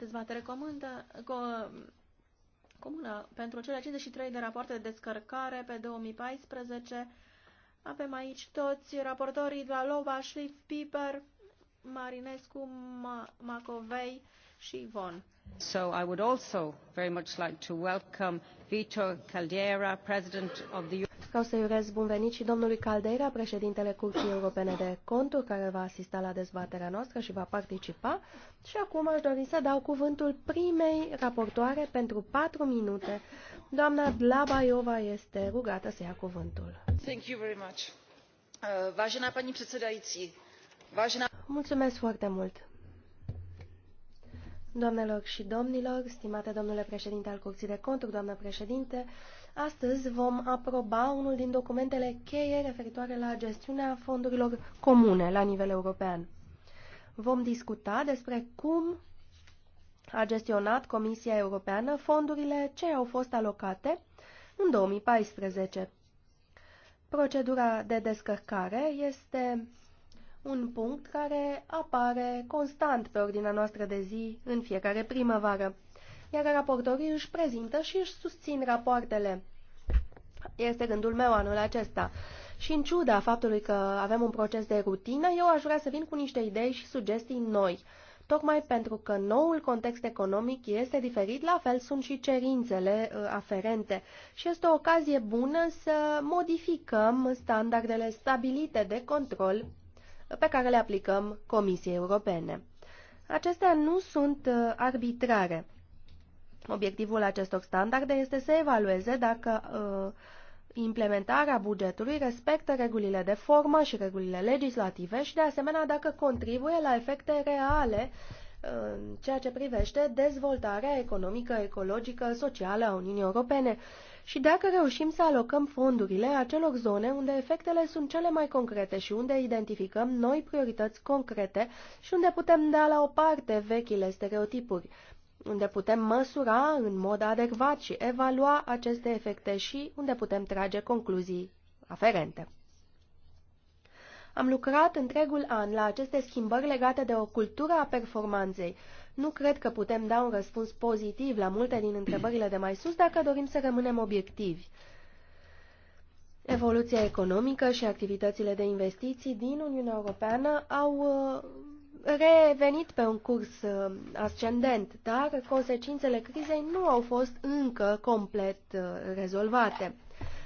dezbatere comandă, co, comună pentru cele 53 de rapoarte de descărcare pe 2014. Avem aici toți raportorii de la Loba, Schliff, Piper, Marinescu, Ma Macovei și Ivon. So I would also very much like to welcome Vito Caldera, President of the Vreau să-i urez bun venit și domnului Caldeira, președintele Curții Europene de Conturi, care va asista la dezbaterea noastră și va participa. Și acum aș dori să dau cuvântul primei raportoare pentru patru minute. Doamna Dlabaiova este rugată să ia cuvântul. Thank you very much. Uh, pani paní předsedající, Mulțumesc foarte mult. Doamnelor și domnilor, stimate domnule președinte al Curții de Conturi, doamnă președinte, uh, Astăzi vom aproba unul din documentele cheie referitoare la gestiunea fondurilor comune la nivel european. Vom discuta despre cum a gestionat Comisia Europeană fondurile ce au fost alocate în 2014. Procedura de descărcare este un punct care apare constant pe ordinea noastră de zi în fiecare primăvară iar raportorii își prezintă și își susțin rapoartele. Este gândul meu anul acesta. Și în ciuda faptului că avem un proces de rutină, eu aș vrea să vin cu niște idei și sugestii noi. Tocmai pentru că noul context economic este diferit, la fel sunt și cerințele uh, aferente. Și este o ocazie bună să modificăm standardele stabilite de control uh, pe care le aplicăm Comisiei Europene. Acestea nu sunt uh, arbitrare. Obiectivul acestor standarde este să evalueze dacă uh, implementarea bugetului respectă regulile de formă și regulile legislative și, de asemenea, dacă contribuie la efecte reale uh, în ceea ce privește dezvoltarea economică, ecologică, socială a Uniunii Europene și dacă reușim să alocăm fondurile acelor zone unde efectele sunt cele mai concrete și unde identificăm noi priorități concrete și unde putem da la o parte vechile stereotipuri unde putem măsura în mod adecvat și evalua aceste efecte și unde putem trage concluzii aferente. Am lucrat întregul an la aceste schimbări legate de o cultură a performanței. Nu cred că putem da un răspuns pozitiv la multe din întrebările de mai sus dacă dorim să rămânem obiectivi. Evoluția economică și activitățile de investiții din Uniunea Europeană au uh, revenit pe un curs uh, ascendent, dar consecințele crizei nu au fost încă complet uh, rezolvate.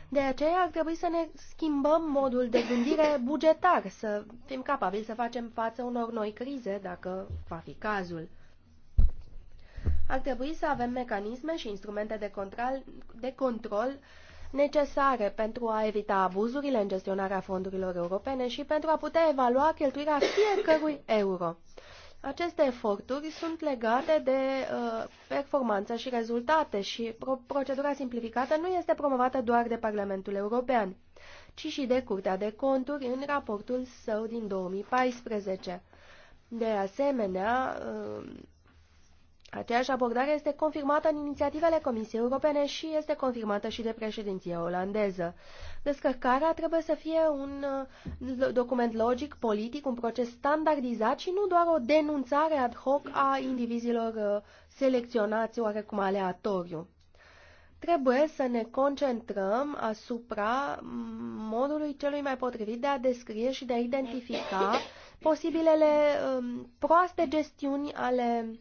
De aceea ar trebui să ne schimbăm modul de gândire bugetar, să fim capabili să facem față unor noi crize, dacă va fi cazul. Ar trebui să avem mecanisme și instrumente de control, de control necesare pentru a evita abuzurile în gestionarea fondurilor europene și pentru a putea evalua cheltuirea fiecărui euro. Aceste eforturi sunt legate de uh, performanță și rezultate și pro procedura simplificată nu este promovată doar de Parlamentul European, ci și de Curtea de Conturi în raportul său din 2014. De asemenea, uh, Aceeași abordare este confirmată în inițiativele Comisiei Europene și este confirmată și de președinția olandeză. Descărcarea trebuie să fie un uh, document logic, politic, un proces standardizat și nu doar o denunțare ad hoc a indivizilor uh, selecționați oarecum aleatoriu. Trebuie să ne concentrăm asupra mm, modului celui mai potrivit de a descrie și de a identifica posibilele um, proaste gestiuni ale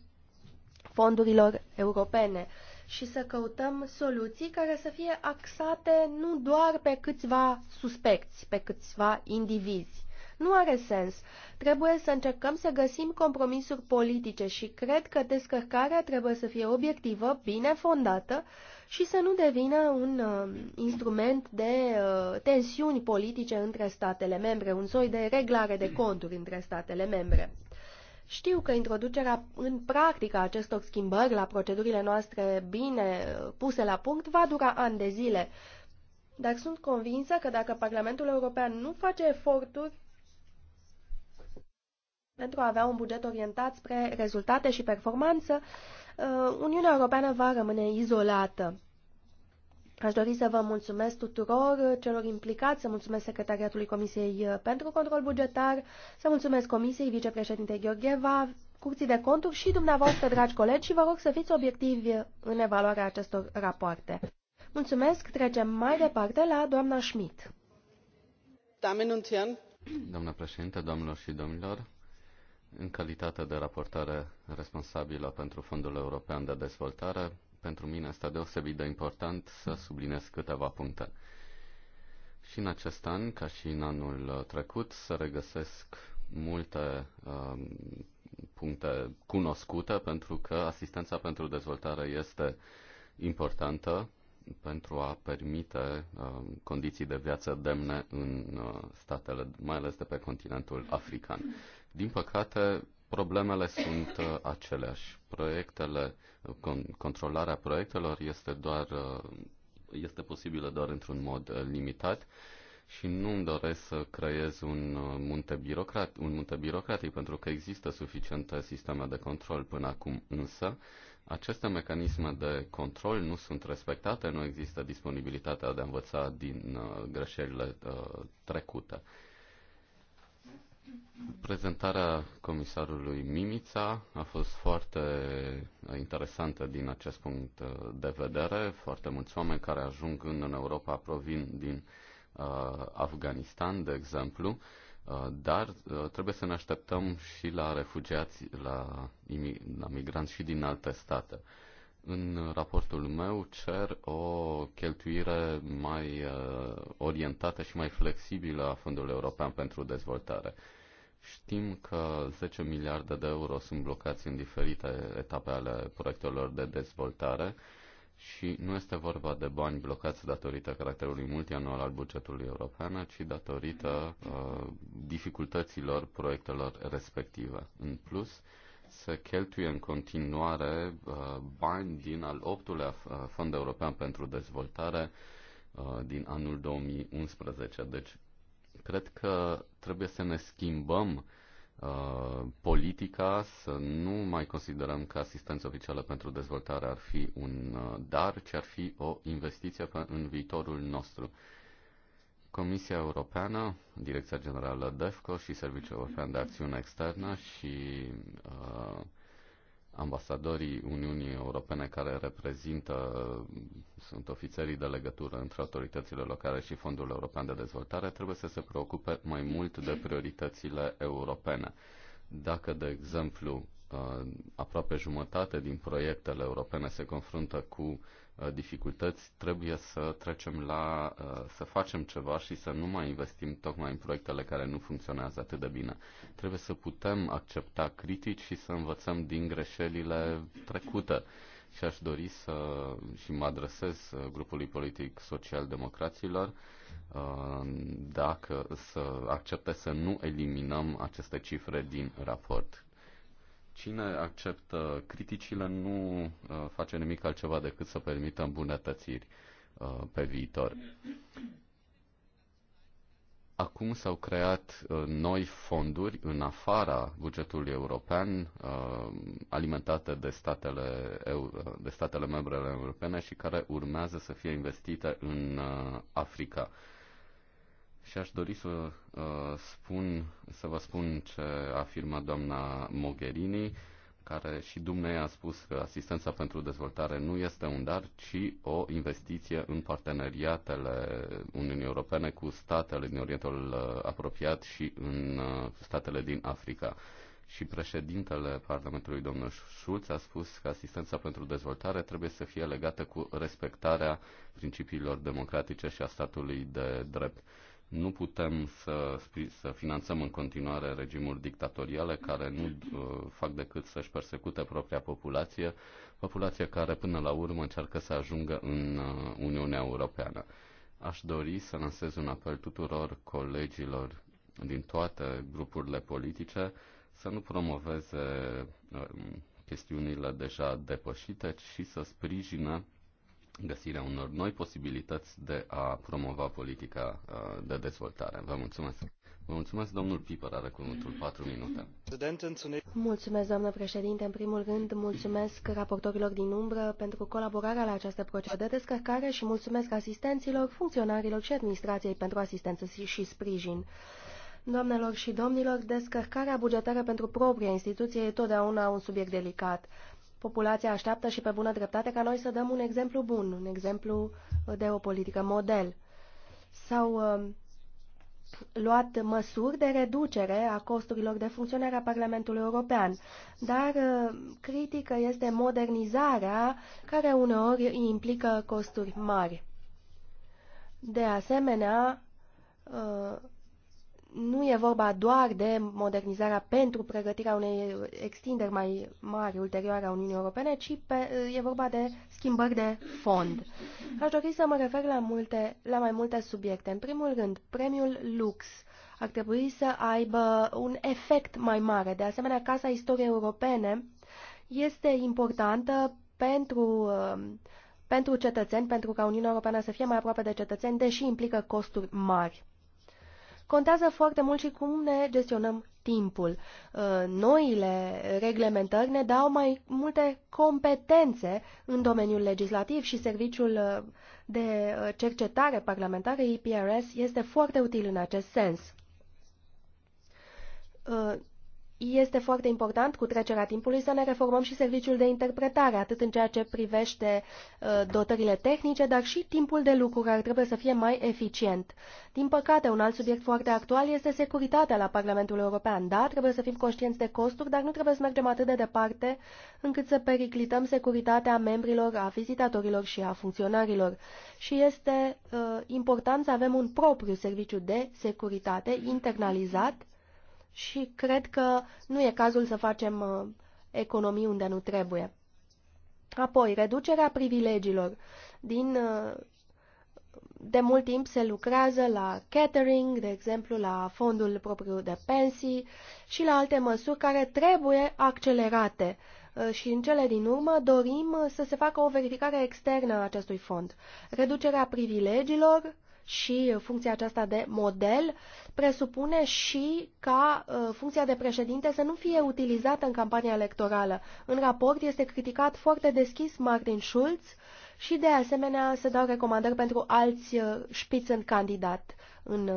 fondurilor europene și să căutăm soluții care să fie axate nu doar pe câțiva suspecți, pe câțiva indivizi. Nu are sens. Trebuie să încercăm să găsim compromisuri politice și cred că descărcarea trebuie să fie obiectivă, bine fondată și să nu devină un uh, instrument de uh, tensiuni politice între statele membre, un soi de reglare de conturi între statele membre. Știu că introducerea în practică acestor schimbări la procedurile noastre bine uh, puse la punct va dura ani de zile, dar sunt convinsă că dacă Parlamentul European nu face eforturi pentru a avea un buget orientat spre rezultate și performanță, uh, Uniunea Europeană va rămâne izolată. Aș dori să vă mulțumesc tuturor celor implicați, să mulțumesc Secretariatului Comisiei uh, pentru Control Bugetar, să mulțumesc Comisiei Vicepreședinte Gheorgheva, Curții de Conturi și dumneavoastră, dragi colegi, și vă rog să fiți obiectivi în evaluarea acestor rapoarte. Mulțumesc, trecem mai departe la doamna Schmidt. Doamna președinte, domnilor și domnilor, în calitate de raportare responsabilă pentru Fondul European de Dezvoltare, pentru mine este deosebit de important să subliniez câteva puncte. Și în acest an, ca și în anul trecut, să regăsesc multe uh, puncte cunoscute, pentru că asistența pentru dezvoltare este importantă pentru a permite uh, condiții de viață demne în uh, statele, mai ales de pe continentul african. Din păcate, problemele sunt uh, aceleași. Proiectele, controlarea proiectelor este doar uh, este posibilă doar într-un mod uh, limitat și nu îmi doresc să creez un munte, birocrat, un munte birocratic, pentru că există suficiente sisteme de control până acum, însă aceste mecanisme de control nu sunt respectate, nu există disponibilitatea de a învăța din uh, greșelile uh, trecute. Prezentarea comisarului Mimița a fost foarte interesantă din acest punct de vedere. Foarte mulți oameni care ajung în Europa provin din uh, Afganistan, de exemplu, uh, dar uh, trebuie să ne așteptăm și la refugiați, la, la migranți și din alte state. Uh, în raportul meu cer o cheltuire mai uh, orientată și mai flexibilă a Fondului European pentru Dezvoltare. Știm că 10 miliarde de euro sunt blocați în diferite etape ale proiectelor de dezvoltare și nu este vorba de bani blocați datorită caracterului multianual al bugetului european, ci datorită uh, dificultăților proiectelor respective. În plus, uh, se cheltuie în continuare uh, bani din al optulea uh, Fond European pentru Dezvoltare uh, din anul 2011. Deci, cred că trebuie să ne schimbăm politica, să nu mai considerăm că asistența oficială pentru dezvoltare ar fi un dar, ci ar fi o investiție în viitorul nostru. Comisia Europeană, Direcția Generală DEFCO și Serviciul European de Acțiune Externă și uh, ambasadorii Uniunii Europene care reprezintă, sunt ofițerii de legătură între autoritățile locale și Fondul European de Dezvoltare, trebuie să se preocupe mai mult de prioritățile europene. Dacă, de exemplu, uh, aproape jumătate din proiectele europene se confruntă cu Uh, dificultăți, trebuie să trecem la, uh, să facem ceva și să nu mai investim tocmai în proiectele care nu funcționează atât de bine. Trebuie să putem accepta critici și să învățăm din greșelile trecute. Și aș dori să și mă adresez uh, grupului politic social-democraților dacă să accepte să nu eliminăm aceste cifre din raport. Cine acceptă criticile nu uh, face nimic altceva decât să permită îmbunătățiri uh, pe viitor. Acum s-au creat uh, noi fonduri în afara bugetului european, alimentate de statele, de statele membrele europene și care urmează să fie investite în Africa. Și aș dori să, uh, spun, să vă spun ce a afirmat doamna Mogherini, care și dumneavoastră a spus că asistența pentru dezvoltare nu este un dar, ci o investiție în parteneriatele Uniunii Europene cu statele din Orientul uh, apropiat și în uh, statele din Africa. Și președintele Parlamentului, domnul Schulz, a spus că asistența pentru dezvoltare trebuie să fie legată cu respectarea principiilor democratice și a statului de drept nu putem să, să finanțăm în continuare regimuri dictatoriale care nu uh, fac decât să-și persecute propria populație, populația care până la urmă încearcă să ajungă în uh, Uniunea Europeană. Aș dori să lansez un apel tuturor colegilor din toate grupurile politice să nu promoveze uh, chestiunile deja depășite și să sprijină găsirea unor noi posibilități de a promova politica uh, de dezvoltare. Vă mulțumesc! Vă mulțumesc, domnul Piper, are cuvântul 4 minute. Mulțumesc, doamnă președinte. În primul rând, mulțumesc raportorilor din umbră pentru colaborarea la această procedură de descărcare și mulțumesc asistenților, funcționarilor și administrației pentru asistență și sprijin. Doamnelor și domnilor, descărcarea bugetară pentru propria instituție e totdeauna un subiect delicat populația așteaptă și pe bună dreptate ca noi să dăm un exemplu bun, un exemplu de o politică model. Sau uh, luat măsuri de reducere a costurilor de funcționare a Parlamentului European, dar uh, critică este modernizarea, care uneori implică costuri mari. De asemenea, uh, nu e vorba doar de modernizarea pentru pregătirea unei extinderi mai mari ulterioare a Uniunii Europene, ci pe, e vorba de schimbări de fond. Aș dori să mă refer la, multe, la mai multe subiecte. În primul rând, premiul Lux ar trebui să aibă un efect mai mare. De asemenea, Casa Istoriei Europene este importantă pentru uh, pentru cetățeni, pentru ca Uniunea Europeană să fie mai aproape de cetățeni, deși implică costuri mari. Contează foarte mult și cum ne gestionăm timpul. Uh, noile reglementări ne dau mai multe competențe în domeniul legislativ și serviciul uh, de uh, cercetare parlamentară, IPRS, este foarte util în acest sens este foarte important cu trecerea timpului să ne reformăm și serviciul de interpretare, atât în ceea ce privește uh, dotările tehnice, dar și timpul de lucru care trebuie să fie mai eficient. Din păcate, un alt subiect foarte actual este securitatea la Parlamentul European. Da, trebuie să fim conștienți de costuri, dar nu trebuie să mergem atât de departe încât să periclităm securitatea membrilor, a vizitatorilor și a funcționarilor. Și este uh, important să avem un propriu serviciu de securitate internalizat și cred că nu e cazul să facem uh, economii unde nu trebuie. Apoi, reducerea privilegiilor. Din, uh, de mult timp se lucrează la catering, de exemplu la fondul propriu de pensii și la alte măsuri care trebuie accelerate. Uh, și în cele din urmă dorim să se facă o verificare externă a acestui fond. Reducerea privilegiilor și uh, funcția aceasta de model presupune și ca uh, funcția de președinte să nu fie utilizată în campania electorală. În raport este criticat foarte deschis Martin Schulz și de asemenea se dau recomandări pentru alți uh, șpiț în candidat în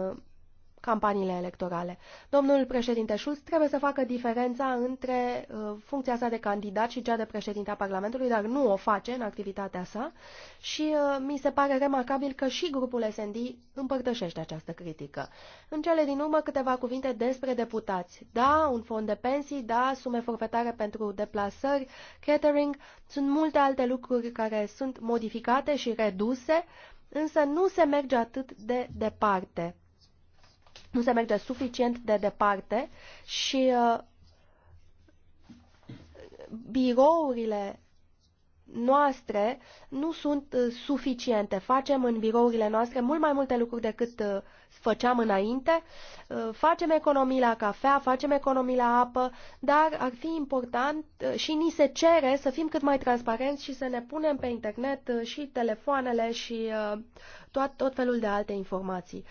campaniile electorale. Domnul președinte Schulz trebuie să facă diferența între uh, funcția sa de candidat și cea de președinte a Parlamentului, dar nu o face în activitatea sa și uh, mi se pare remarcabil că și grupul SND împărtășește această critică. În cele din urmă, câteva cuvinte despre deputați. Da, un fond de pensii, da, sume forfetare pentru deplasări, catering, sunt multe alte lucruri care sunt modificate și reduse, însă nu se merge atât de departe nu se merge suficient de departe și uh, birourile noastre nu sunt uh, suficiente. Facem în birourile noastre mult mai multe lucruri decât uh, făceam înainte. Uh, facem economii la cafea, facem economii la apă, dar ar fi important și ni se cere să fim cât mai transparenți și să ne punem pe internet și telefoanele și tot, tot felul de alte informații.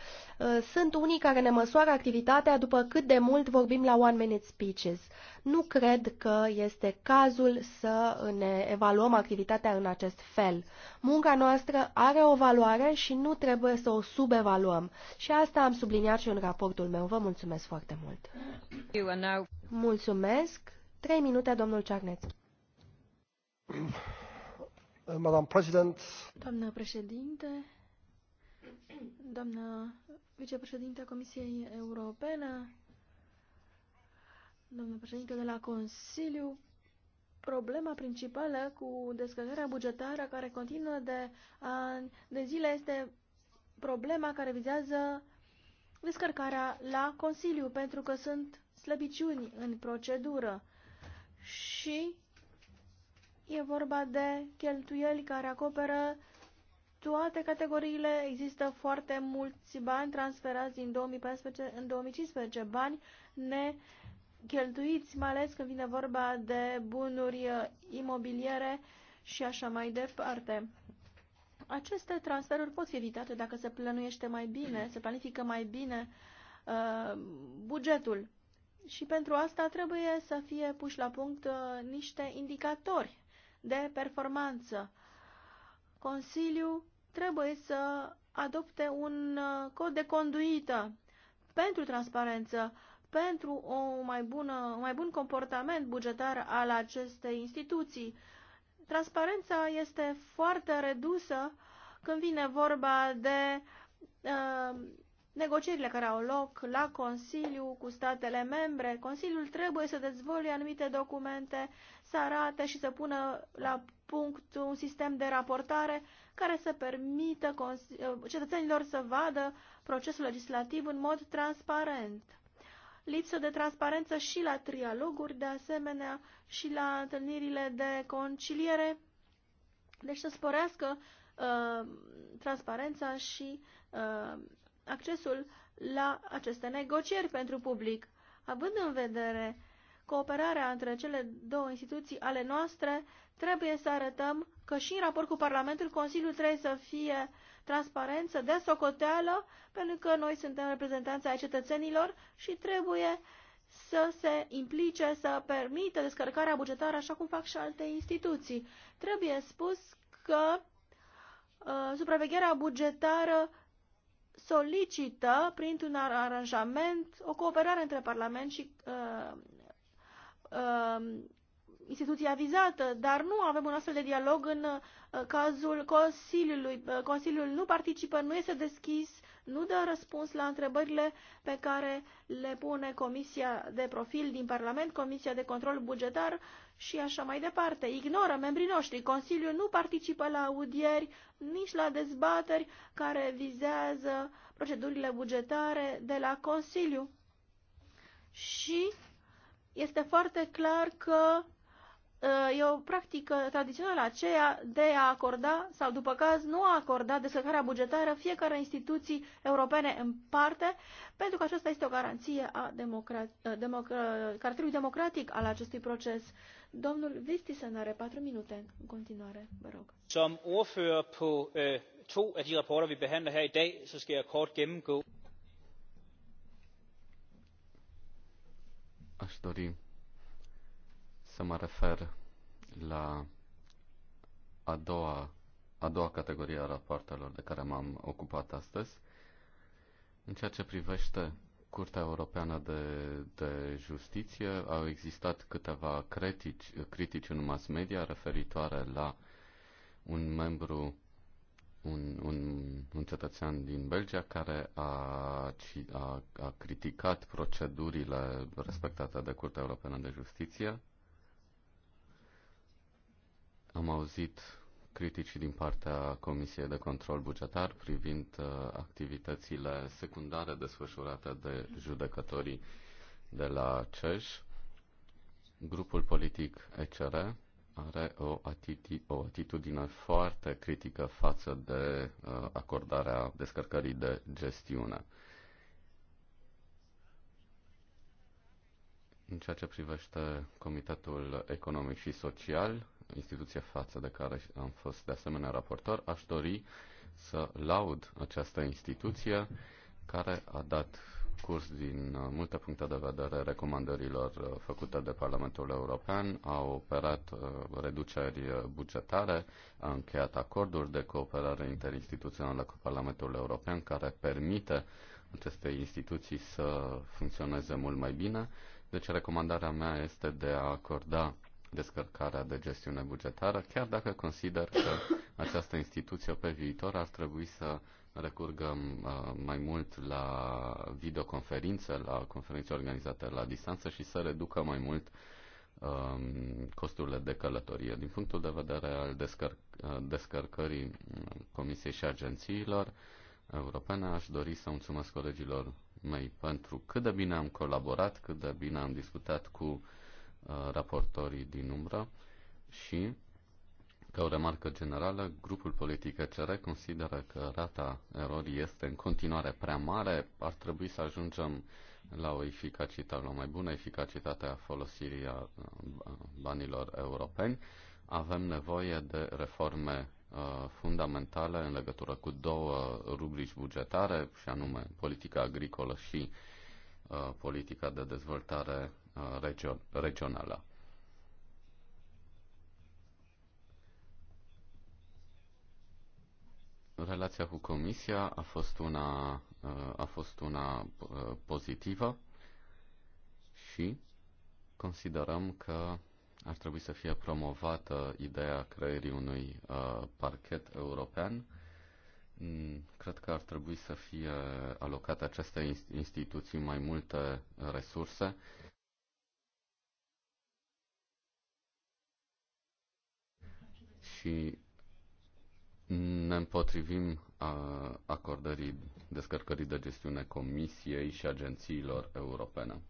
Sunt unii care ne măsoară activitatea după cât de mult vorbim la one-minute speeches. Nu cred că este cazul să ne evaluăm activitatea în acest fel. Munca noastră are o valoare și nu trebuie să o subevaluăm. Și asta am subliniat și în raportul meu. Vă mulțumesc foarte mult. Mulțumesc. Trei minute, domnul Cearnețchi. Madam President. Doamnă președinte, doamnă vicepreședinte a Comisiei Europene, domnul președinte, de la Consiliu, problema principală cu descărcarea bugetară care continuă de ani de zile este problema care vizează descărcarea la Consiliu, pentru că sunt slăbiciuni în procedură și e vorba de cheltuieli care acoperă toate categoriile. Există foarte mulți bani transferați din 2014 în 2015, bani ne cheltuiți, mai ales când vine vorba de bunuri uh, imobiliere și așa mai departe. Aceste transferuri pot fi evitate dacă se plănuiește mai bine, se planifică mai bine uh, bugetul. Și pentru asta trebuie să fie puși la punct uh, niște indicatori de performanță. Consiliul trebuie să adopte un uh, cod de conduită pentru transparență. Uh, pentru o mai bună, un mai bun comportament bugetar al acestei instituții. Transparența este foarte redusă când vine vorba de uh, negocierile care au loc la Consiliu cu statele membre. Consiliul trebuie să dezvolte anumite documente, să arate și să pună la punct un sistem de raportare care să permită uh, cetățenilor să vadă procesul legislativ în mod transparent lipsă de transparență și la trialoguri, de asemenea și la întâlnirile de conciliere. Deci să sporească uh, transparența și uh, accesul la aceste negocieri pentru public, având în vedere cooperarea între cele două instituții ale noastre, trebuie să arătăm că și în raport cu Parlamentul, Consiliul trebuie să fie transparență, de socoteală, pentru că noi suntem reprezentanța ai cetățenilor și trebuie să se implice, să permită descărcarea bugetară așa cum fac și alte instituții. Trebuie spus că uh, supravegherea bugetară solicită, printr-un aranjament, o cooperare între Parlament și uh, uh, instituția vizată, dar nu avem un astfel de dialog în uh, cazul Consiliului. Uh, Consiliul nu participă, nu este deschis, nu dă răspuns la întrebările pe care le pune Comisia de Profil din Parlament, Comisia de Control Bugetar și așa mai departe. Ignoră membrii noștri. Consiliul nu participă la audieri, nici la dezbateri care vizează procedurile bugetare de la Consiliu. Și este foarte clar că e o practică tradițională aceea de a acorda sau după caz nu a acorda descărcarea bugetară fiecare instituții europene în parte, pentru că aceasta este o garanție a democra- democra- caracterului democratic al acestui proces. Domnul Vistisen are patru minute în continuare, vă rog. Som ordfører på øh, to af de rapporter, vi behandler her i dag, så skal jeg kort gennemgå. Aș dori să mă refer la a doua, a doua categorie a rapoartelor de care m-am ocupat astăzi, în ceea ce privește Curtea Europeană de, de Justiție au existat câteva critici, critici în mass media referitoare la un membru, un, un, un cetățean din Belgia care a, a, a criticat procedurile respectate de Curtea Europeană de Justiție am auzit critici din partea Comisiei de Control Bugetar privind uh, activitățile secundare desfășurate de judecătorii de la CEJ. Grupul politic ECR are o, atiti- o atitudine foarte critică față de uh, acordarea descărcării de gestiune. În ceea ce privește Comitetul Economic și Social, instituție față de care am fost de asemenea raportor, aș dori să laud această instituție care a dat curs din uh, multe puncte de vedere recomandărilor uh, făcute de Parlamentul European, a operat uh, reduceri bugetare, a încheiat acorduri de cooperare interinstituțională cu Parlamentul European care permite aceste instituții să funcționeze mult mai bine. Deci recomandarea mea este de a acorda descărcarea de gestiune bugetară, chiar dacă consider că această instituție pe viitor ar trebui să recurgă uh, mai mult la videoconferințe, la conferințe organizate la distanță și să reducă mai mult um, costurile de călătorie. Din punctul de vedere al descărc- uh, descărcării uh, Comisiei și agențiilor europene, aș dori să mulțumesc colegilor mei pentru cât de bine am colaborat, cât de bine am discutat cu Uh, raportorii din umbră și, ca o remarcă generală, grupul politic ECR consideră că rata erorii este în continuare prea mare, ar trebui să ajungem la o eficacitate, la o mai bună eficacitate a folosirii a banilor europeni. Avem nevoie de reforme uh, fundamentale în legătură cu două rubrici bugetare, și anume politica agricolă și uh, politica de dezvoltare Uh, regională. Relația cu Comisia a fost una, uh, a fost una uh, pozitivă și considerăm că ar trebui să fie promovată ideea creării unui uh, parchet european. Mm, cred că ar trebui să fie alocate aceste instituții mai multe resurse și ne împotrivim a acordării descărcării de gestiune Comisiei și agențiilor europene.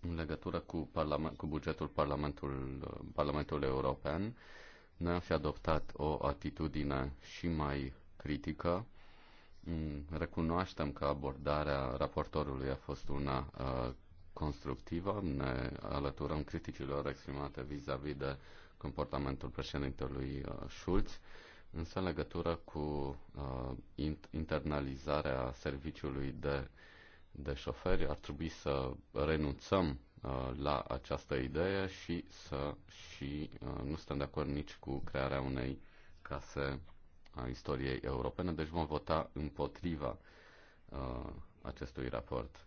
În legătură cu, parlament, cu bugetul Parlamentul, Parlamentului European, noi am fi adoptat o atitudine și mai critică. Recunoaștem că abordarea raportorului a fost una uh, constructivă, ne alăturăm criticilor exprimate vis-a-vis -vis de comportamentul președintelui uh, Schulz, însă în legătură cu uh, internalizarea serviciului de, de șoferi ar trebui să renunțăm uh, la această idee și să și uh, nu stăm de acord nici cu crearea unei case a istoriei europene, deci vom vota împotriva uh, acestui raport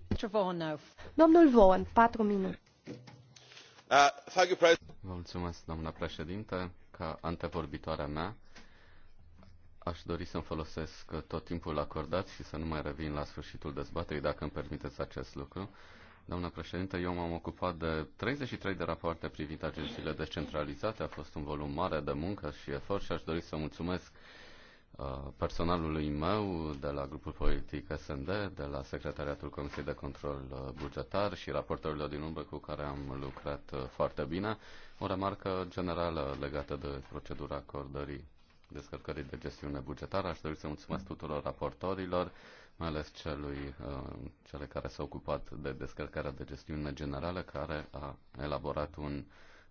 Mr. Vaughan Domnul Vaughan, patru minute. Vă uh, mulțumesc, doamna președinte, ca antevorbitoarea mea. Aș dori să-mi folosesc tot timpul acordat și să nu mai revin la sfârșitul dezbaterii, dacă îmi permiteți acest lucru. Doamna președinte, eu m-am ocupat de 33 de rapoarte privind agențiile descentralizate. A fost un volum mare de muncă și efort și aș dori să mulțumesc uh, Uh, personalului meu de la grupul politic SND, de la Secretariatul Comisiei de Control uh, Bugetar și raportorilor din umbră cu care am lucrat uh, foarte bine. O remarcă generală legată de procedura acordării descărcării de gestiune bugetară. Aș dori să mulțumesc tuturor raportorilor, mai ales celui, cele care s-au ocupat de descărcarea de gestiune generală, care a elaborat un uh,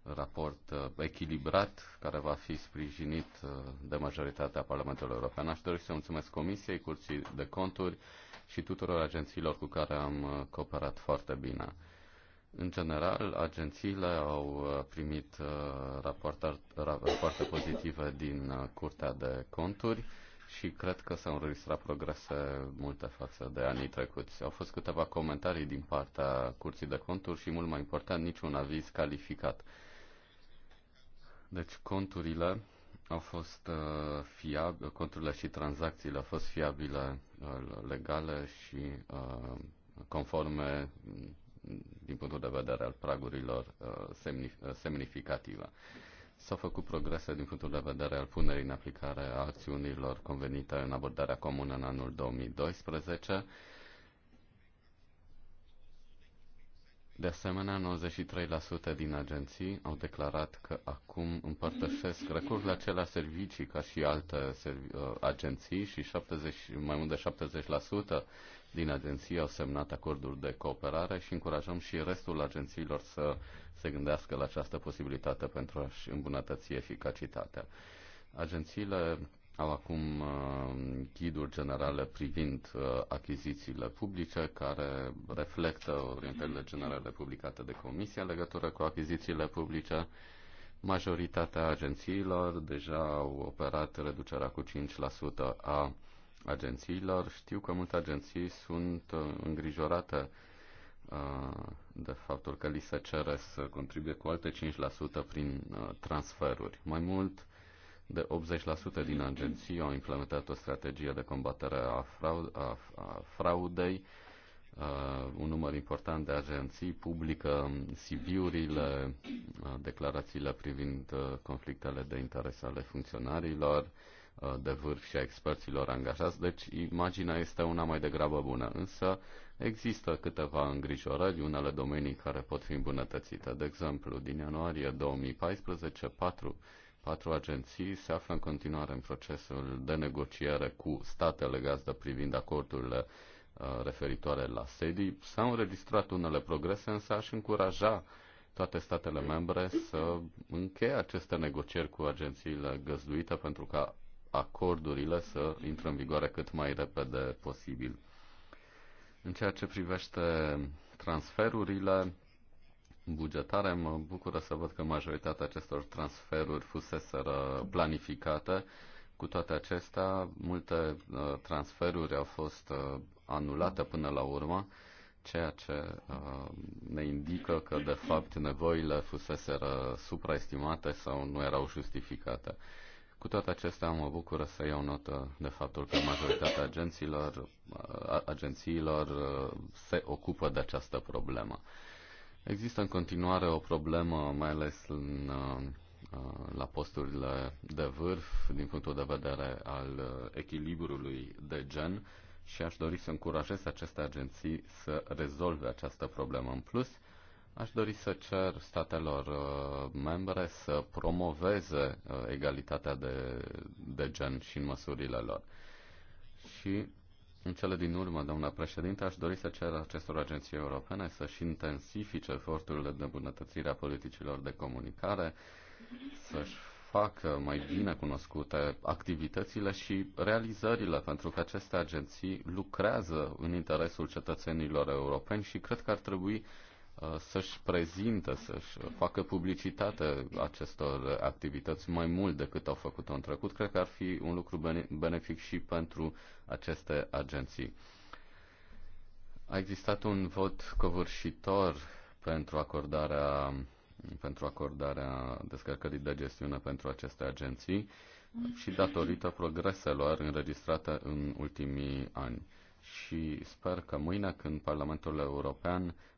raport uh, echilibrat care va fi sprijinit uh, de majoritatea Parlamentului European. Aș dori să mulțumesc Comisiei, Curții de Conturi și tuturor agențiilor cu care am uh, cooperat foarte bine. În general, agențiile au primit rapoarte, rapoarte pozitive din Curtea de Conturi și cred că s-au înregistrat progrese multe față de anii trecuți. Au fost câteva comentarii din partea Curții de Conturi și, mult mai important, niciun aviz calificat. Deci conturile au fost uh, fiabile, conturile și tranzacțiile au fost fiabile, uh, legale și uh, conforme din punctul de vedere al pragurilor uh, uh, semnificative. S-au făcut progrese din punctul de vedere al punerii în aplicare a acțiunilor convenite în abordarea comună în anul 2012 De asemenea, 93% din agenții au declarat că acum împărtășesc recurs la acelea servicii ca și alte uh, agenții și 70, mai mult de 70% din agenții au semnat acorduri de cooperare și încurajăm și restul agențiilor să se gândească la această posibilitate pentru a-și îmbunătăți eficacitatea. Agențiile au acum uh, ghiduri generale privind uh, achizițiile publice, care reflectă orientările generale publicate de Comisie legătură cu achizițiile publice. Majoritatea agențiilor deja au operat reducerea cu 5% a agențiilor. Știu că multe agenții sunt uh, îngrijorate de faptul că li se cere să contribuie cu alte 5% prin transferuri. Mai mult, de 80% din agenții au implementat o strategie de combatere a, fraud- a, a fraudei. Uh, un număr important de agenții publică CV-urile, uh, declarațiile privind uh, conflictele de interes ale funcționarilor, uh, de vârf și a experților angajați. Deci imaginea este una mai degrabă bună, însă există câteva îngrijorări, unele domenii care pot fi îmbunătățite. De exemplu, din ianuarie 2014, patru patru agenții se află în continuare în procesul de negociere cu statele gazdă privind acordurile uh, referitoare la sedii. S-au înregistrat unele progrese, însă aș încuraja toate statele membre să încheie aceste negocieri cu agențiile găzduite pentru ca acordurile să intre în vigoare cât mai repede posibil. În ceea ce privește transferurile, bugetare. Mă bucură să văd că majoritatea acestor transferuri fusese planificate. Cu toate acestea, multe uh, transferuri au fost uh, anulate până la urmă, ceea ce uh, ne indică că, de fapt, nevoile fusese supraestimate sau nu erau justificate. Cu toate acestea, mă bucură să iau notă de faptul că majoritatea agențiilor, agențiilor se ocupă de această problemă. Există în continuare o problemă, mai ales în, uh, la posturile de vârf, din punctul de vedere al uh, echilibrului de gen și aș dori să încurajez aceste agenții să rezolve această problemă. În plus, aș dori să cer statelor uh, membre să promoveze egalitatea de, de gen și în măsurile lor. Și în cele din urmă, doamna președinte, aș dori să cer acestor agenții europene să-și intensifice eforturile de îmbunătățire a politicilor de comunicare, să-și facă mai bine cunoscute activitățile și realizările, pentru că aceste agenții lucrează în interesul cetățenilor europeni și cred că ar trebui Uh, să-și prezinte, să-și facă publicitate acestor activități mai mult decât au făcut-o în trecut, cred că ar fi un lucru benefic și pentru aceste agenții. A existat un vot covârșitor pentru acordarea, pentru acordarea descărcării de gestiune pentru aceste agenții și datorită progreselor înregistrate în ultimii ani. Și sper că mâine, când Parlamentul European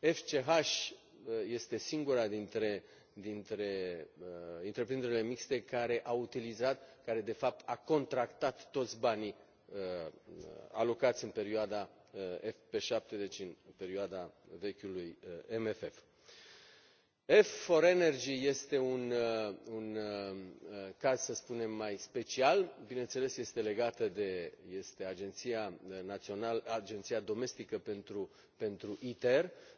fch este singura dintre uh, întreprinderile mixte care a utilizat care de fapt a contractat toți banii uh, uh, alocați în perioada fp șapte deci în perioada vechiului cfm. f patru energy este un caz să spunem mai special bineînțeles este legată de agenția domestică pentru iter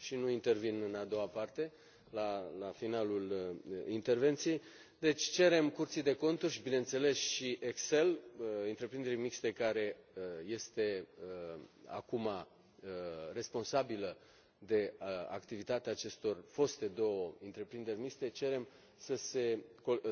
și nu intervin în a doua parte la finalul uh, intervenției deci cerem curții de conturi și bineînțeles și excel uh, întreprinderii mixte care uh, este acum responsabilă de activitatea acestor foste două întreprinderi mixte cerem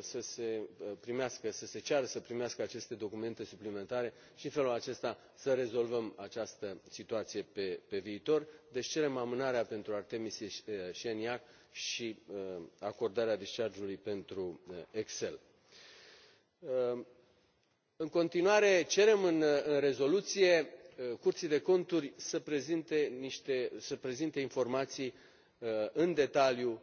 să se, uh, primească, să se ceară să primească aceste documente suplimentare și în felul acesta să rezolvăm această situație pe, viitor. Deci cerem amânarea pentru Artemis și uh, ENIAC și uh, acordarea discharge-ului pentru Excel. În continuare, cerem în, rezoluție Curții de Conturi să prezinte, niște, să prezinte informații în detaliu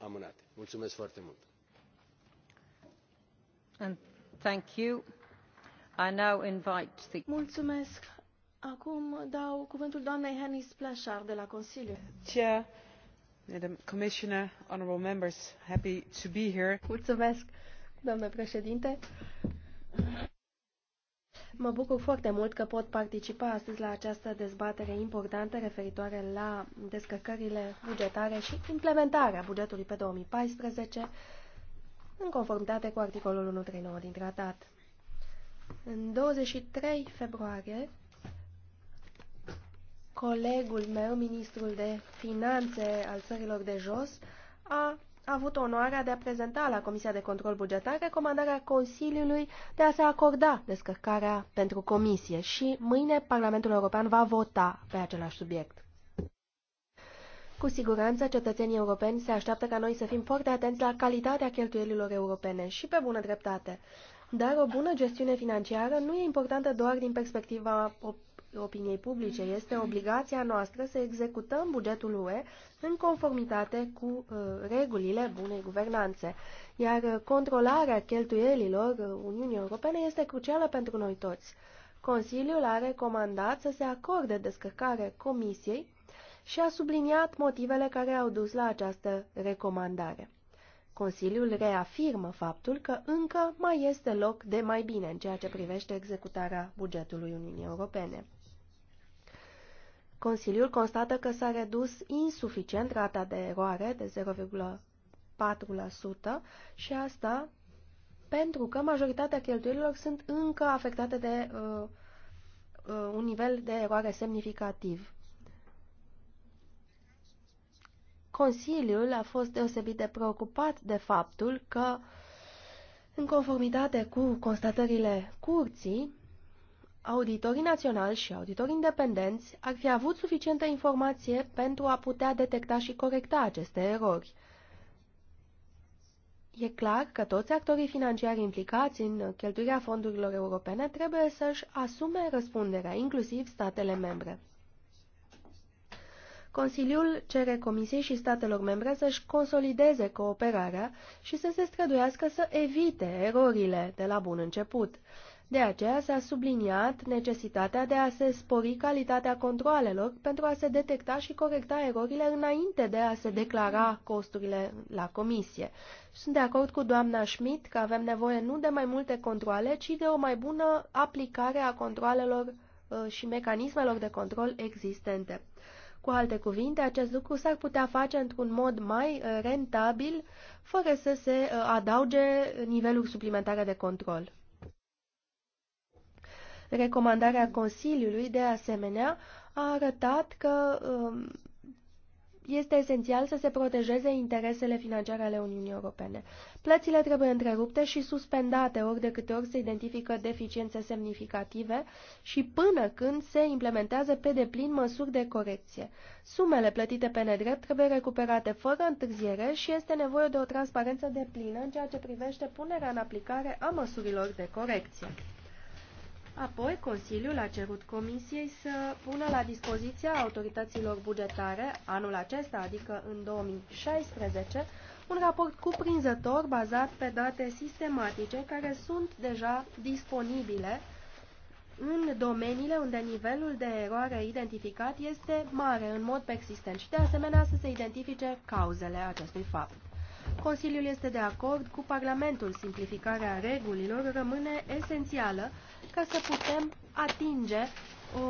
Uh, amânate. Mulțumesc foarte mult! Mulțumesc. Acum dau cuvântul doamnei Henny Splashard de la Consiliu. Commissioner, honorable members, happy to be here. Mulțumesc, doamnă președinte. Mă bucur foarte mult că pot participa astăzi la această dezbatere importantă referitoare la descărcările bugetare și implementarea bugetului pe 2014 în conformitate cu articolul 139 din tratat. În 23 februarie, colegul meu, ministrul de finanțe al țărilor de jos, a a avut onoarea de a prezenta la Comisia de Control Bugetar recomandarea Consiliului de a se acorda descărcarea pentru Comisie și mâine Parlamentul European va vota pe același subiect. Cu siguranță, cetățenii europeni se așteaptă ca noi să fim foarte atenți la calitatea cheltuielilor europene și pe bună dreptate. Dar o bună gestiune financiară nu e importantă doar din perspectiva opiniei publice. Este obligația noastră să executăm bugetul UE în conformitate cu uh, regulile bunei guvernanțe. Iar uh, controlarea cheltuielilor uh, Uniunii Europene este crucială pentru noi toți. Consiliul a recomandat să se acorde descărcare Comisiei și a subliniat motivele care au dus la această recomandare. Consiliul reafirmă faptul că încă mai este loc de mai bine în ceea ce privește executarea bugetului Uniunii Europene. Consiliul constată că s-a redus insuficient rata de eroare de 0,4% și asta pentru că majoritatea cheltuielilor sunt încă afectate de uh, uh, un nivel de eroare semnificativ. Consiliul a fost deosebit de preocupat de faptul că, în conformitate cu constatările curții, auditorii naționali și auditorii independenți ar fi avut suficientă informație pentru a putea detecta și corecta aceste erori. E clar că toți actorii financiari implicați în cheltuirea fondurilor europene trebuie să-și asume răspunderea, inclusiv statele membre. Consiliul cere Comisiei și statelor membre să-și consolideze cooperarea și să se străduiască să evite erorile de la bun început. De aceea s-a subliniat necesitatea de a se spori calitatea controalelor pentru a se detecta și corecta erorile înainte de a se declara costurile la comisie. Sunt de acord cu doamna Schmidt că avem nevoie nu de mai multe controle, ci de o mai bună aplicare a controalelor uh, și mecanismelor de control existente. Cu alte cuvinte, acest lucru s-ar putea face într-un mod mai uh, rentabil, fără să se uh, adauge niveluri suplimentare de control. Recomandarea Consiliului, de asemenea, a arătat că um, este esențial să se protejeze interesele financiare ale Uniunii Europene. Plățile trebuie întrerupte și suspendate ori de câte ori se identifică deficiențe semnificative și până când se implementează pe deplin măsuri de corecție. Sumele plătite pe nedrept trebuie recuperate fără întârziere și este nevoie de o transparență deplină în ceea ce privește punerea în aplicare a măsurilor de corecție. Apoi, Consiliul a cerut Comisiei să pună la dispoziția autorităților bugetare, anul acesta, adică în 2016, un raport cuprinzător bazat pe date sistematice care sunt deja disponibile în domeniile unde nivelul de eroare identificat este mare în mod persistent și de asemenea să se identifice cauzele acestui fapt. Consiliul este de acord cu Parlamentul. Simplificarea regulilor rămâne esențială ca să putem atinge o,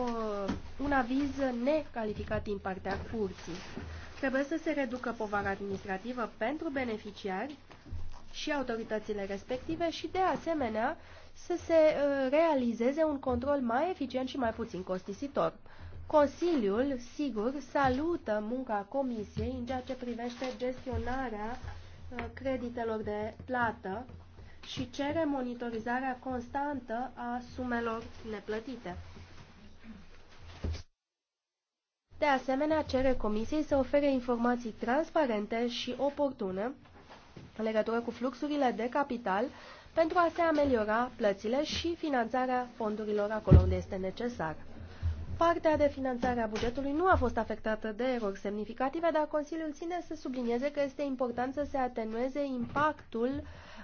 un aviz necalificat din partea curții. Trebuie să se reducă povara administrativă pentru beneficiari și autoritățile respective și, de asemenea, să se uh, realizeze un control mai eficient și mai puțin costisitor. Consiliul, sigur, salută munca Comisiei în ceea ce privește gestionarea uh, creditelor de plată și cere monitorizarea constantă a sumelor neplătite. De asemenea, cere Comisiei să ofere informații transparente și oportune în legătură cu fluxurile de capital pentru a se ameliora plățile și finanțarea fondurilor acolo unde este necesară. Partea de finanțare a bugetului nu a fost afectată de erori semnificative, dar Consiliul ține să sublinieze că este important să se atenueze impactul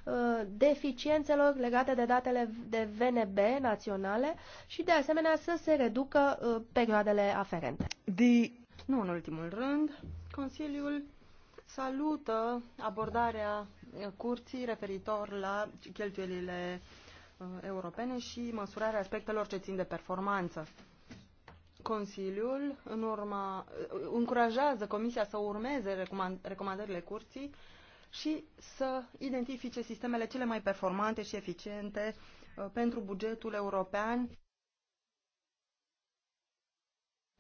uh, deficiențelor legate de datele de VNB naționale și, de asemenea, să se reducă uh, perioadele aferente. The... Nu în ultimul rând, Consiliul salută abordarea uh, curții referitor la cheltuielile uh, europene și măsurarea aspectelor ce țin de performanță. Consiliul, în urma, încurajează Comisia să urmeze recomandările curții și să identifice sistemele cele mai performante și eficiente uh, pentru bugetul european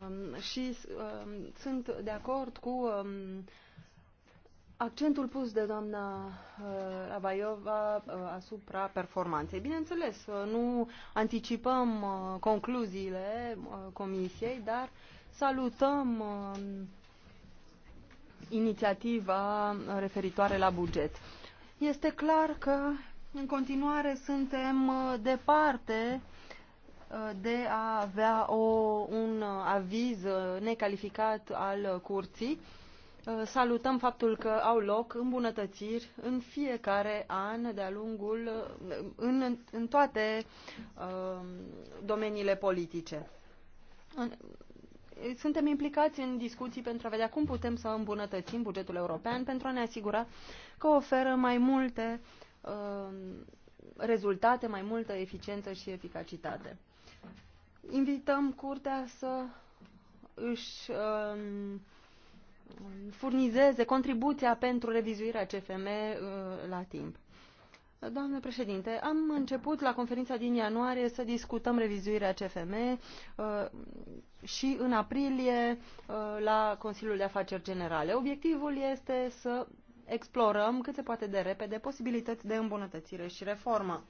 um, și um, sunt de acord cu um, Accentul pus de doamna uh, Rabaiova uh, asupra performanței. Bineînțeles, uh, nu anticipăm concluziile comisiei, dar salutăm inițiativa referitoare la buget. Este clar că în continuare suntem departe de a avea o, un aviz necalificat al curții Uh, salutăm faptul că au loc îmbunătățiri în fiecare an de-a lungul, uh, în, în toate uh, domeniile politice. Suntem implicați în discuții pentru a vedea cum putem să îmbunătățim bugetul european pentru a ne asigura că oferă mai multe uh, rezultate, mai multă eficiență și eficacitate. Invităm curtea să își uh, furnizeze contribuția pentru revizuirea CFM uh, la timp. Doamne președinte, am început la conferința din ianuarie să discutăm revizuirea CFM uh, și în aprilie uh, la Consiliul de Afaceri Generale. Obiectivul este să explorăm cât se poate de repede posibilități de îmbunătățire și reformă.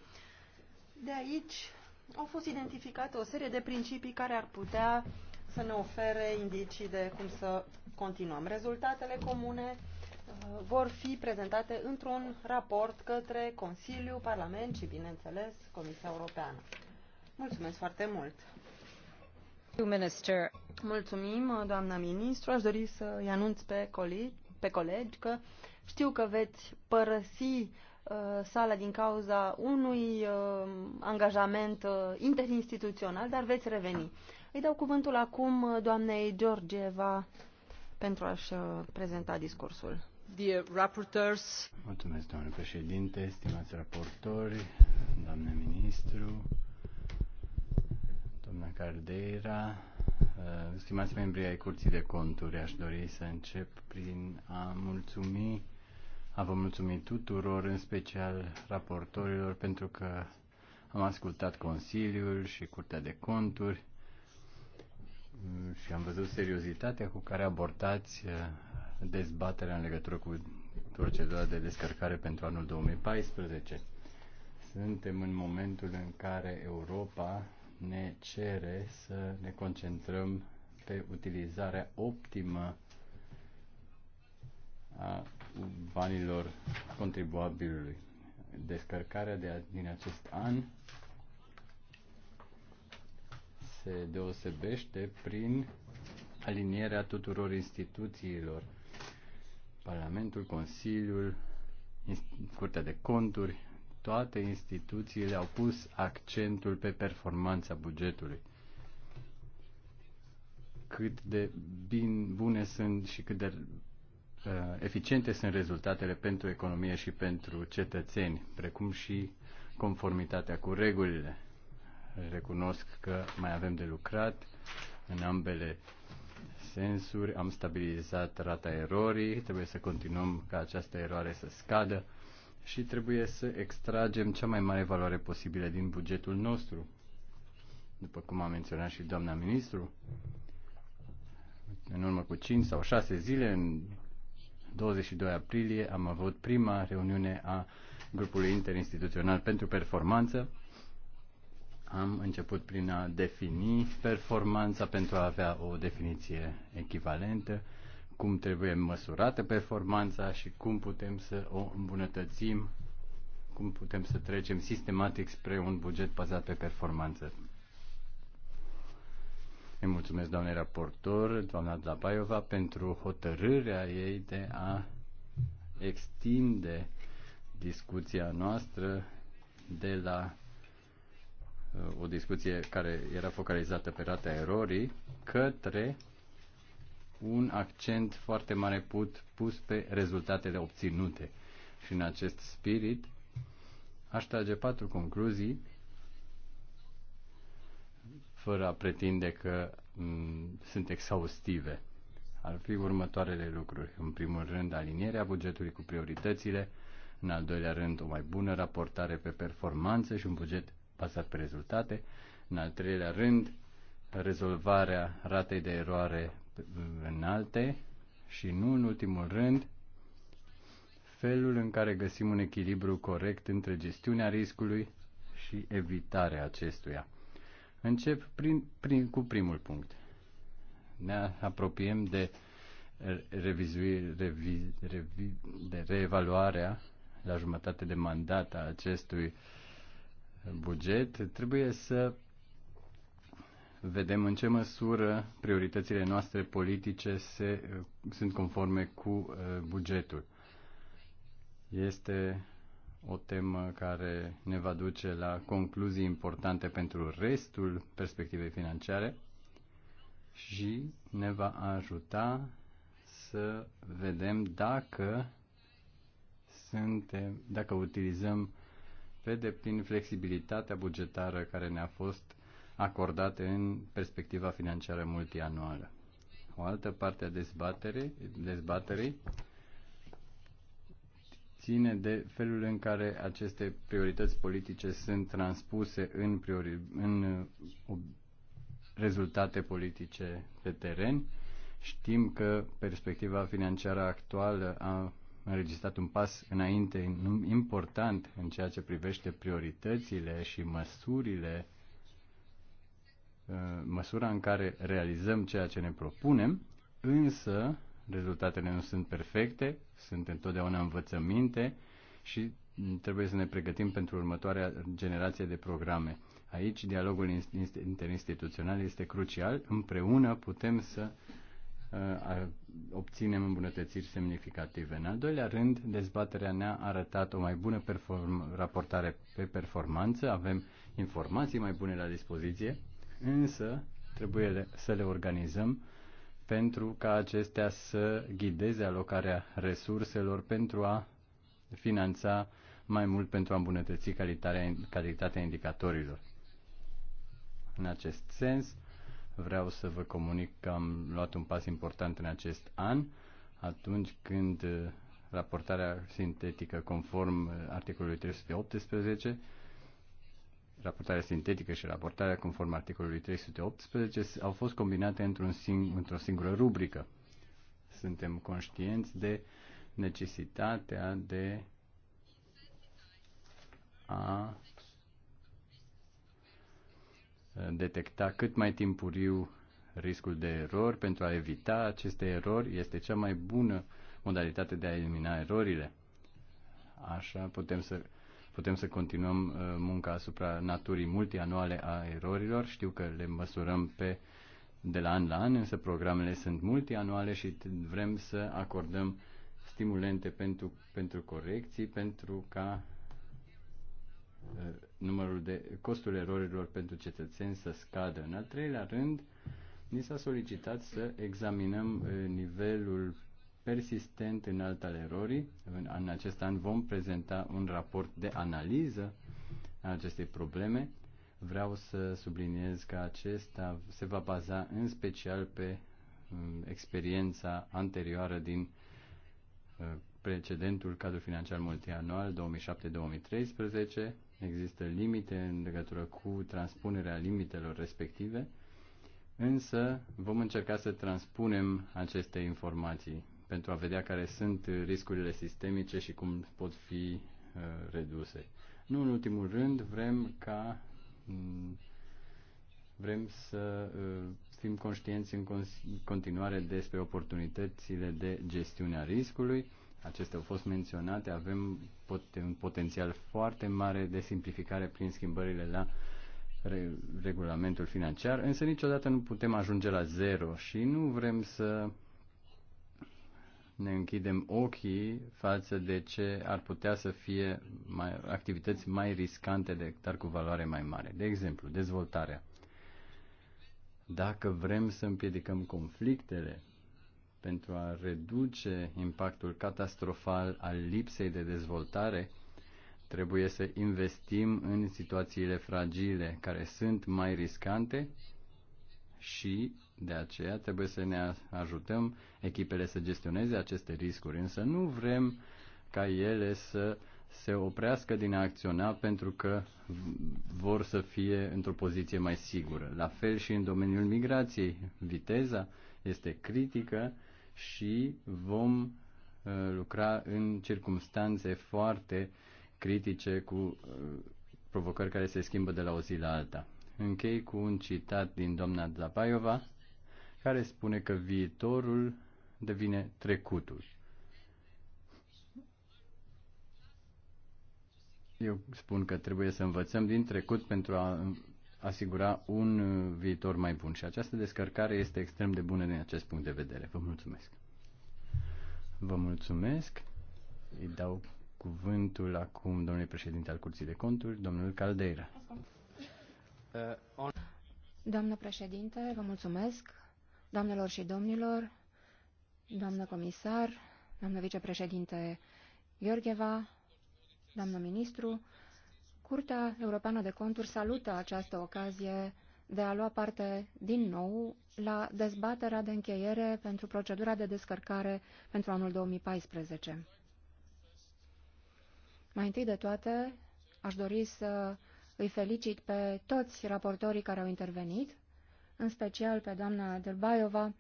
De aici au fost identificate o serie de principii care ar putea uh, să ne ofere indicii de cum să continuăm. Rezultatele comune uh, vor fi prezentate într-un raport către Consiliu, Parlament și, bineînțeles, Comisia Europeană. Mulțumesc foarte mult! Mulțumim, uh, doamna ministru. Aș dori să-i anunț pe, colegi, pe colegi că știu că veți părăsi uh, sala din cauza unui angajament interinstituțional, dar veți reveni. Îi dau cuvântul acum uh, doamnei Georgieva pentru a-și uh, prezenta discursul. Dear rapporteurs. Mulțumesc, domnule președinte, stimați raportori, doamne ministru, doamna Cardeira, uh, stimați membri ai Curții de Conturi, aș dori să încep prin a mulțumi, a vă mulțumi tuturor, în special raportorilor, pentru că am ascultat Consiliul și Curtea de Conturi Mm, și am văzut seriozitatea cu care abordați eh, dezbaterea în legătură cu procedura de descărcare pentru anul 2014. Suntem în momentul în care Europa ne cere să ne concentrăm pe utilizarea optimă a banilor contribuabilului. Descărcarea de, din acest an se deosebește prin alinierea tuturor instituțiilor. Parlamentul, Consiliul, Curtea de Conturi, toate instituțiile au pus accentul pe performanța bugetului. Cât de bin, bune sunt și cât de uh, eficiente sunt rezultatele pentru economie și pentru cetățeni, precum și conformitatea cu regulile recunosc că mai avem de lucrat în ambele sensuri. Am stabilizat rata erorii, trebuie să continuăm ca această eroare să scadă și trebuie să extragem cea mai mare valoare posibilă din bugetul nostru. După cum a menționat și doamna ministru, în urmă cu 5 sau 6 zile, în 22 aprilie, am avut prima reuniune a grupului interinstituțional pentru performanță am început prin a defini performanța pentru a avea o definiție echivalentă, cum trebuie măsurată performanța și cum putem să o îmbunătățim, cum putem să trecem sistematic spre un buget bazat pe performanță. Îi mulțumesc doamnei raportor, doamna Dabaiova, pentru hotărârea ei de a extinde discuția noastră de la o discuție care era focalizată pe rata erorii către un accent foarte mare put pus pe rezultatele obținute. Și în acest spirit aș trage patru concluzii fără a pretinde că sunt exhaustive. Ar fi următoarele lucruri. În primul rând, alinierea bugetului cu prioritățile, în al doilea rând, o mai bună raportare pe performanță și un buget bazat pe rezultate. În al treilea rând, rezolvarea ratei de eroare înalte și nu în ultimul rând, felul în care găsim un echilibru corect între gestiunea riscului și evitarea acestuia. Încep prin, prin, cu primul punct. Ne apropiem de, revizui, revi, revi, de reevaluarea la jumătate de mandat a acestui uh, buget, trebuie să vedem în ce măsură prioritățile noastre politice se, sunt conforme cu uh, bugetul. Este o temă care ne va duce la concluzii importante pentru restul perspectivei financiare și ne va ajuta să vedem dacă suntem, dacă utilizăm pe deplin flexibilitatea bugetară care ne-a fost acordată în perspectiva financiară multianuală. O altă parte a dezbaterii, dezbaterii ține de felul în care aceste priorități politice sunt transpuse în, priori, în uh, rezultate politice pe teren. Știm că perspectiva financiară actuală a înregistrat un pas înainte important în ceea ce privește prioritățile și măsurile, uh, măsura în care realizăm ceea ce ne propunem, însă rezultatele nu sunt perfecte, sunt întotdeauna învățăminte și trebuie să ne pregătim pentru următoarea generație de programe. Aici dialogul interinstituțional este crucial, împreună putem să obținem îmbunătățiri semnificative. În al doilea rând, dezbaterea ne-a arătat o mai bună perform- raportare pe performanță, avem informații mai bune la dispoziție, însă trebuie să le organizăm pentru ca acestea să ghideze alocarea resurselor pentru a finanța mai mult pentru a îmbunătăți calitatea, calitatea indicatorilor. În acest sens, vreau să vă comunic că am luat un pas important în acest an, atunci când uh, raportarea sintetică conform uh, articolului 318, raportarea sintetică și raportarea conform articolului 318 au fost combinate într-un sing- într-o singură rubrică. Suntem conștienți de necesitatea de a detecta cât mai timpuriu riscul de erori. Pentru a evita aceste erori este cea mai bună modalitate de a elimina erorile. Așa putem să, putem să continuăm uh, munca asupra naturii multianuale a erorilor. Știu că le măsurăm pe de la an la an, însă programele sunt multianuale și vrem să acordăm stimulente pentru, pentru corecții, pentru ca numărul de costul erorilor pentru cetățeni să scadă. În al treilea rând, ni s-a solicitat să examinăm nivelul persistent alt al erorii. În, în acest an vom prezenta un raport de analiză a acestei probleme. Vreau să subliniez că acesta se va baza în special pe experiența anterioară din precedentul cadru financiar multianual 2007-2013, există limite în legătură cu transpunerea limitelor respective, însă vom încerca să transpunem aceste informații pentru a vedea care sunt riscurile sistemice și cum pot fi uh, reduse. Nu în ultimul rând, vrem ca mm, vrem să uh, fim conștienți în continuare despre oportunitățile de gestiune a riscului acestea au fost menționate, avem pot, un potențial foarte mare de simplificare prin schimbările la re, regulamentul financiar, însă niciodată nu putem ajunge la zero și nu vrem să ne închidem ochii față de ce ar putea să fie mai, activități mai riscante, dar cu valoare mai mare. De exemplu, dezvoltarea. Dacă vrem să împiedicăm conflictele pentru a reduce impactul catastrofal al lipsei de dezvoltare, trebuie să investim în situațiile fragile care sunt mai riscante și de aceea trebuie să ne ajutăm echipele să gestioneze aceste riscuri, însă nu vrem ca ele să se oprească din a acționa pentru că vor să fie într-o poziție mai sigură. La fel și în domeniul migrației, viteza este critică și vom uh, lucra în circumstanțe foarte critice cu uh, provocări care se schimbă de la o zi la alta. Închei cu un citat din doamna Dlabaiova, care spune că viitorul devine trecutul. Eu spun că trebuie să învățăm din trecut pentru a asigura un uh, viitor mai bun. Și această descărcare este extrem de bună din acest punct de vedere. Vă mulțumesc. Vă mulțumesc. Îi dau cuvântul acum domnului președinte al Curții de Conturi, domnul Caldeira. Doamnă președinte, vă mulțumesc. Doamnelor și domnilor, doamnă comisar, doamnă vicepreședinte Gheorgheva, doamnă ministru, Curtea Europeană de Conturi salută această ocazie de a lua parte din nou la dezbaterea de încheiere pentru procedura de descărcare pentru anul 2014. Mai întâi de toate, aș dori să îi felicit pe toți raportorii care au intervenit, în special pe doamna Delbaiova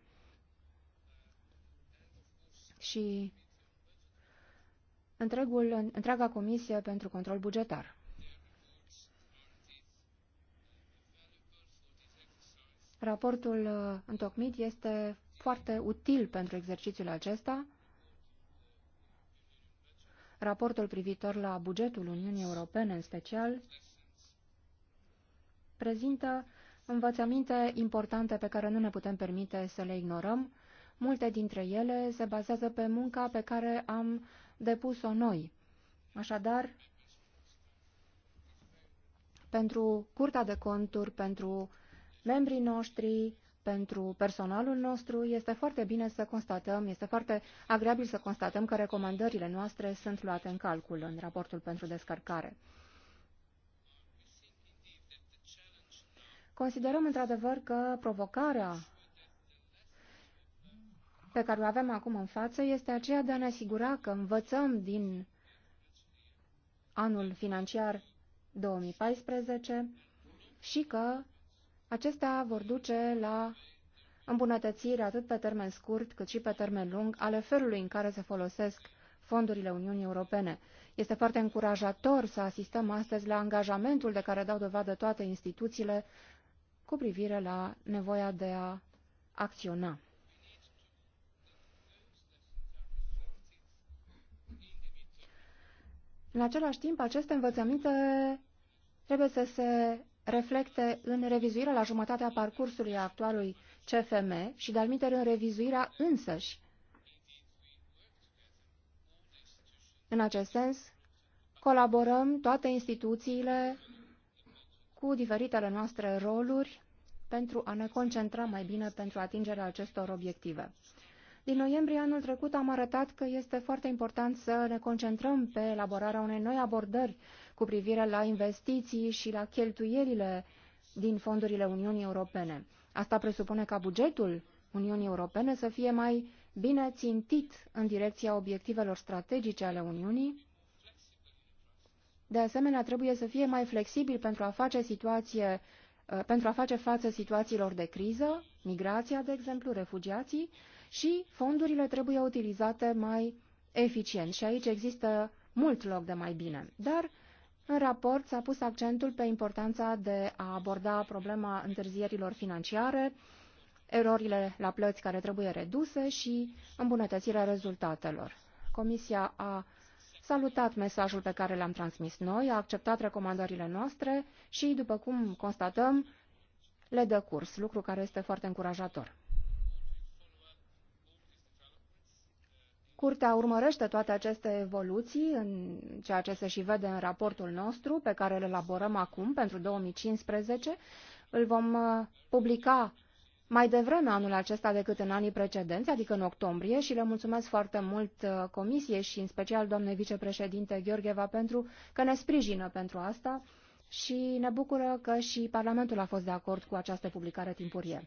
și întregul, întreaga Comisie pentru Control Bugetar. Raportul uh, întocmit este foarte util pentru exercițiul acesta. Raportul privitor la bugetul Uniunii Europene în special prezintă învățăminte importante pe care nu ne putem permite să le ignorăm. Multe dintre ele se bazează pe munca pe care am depus-o noi. Așadar, pentru Curtea de Conturi, pentru membrii noștri, pentru personalul nostru, este foarte bine să constatăm, este foarte agreabil să constatăm că recomandările noastre sunt luate în calcul în raportul pentru descărcare. Considerăm într-adevăr că provocarea pe care o avem acum în față este aceea de a ne asigura că învățăm din anul financiar 2014 și că Acestea vor duce la îmbunătățiri atât pe termen scurt cât și pe termen lung ale felului în care se folosesc fondurile Uniunii Europene. Este foarte încurajator să asistăm astăzi la angajamentul de care dau dovadă toate instituțiile cu privire la nevoia de a acționa. În același timp, aceste învățăminte trebuie să se reflecte în revizuirea la jumătatea parcursului actualului CFM și, de almiter, în revizuirea însăși. În acest sens, colaborăm toate instituțiile cu diferitele noastre roluri pentru a ne concentra mai bine pentru atingerea acestor obiective. Din noiembrie anul trecut am arătat că este foarte important să ne concentrăm pe elaborarea unei noi abordări cu privire la investiții și la cheltuielile din fondurile Uniunii Europene. Asta presupune ca bugetul Uniunii Europene să fie mai bine țintit în direcția obiectivelor strategice ale Uniunii. De asemenea, trebuie să fie mai flexibil pentru a face, situație, uh, pentru a face față situațiilor de criză, migrația, de exemplu, refugiații, și fondurile trebuie utilizate mai eficient. Și aici există mult loc de mai bine. Dar în raport s-a pus accentul pe importanța de a aborda problema întârzierilor financiare, erorile la plăți care trebuie reduse și îmbunătățirea rezultatelor. Comisia a salutat mesajul pe care l-am transmis noi, a acceptat recomandările noastre și, după cum constatăm, le dă curs, lucru care este foarte încurajator. Curtea urmărește toate aceste evoluții în ceea ce se și vede în raportul nostru pe care îl elaborăm acum pentru 2015. Îl vom uh, publica mai devreme anul acesta decât în anii precedenți, adică în octombrie, și le mulțumesc foarte mult uh, Comisiei și în special doamne vicepreședinte Gheorgheva pentru că ne sprijină pentru asta și ne bucură că și Parlamentul a fost de acord cu această publicare timpurie.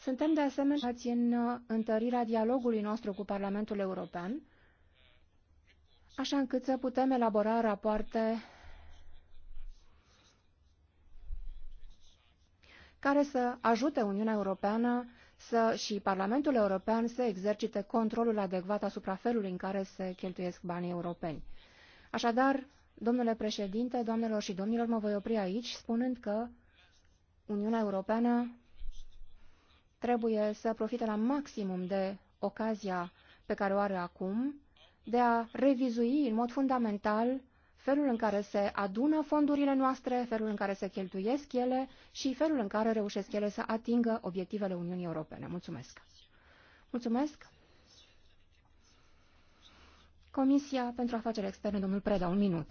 Suntem de asemenea în uh, întărirea dialogului nostru cu Parlamentul European, așa încât să putem elabora rapoarte care să ajute Uniunea Europeană să și Parlamentul European să exercite controlul adecvat asupra felului în care se cheltuiesc banii europeni. Așadar, domnule președinte, doamnelor și domnilor, mă voi opri aici spunând că Uniunea Europeană trebuie să profite la maximum de ocazia pe care o are acum de a revizui în mod fundamental felul în care se adună fondurile noastre, felul în care se cheltuiesc ele și felul în care reușesc ele să atingă obiectivele Uniunii Europene. Mulțumesc! Mulțumesc! Comisia pentru afaceri externe, domnul Preda, un minut.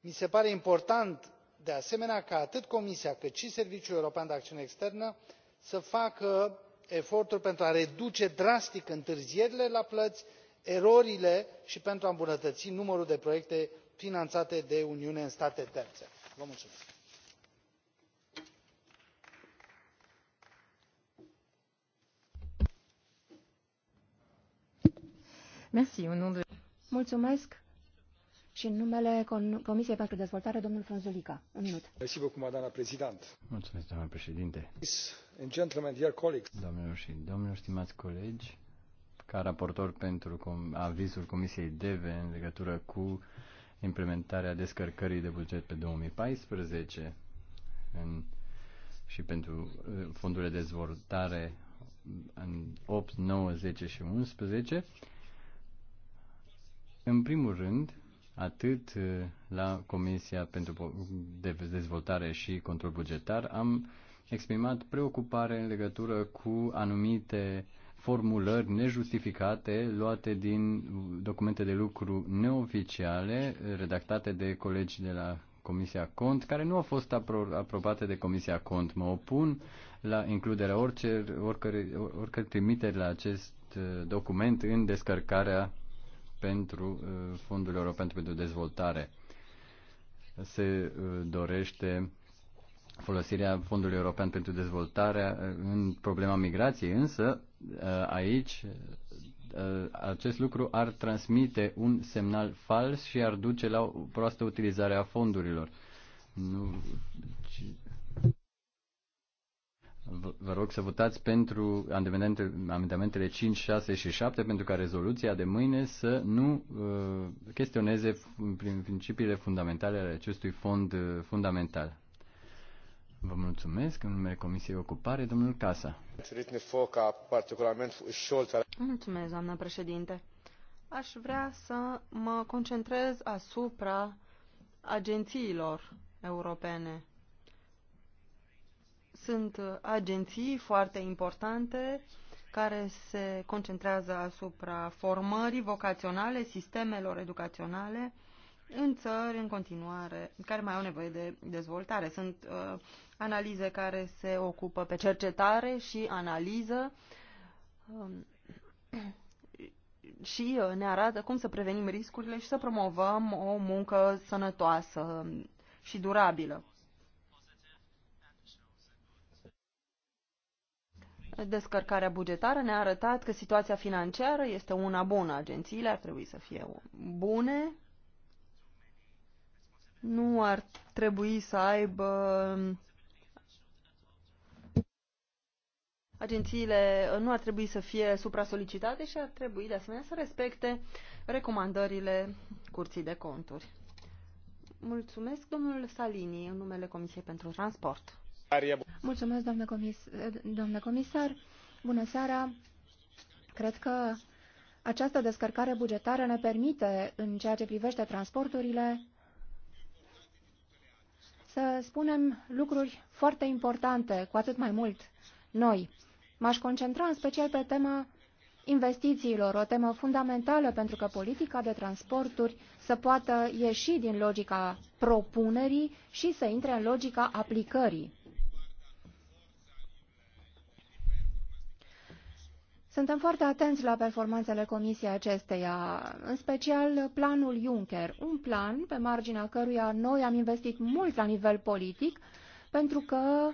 mi se pare important de asemenea ca atât comisia cât și serviciul european de acțiune externă să facă eforturi pentru a reduce drastic întârzierile la plăți erorile și pentru a îmbunătăți numărul de proiecte finanțate de uniune în state terțe. vă mulțumesc. Mulțumesc și în numele Comisiei pentru Dezvoltare, domnul Frunzulica. Un minut. Mulțumesc, doamna președinte. Domnilor și domnilor, stimați colegi, ca raportor pentru avizul Comisiei DEVE în legătură cu implementarea descărcării de buget pe 2014 în, și pentru uh, fondurile de dezvoltare în 8, 9, 10 și 11. În primul rând, atât uh, la Comisia pentru Dezvoltare și Control Bugetar, am exprimat preocupare în legătură cu anumite formulări nejustificate luate din documente de lucru neoficiale redactate de colegi de la Comisia Cont, care nu au fost apro- aprobate de Comisia Cont. Mă opun la includerea orice, oricăre, oricăre trimiteri la acest uh, document în descărcarea pentru uh, Fondul European pentru Dezvoltare. Se uh, dorește folosirea Fondului European pentru Dezvoltare uh, în problema migrației, însă aici acest lucru ar transmite un semnal fals și ar duce la o proastă utilizare a fondurilor. Nu, Vă rog să votați pentru amendamentele 5, 6 și 7, pentru ca rezoluția de mâine să nu uh, chestioneze principiile fundamentale ale acestui fond uh, fundamental. Vă mulțumesc. În numele Comisiei Ocupare, domnul Casa. Mulțumesc, doamnă președinte. Aș vrea să mă concentrez asupra agențiilor europene sunt uh, agenții foarte importante care se concentrează asupra formării vocaționale, sistemelor educaționale în țări în continuare care mai au nevoie de dezvoltare. Sunt uh, analize care se ocupă pe cercetare și analiză um, și uh, ne arată cum să prevenim riscurile și să promovăm o muncă sănătoasă și durabilă. descărcarea bugetară ne-a arătat că situația financiară este una bună. Agențiile ar trebui să fie bune. Nu ar trebui să aibă um, agențiile uh, nu ar trebui să fie supra-solicitate și ar trebui de asemenea să respecte recomandările Curții de Conturi. Mulțumesc, domnul Salini, în numele Comisiei pentru Transport. Mulțumesc, doamnă, doamnă comisar. Bună seara. Cred că această descărcare bugetară ne permite, în ceea ce privește transporturile, să spunem lucruri foarte importante, cu atât mai mult noi. M-aș concentra în special pe tema investițiilor, o temă fundamentală pentru că politica de transporturi să poată ieși din logica propunerii și să intre în logica aplicării. Suntem foarte atenți la performanțele comisiei acesteia, în special planul Juncker, un plan pe marginea căruia noi am investit mult la nivel politic, pentru că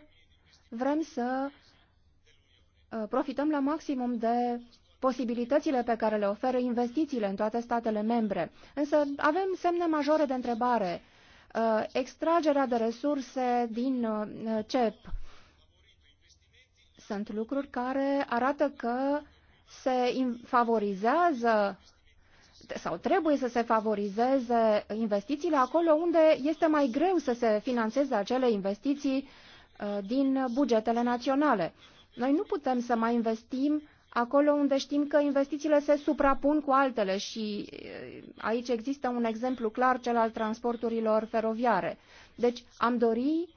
vrem să uh, profităm la maximum de posibilitățile pe care le oferă investițiile în toate statele membre. Însă avem semne majore de întrebare. Uh, extragerea de resurse din uh, CEP sunt lucruri care arată că se favorizează sau trebuie să se favorizeze investițiile acolo unde este mai greu să se financeze acele investiții uh, din bugetele naționale. Noi nu putem să mai investim acolo unde știm că investițiile se suprapun cu altele și uh, aici există un exemplu clar, cel al transporturilor feroviare. Deci am dori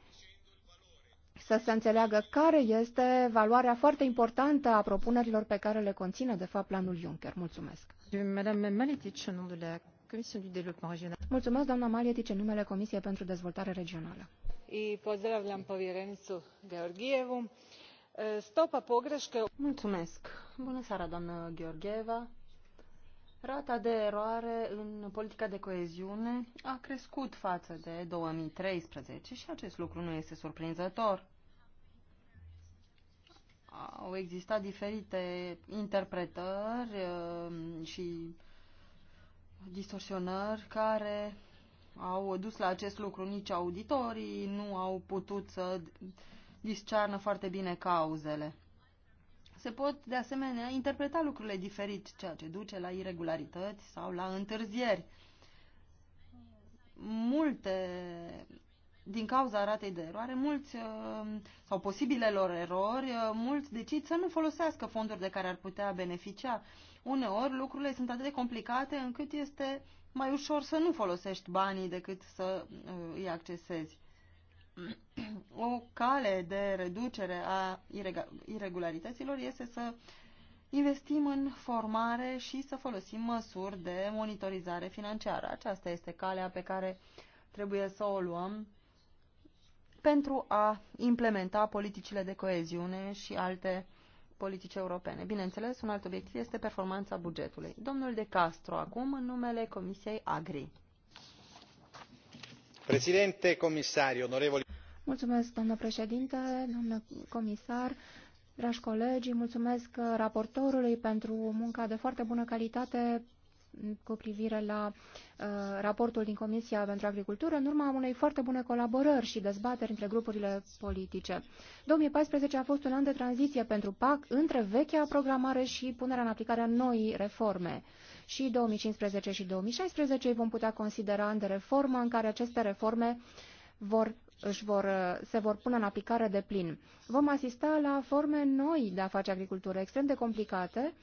să se înțeleagă care este valoarea foarte importantă a propunerilor pe care le conține, de fapt, planul Juncker. Mulțumesc. Mulțumesc, doamna Malietic, în numele Comisiei pentru Dezvoltare Regională. I Stopa Mulțumesc. Bună seara, doamnă Georgieva. Rata de eroare în politica de coeziune a crescut față de 2013 și acest lucru nu este surprinzător au existat diferite interpretări uh, și distorsionări care au dus la acest lucru. Nici auditorii nu au putut să discearnă foarte bine cauzele. Se pot, de asemenea, interpreta lucrurile diferit, ceea ce duce la irregularități sau la întârzieri. Multe din cauza ratei de eroare, mulți uh, sau posibilelor erori, uh, mulți decid să nu folosească fonduri de care ar putea beneficia. Uneori lucrurile sunt atât de complicate încât este mai ușor să nu folosești banii decât să uh, îi accesezi. O cale de reducere a irregularităților este să investim în formare și să folosim măsuri de monitorizare financiară. Aceasta este calea pe care trebuie să o luăm pentru a implementa politicile de coeziune și alte politici europene. Bineînțeles, un alt obiectiv este performanța bugetului. Domnul De Castro, acum, în numele Comisiei Agri. Președinte, comisari, onorevoli... Mulțumesc, doamnă președinte, doamnă comisar, dragi colegi, mulțumesc raportorului pentru munca de foarte bună calitate cu privire la uh, raportul din Comisia pentru Agricultură în urma unei foarte bune colaborări și dezbateri între grupurile politice. 2014 a fost un an de tranziție pentru PAC între vechea programare și punerea în aplicare a noii reforme. Și 2015 și 2016 vom putea considera an de reformă în care aceste reforme vor își vor, uh, se vor pune în aplicare de plin. Vom asista la forme noi de a face agricultură extrem de complicate,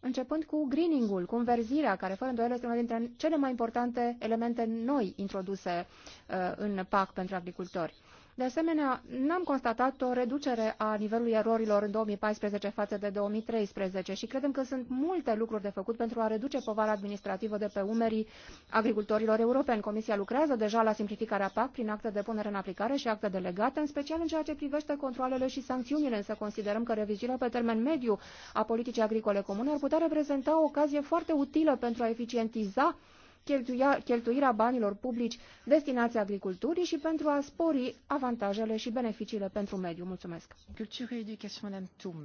începând cu greening-ul, cu înverzirea, care fără îndoială este una dintre cele mai importante elemente noi introduse uh, în PAC pentru agricultori. De asemenea, n-am constatat o reducere a nivelului erorilor în 2014 față de 2013 și credem că sunt multe lucruri de făcut pentru a reduce povara administrativă de pe umerii agricultorilor europeni. Comisia lucrează deja la simplificarea PAC prin acte de punere în aplicare și acte delegate, în special în ceea ce privește controlele și sancțiunile, însă considerăm că revizuirea pe termen mediu a politicii agricole comune ar putea reprezenta o ocazie foarte utilă pentru a eficientiza cheltuia, cheltuirea banilor publici destinați agriculturii și pentru a spori avantajele și beneficiile pentru mediu. Mulțumesc! Cultură, educație, Tum.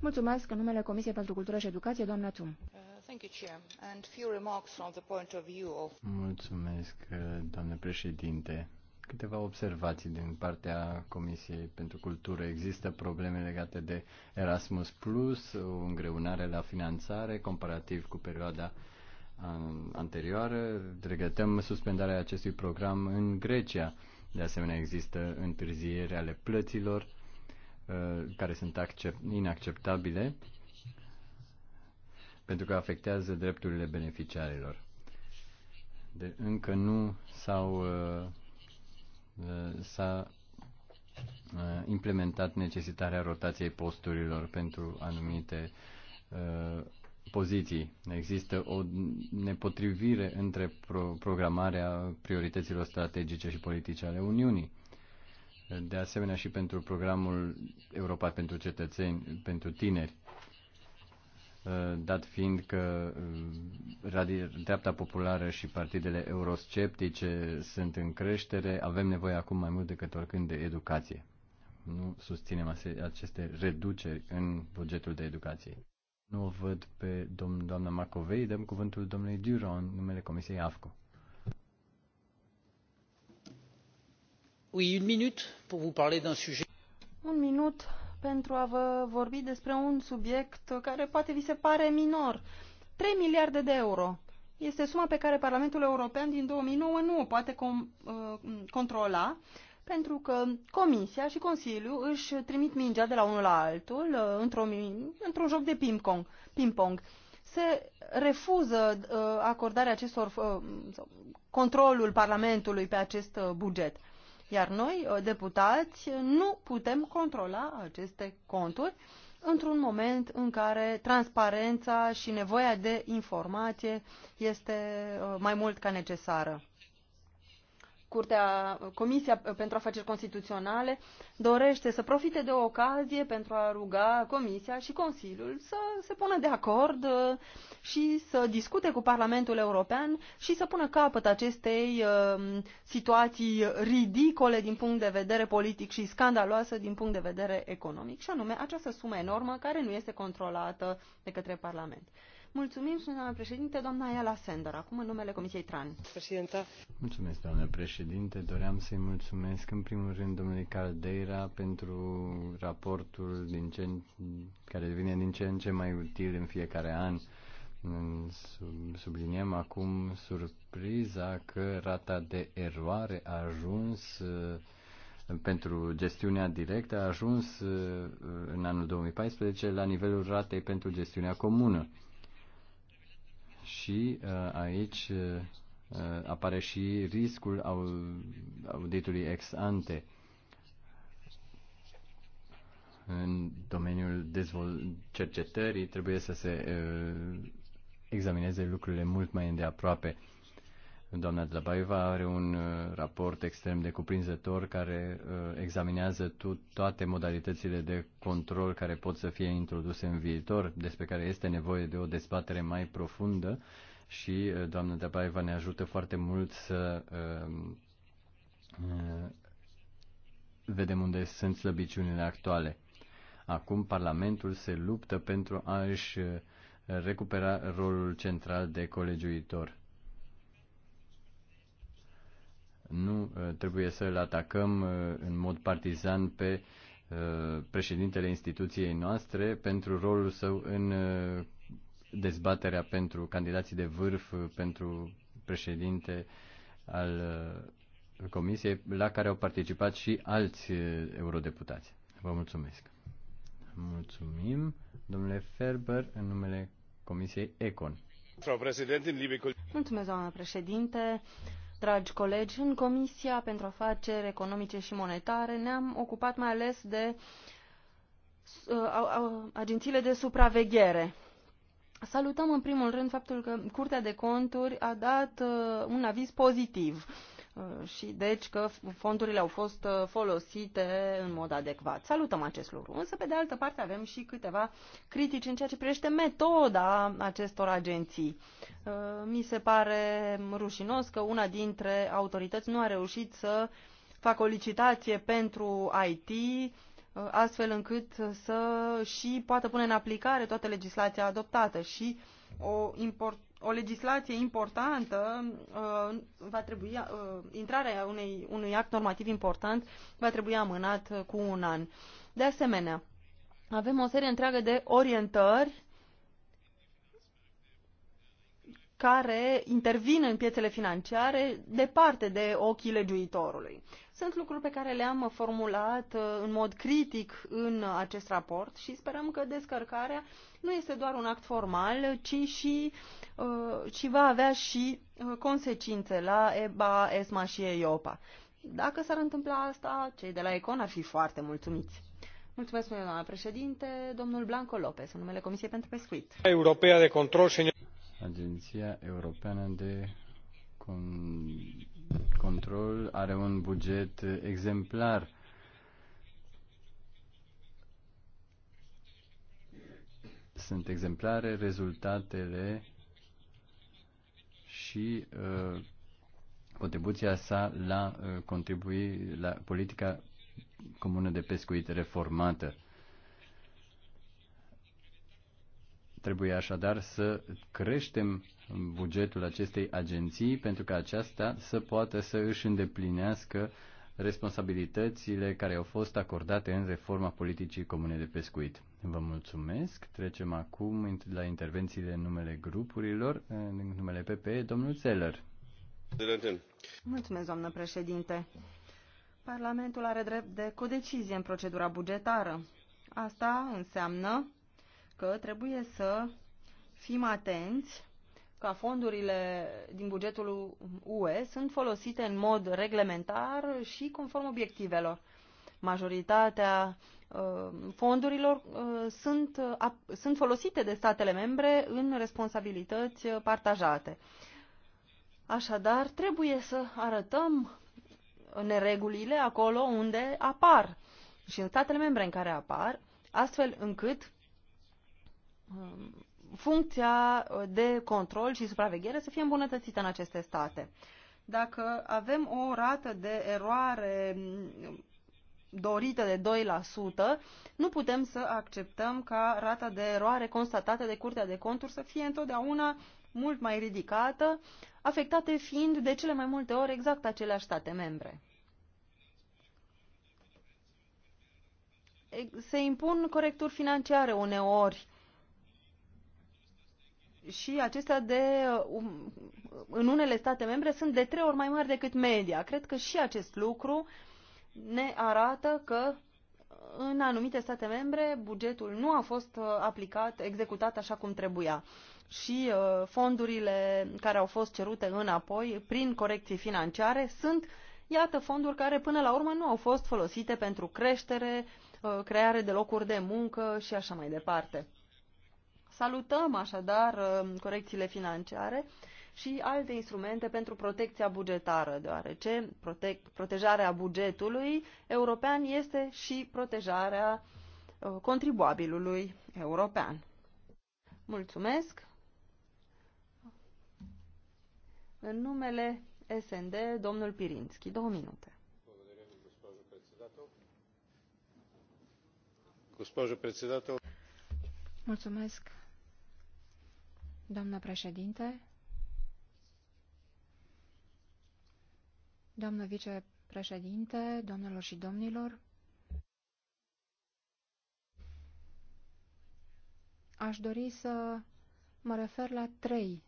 Mulțumesc în numele Comisiei pentru Cultură și Educație, doamna Tum. Uh, Mulțumesc, uh, doamne președinte. Câteva observații din partea Comisiei pentru Cultură. Există probleme legate de Erasmus Plus, o îngreunare la finanțare comparativ cu perioada 2007 anterioară, regretăm suspendarea acestui program în Grecia. De asemenea, există întârzieri ale plăților uh, care sunt inacceptabile pentru că afectează drepturile beneficiarilor. De, încă nu s-au uh, uh, s-a implementat necesitarea rotației posturilor pentru anumite poziții. Există o nepotrivire între pro- programarea priorităților strategice și politice ale Uniunii. De asemenea și pentru programul Europa pentru cetățeni, pentru tineri, dat fiind că uh, dreapta populară și partidele eurosceptice sunt în creștere, avem nevoie acum mai mult decât oricând de educație. Nu susținem aceste reduceri în bugetul de educație. Nu o văd pe domn, doamna Macovei, dăm cuvântul domnului Duron, numele Comisiei AFCO. Oui, une minute pour vous parler d'un sujet. Un minut pentru a vă vorbi despre un subiect care poate vi se pare minor. 3 miliarde de euro este suma pe care Parlamentul European din 2009 nu o poate com, uh, controla pentru că Comisia și Consiliul își trimit mingea de la unul la altul uh, într-un într joc de ping-pong. ping-pong. Se refuză uh, acordarea acestor uh, controlul Parlamentului pe acest uh, buget. Iar noi, uh, deputați, nu putem controla aceste conturi într-un moment în care transparența și nevoia de informație este uh, mai mult ca necesară Curtea, Comisia pentru Afaceri Constituționale dorește să profite de o ocazie pentru a ruga Comisia și Consiliul să se pună de acord uh, și să discute cu Parlamentul European și să pună capăt acestei uh, situații ridicole din punct de vedere politic și scandaloasă din punct de vedere economic, și anume această sumă enormă care nu este controlată de către Parlament. Mulțumim și președinte, doamna Ayala Sender, acum în numele Comisiei Tran. Președinte. Mulțumesc, doamna președinte. Doream să-i mulțumesc în primul rând domnului Caldeira pentru raportul din ce în, care devine din ce în ce mai util în fiecare an. Subliniem acum surpriza că rata de eroare a ajuns pentru gestiunea directă a ajuns în anul 2014 la nivelul ratei pentru gestiunea comună. Și uh, aici uh, uh, apare și riscul auditului ex ante în domeniul dezvol- cercetării trebuie să se examineze lucrurile mult mai îndeaproape. Doamna Dlabaeva are un uh, raport extrem de cuprinzător care uh, examinează toate modalitățile de control care pot să fie introduse în viitor, despre care este nevoie de o dezbatere mai profundă și uh, doamna Dlabaeva ne ajută foarte mult să vedem unde sunt slăbiciunile actuale. Acum Parlamentul se luptă pentru a-și recupera rolul central de colegiuitor Nu uh, trebuie să îl atacăm uh, în mod partizan pe uh, președintele instituției noastre pentru rolul său în dezbaterea pentru candidații de vârf pentru președinte al comisiei la care au participat și alți eurodeputați. Vă mulțumesc. Mulțumim, domnule Ferber, în numele Comisiei Econ. Mulțumesc, doamnă președinte dragi colegi, în Comisia pentru Afaceri Economice și Monetare ne-am ocupat mai ales de uh, agențiile de supraveghere. Salutăm în primul rând faptul că Curtea de Conturi a dat uh, un aviz pozitiv Uh, și deci că fondurile au fost uh, folosite în mod adecvat. Salutăm acest lucru. Însă, pe de altă parte, avem și câteva critici în ceea ce privește metoda acestor agenții. Uh, mi se pare rușinos că una dintre autorități nu a reușit să facă o licitație pentru IT Uh, astfel încât uh, să și poată pune în aplicare toată legislația adoptată și o, import, o legislație importantă uh, va trebui, uh, intrarea unei, unui act normativ important va trebui amânat uh, cu un an. De asemenea, avem o serie întreagă de orientări care intervin în piețele financiare departe de ochii legiuitorului. Sunt lucruri pe care le-am formulat uh, în mod critic în acest raport și sperăm că descărcarea nu este doar un act formal, ci și, ci uh, va avea și uh, consecințe la EBA, ESMA și EIOPA. Dacă s-ar întâmpla asta, cei de la ECON ar fi foarte mulțumiți. Mulțumesc, doamna președinte. Domnul Blanco Lopez, în numele Comisiei pentru Pescuit. Europea de Control, Agenția Europeană de Control control are un buget exemplar. Sunt exemplare rezultatele și uh, contribuția sa la uh, contribui la politica comună de pescuit reformată. Trebuie așadar să creștem bugetul acestei agenții pentru ca aceasta să poată să își îndeplinească responsabilitățile care au fost acordate în reforma politicii comune de pescuit. Vă mulțumesc. Trecem acum la intervențiile în numele grupurilor, în numele PP, domnul Zeller. Mulțumesc, doamnă președinte. Parlamentul are drept de codecizie în procedura bugetară. Asta înseamnă că trebuie să fim atenți ca fondurile din bugetul UE sunt folosite în mod reglementar și conform obiectivelor. Majoritatea uh, fondurilor uh, sunt, uh, sunt folosite de statele membre în responsabilități partajate. Așadar, trebuie să arătăm neregulile acolo unde apar și în statele membre în care apar, astfel încât Um, funcția uh, de control și supraveghere să fie îmbunătățită în aceste state. Dacă avem o rată de eroare um, dorită de 2%, nu putem să acceptăm ca rata de eroare constatată de Curtea de Conturi să fie întotdeauna mult mai ridicată, afectate fiind de cele mai multe ori exact aceleași state membre. Se impun corecturi financiare uneori și acestea de, uh, um, în unele state membre sunt de trei ori mai mari decât media. Cred că și acest lucru ne arată că uh, în anumite state membre bugetul nu a fost uh, aplicat, executat așa cum trebuia și fondurile care au fost cerute înapoi prin corecții financiare sunt, iată, fonduri care până la urmă nu au fost folosite pentru creștere, creare de locuri de muncă și așa mai departe. Salutăm așadar uh, corecțiile financiare și alte instrumente pentru protecția bugetară, deoarece protec- protejarea bugetului european este și protejarea uh, contribuabilului european. Mulțumesc! În numele SND, domnul Pirinski, două minute. Mulțumesc, Doamnă președinte, doamnă vicepreședinte, doamnelor și domnilor, aș dori să mă refer la trei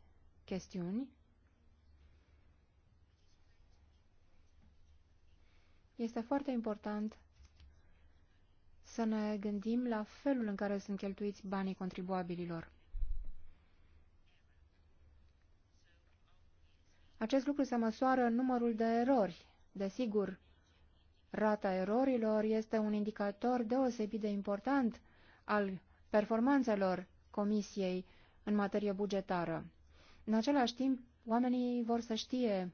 chestiuni. Este foarte important să ne gândim la felul în care sunt cheltuiți banii contribuabililor. Acest lucru se măsoară în numărul de erori. Desigur, rata erorilor este un indicator deosebit de important al performanțelor Comisiei în materie bugetară. În același timp, oamenii vor să știe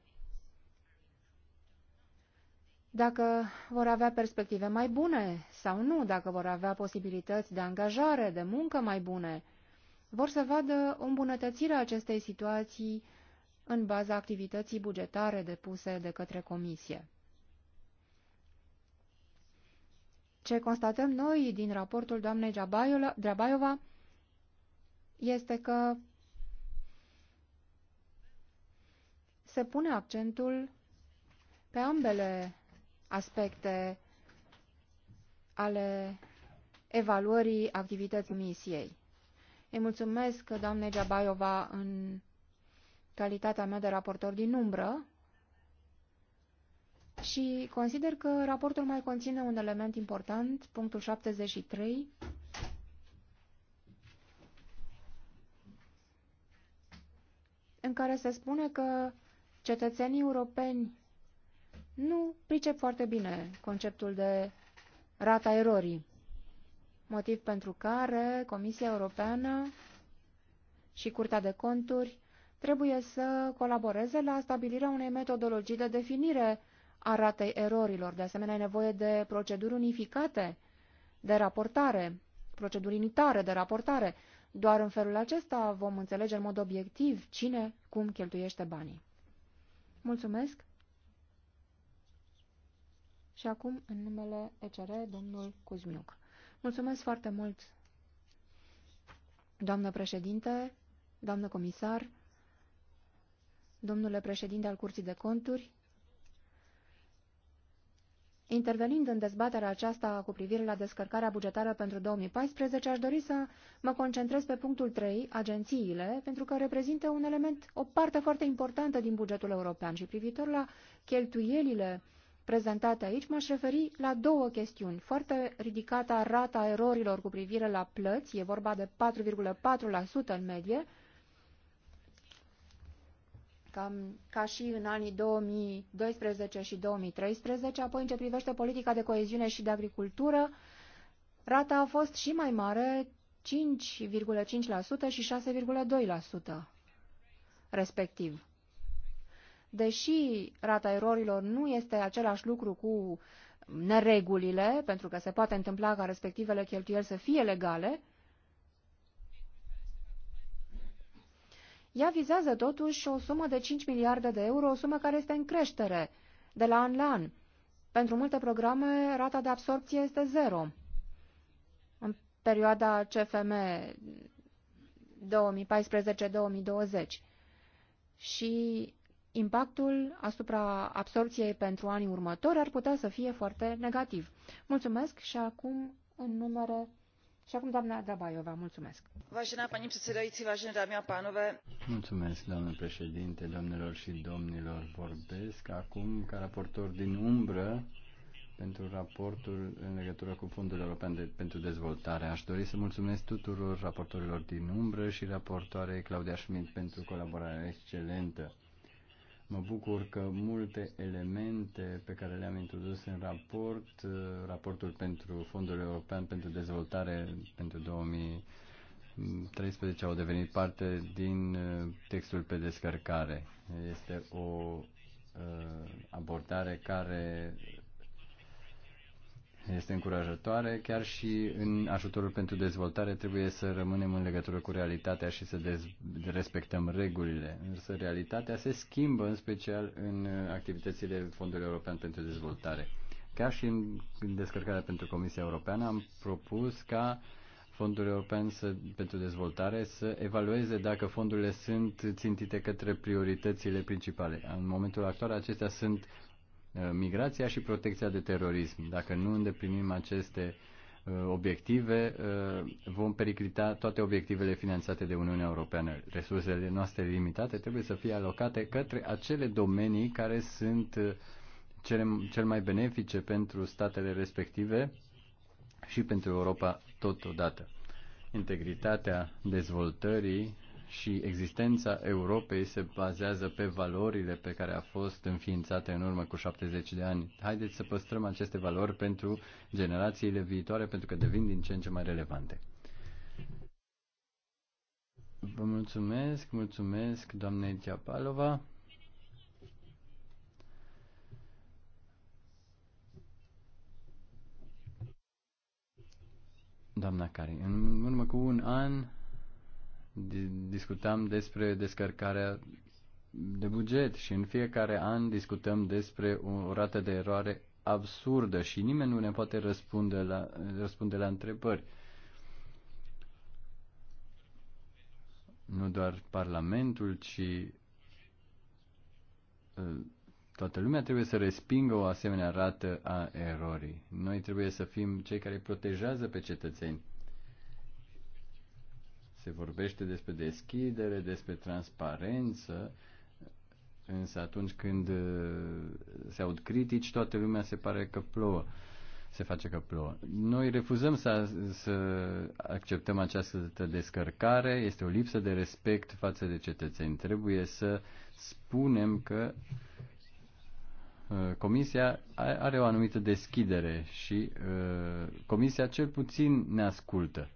dacă vor avea perspective mai bune sau nu, dacă vor avea posibilități de angajare, de muncă mai bune. Vor să vadă o îmbunătățire a acestei situații în baza activității bugetare depuse de către comisie. Ce constatăm noi din raportul doamnei Drabaiova este că se pune accentul pe ambele aspecte ale evaluării activității misiei. Îi mulțumesc doamne Jabaiova în calitatea mea de raportor din umbră și consider că raportul mai conține un element important, punctul 73, în care se spune că cetățenii europeni nu pricep foarte bine conceptul de rata erorii, motiv pentru care Comisia Europeană și Curtea de Conturi trebuie să colaboreze la stabilirea unei metodologii de definire a ratei erorilor. De asemenea, e nevoie de proceduri unificate de raportare, proceduri unitare de raportare. Doar în felul acesta vom înțelege în mod obiectiv cine, cum cheltuiește banii. Mulțumesc! Și acum, în numele ECR, domnul Cuzmiuc. Mulțumesc foarte mult, doamnă președinte, doamnă comisar, domnule președinte al Curții de Conturi, Intervenind în dezbaterea aceasta cu privire la descărcarea bugetară pentru 2014, aș dori să mă concentrez pe punctul 3, agențiile, pentru că reprezintă un element, o parte foarte importantă din bugetul european și privitor la cheltuielile prezentate aici, m-aș referi la două chestiuni. Foarte ridicată rata erorilor cu privire la plăți, e vorba de 4,4% în medie, ca, ca și în anii 2012 și 2013, apoi în ce privește politica de coeziune și de agricultură, rata a fost și mai mare, 5,5% și 6,2% respectiv. Deși rata erorilor nu este același lucru cu neregulile, pentru că se poate întâmpla ca respectivele cheltuieli să fie legale, Ea vizează totuși o sumă de 5 miliarde de euro, o sumă care este în creștere de la an la an. Pentru multe programe, rata de absorpție este zero. În perioada CFM 2014-2020. Și impactul asupra absorpției pentru anii următori ar putea să fie foarte negativ. Mulțumesc și acum în numere și acum doamna Dabaiova, mulțumesc. Vážená paní předsedající, vážené dámy a pánové. Mulțumesc, doamnă președinte, domnilor și domnilor. Vorbesc acum ca raportor din umbră pentru raportul în legătură cu Fondul European de, pentru Dezvoltare. Aș dori să mulțumesc tuturor raportorilor din umbră și raportoarei Claudia Schmidt pentru colaborarea excelentă. Mă bucur că multe elemente pe care le-am introdus în raport, uh, raportul pentru Fondul European pentru Dezvoltare pentru 2013 au devenit parte din uh, textul pe descărcare. Este o uh, abordare care este încurajatoare, chiar și în ajutorul pentru dezvoltare trebuie să rămânem în legătură cu realitatea și să respectăm regulile. Însă realitatea se schimbă, în special în activitățile Fondului European pentru Dezvoltare. Chiar și în descărcarea pentru Comisia Europeană am propus ca Fondul European să, pentru Dezvoltare să evalueze dacă fondurile sunt țintite către prioritățile principale. În momentul actual acestea sunt Uh, migrația și protecția de terorism. Dacă nu îndeplinim aceste uh, obiective, uh, vom periclita toate obiectivele finanțate de Uniunea Europeană. Resursele noastre limitate trebuie să fie alocate către acele domenii care sunt cele, cel mai benefice pentru statele respective și pentru Europa totodată. Integritatea dezvoltării și existența Europei se bazează pe valorile pe care a fost înființate în urmă cu 70 de ani. Haideți să păstrăm aceste valori pentru generațiile viitoare, pentru că devin din ce în ce mai relevante. Vă mulțumesc, mulțumesc, doamnei Tiapalova. Doamna Cari, în urmă cu un an discutam despre descărcarea de buget și în fiecare an discutăm despre o rată de eroare absurdă și nimeni nu ne poate răspunde la, răspunde la întrebări. Nu doar Parlamentul, ci ă, toată lumea trebuie să respingă o asemenea rată a erorii. Noi trebuie să fim cei care protejează pe cetățeni. Se vorbește despre deschidere, despre transparență, însă atunci când uh, se aud critici, toată lumea se pare că plouă se face că plouă. Noi refuzăm să, să acceptăm această descărcare, este o lipsă de respect față de cetățeni. Trebuie să spunem că uh, Comisia are o anumită deschidere și uh, Comisia cel puțin ne ascultă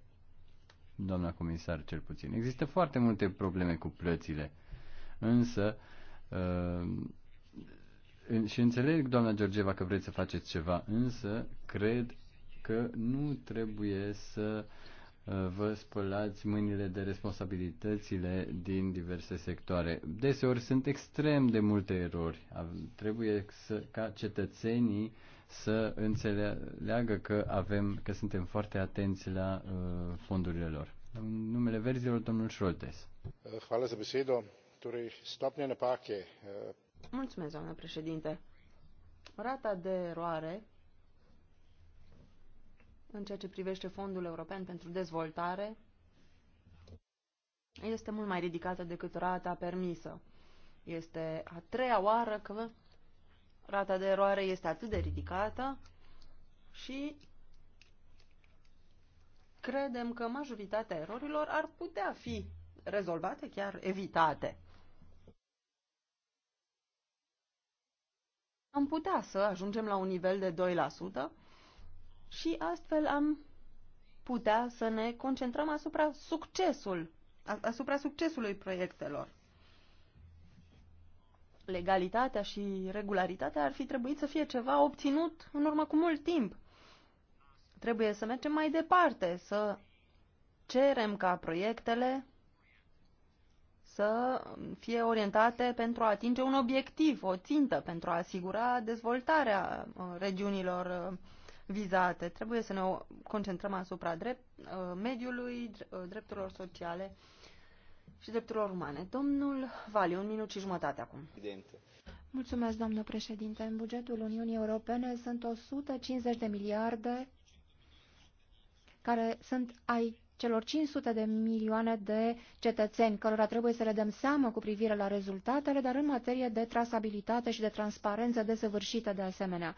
doamna comisar cel puțin. Există foarte multe probleme cu plățile, însă uh, și înțeleg, doamna Georgeva, că vreți să faceți ceva, însă cred că nu trebuie să uh, vă spălați mâinile de responsabilitățile din diverse sectoare. Deseori sunt extrem de multe erori. Trebuie să, ca cetățenii să înțeleagă că avem, că suntem foarte atenți la uh, fondurile lor. În numele verzilor, domnul Șoltes. Uh, Mulțumesc, doamnă președinte. Rata de eroare în ceea ce privește Fondul European pentru Dezvoltare este mult mai ridicată decât rata permisă. Este a treia oară că rata de eroare este atât de ridicată și credem că majoritatea erorilor ar putea fi rezolvate, chiar evitate. Am putea să ajungem la un nivel de 2% și astfel am putea să ne concentrăm asupra succesul, asupra succesului proiectelor legalitatea și regularitatea ar fi trebuit să fie ceva obținut în urmă cu mult timp. Trebuie să mergem mai departe, să cerem ca proiectele să fie orientate pentru a atinge un obiectiv, o țintă, pentru a asigura dezvoltarea uh, regiunilor uh, vizate. Trebuie să ne concentrăm asupra drept, uh, mediului, drepturilor sociale și drepturilor umane. Domnul Vali, un minut și jumătate acum. Evidente. Mulțumesc, doamnă președinte. În bugetul Uniunii Europene sunt 150 de miliarde care sunt ai celor 500 de milioane de cetățeni, cărora trebuie să le dăm seamă cu privire la rezultatele, dar în materie de trasabilitate și de transparență desăvârșită de asemenea.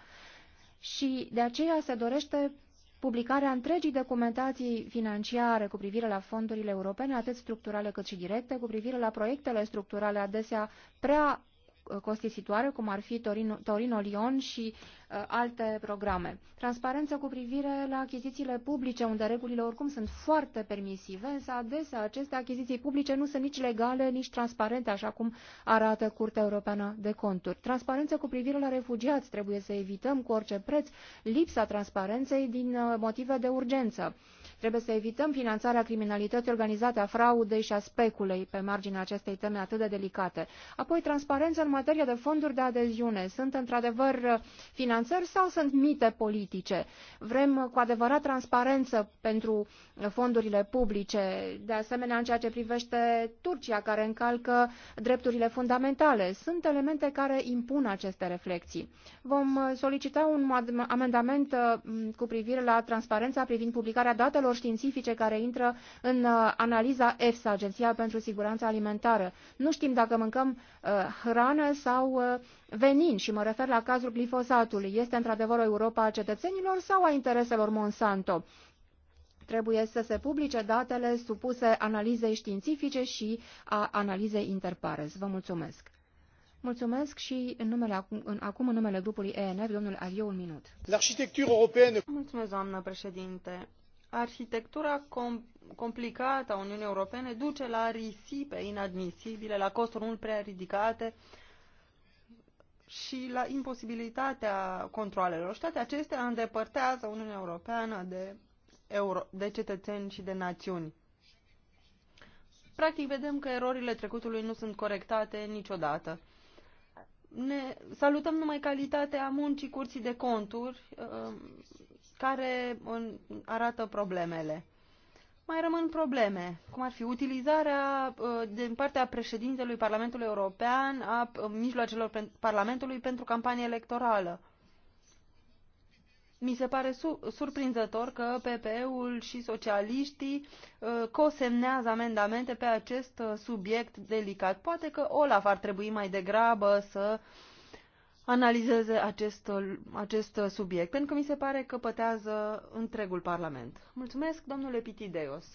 Și de aceea se dorește publicarea întregii documentații financiare cu privire la fondurile europene, atât structurale cât și directe, cu privire la proiectele structurale adesea prea uh, costisitoare, cum ar fi Torino-Lyon Torino și Uh, alte programe. Transparență cu privire la achizițiile publice, unde regulile oricum sunt foarte permisive, însă adesea aceste achiziții publice nu sunt nici legale, nici transparente, așa cum arată Curtea Europeană de Conturi. Transparență cu privire la refugiați, trebuie să evităm cu orice preț lipsa transparenței din uh, motive de urgență. Trebuie să evităm finanțarea criminalității organizate, a fraudei și a speculei pe marginea acestei teme atât de delicate. Apoi, transparență în materie de fonduri de adeziune. Sunt într-adevăr finanțarea uh, finanțări sau sunt mite politice? Vrem cu adevărat transparență pentru fondurile publice, de asemenea în ceea ce privește Turcia, care încalcă drepturile fundamentale. Sunt elemente care impun aceste reflexii. Vom solicita un amendament uh, cu privire la transparența privind publicarea datelor științifice care intră în uh, analiza EFSA, Agenția pentru Siguranța Alimentară. Nu știm dacă mâncăm uh, hrană sau venin, și mă refer la cazul glifosatului, este într-adevăr o Europa a cetățenilor sau a intereselor Monsanto? Trebuie să se publice datele supuse analizei științifice și a analizei interpares. Vă mulțumesc! Mulțumesc și în numele, în, acum în numele grupului ENF, domnul Aviu, un minut. Europeană... Mulțumesc, doamnă președinte. Arhitectura com complicată a Uniunii Europene duce la risipe inadmisibile, la costuri mult prea ridicate, și la imposibilitatea controalelor. Și toate acestea îndepărtează Uniunea Europeană de, euro, de cetățeni și de națiuni. Practic vedem că erorile trecutului nu sunt corectate niciodată. Ne salutăm numai calitatea muncii curții de conturi uh, care arată problemele mai rămân probleme, cum ar fi utilizarea uh, din partea președintelui Parlamentului European a uh, mijloacelor Parlamentului pentru campanie electorală. Mi se pare surprinzător că PPE-ul și socialiștii uh, cosemnează amendamente pe acest subiect delicat. Poate că Olaf ar trebui mai degrabă să uh, analizeze acest, acest subiect, pentru că mi se pare că pătează întregul Parlament. Mulțumesc, domnule Pitideos.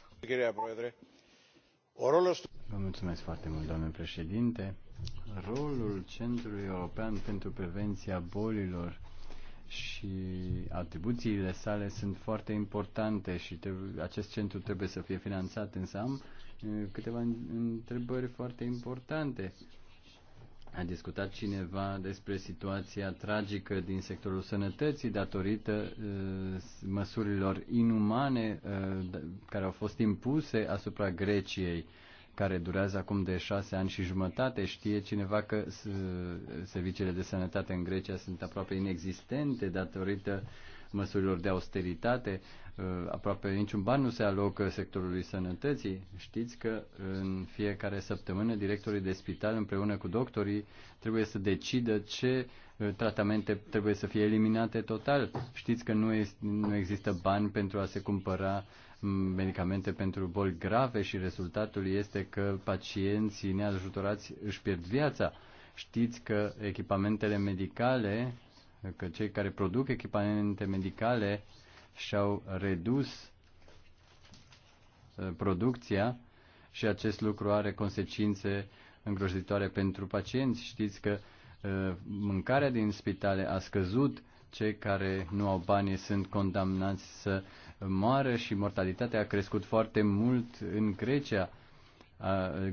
Vă mulțumesc foarte mult, domnule președinte. Rolul Centrului European pentru Prevenția Bolilor și atribuțiile sale sunt foarte importante și trebuie, acest centru trebuie să fie finanțat, însă am eh, câteva întrebări foarte importante. A discutat cineva despre situația tragică din sectorul sănătății datorită uh, măsurilor inumane uh, da, care au fost impuse asupra Greciei, care durează acum de șase ani și jumătate. Știe cineva că uh, serviciile de sănătate în Grecia sunt aproape inexistente datorită uh, măsurilor de austeritate, uh, aproape niciun ban nu se alocă sectorului sănătății. Știți că în fiecare săptămână directorii de spital împreună cu doctorii trebuie să decidă ce uh, tratamente trebuie să fie eliminate total. Știți că nu, este, nu există bani pentru a se cumpăra mm, medicamente pentru boli grave și rezultatul este că pacienții neajutorați își pierd viața. Știți că echipamentele medicale că cei care produc echipamente medicale și-au redus uh, producția și acest lucru are consecințe îngrozitoare pentru pacienți. Știți că uh, mâncarea din spitale a scăzut, cei care nu au bani sunt condamnați să moară și mortalitatea a crescut foarte mult în Grecia.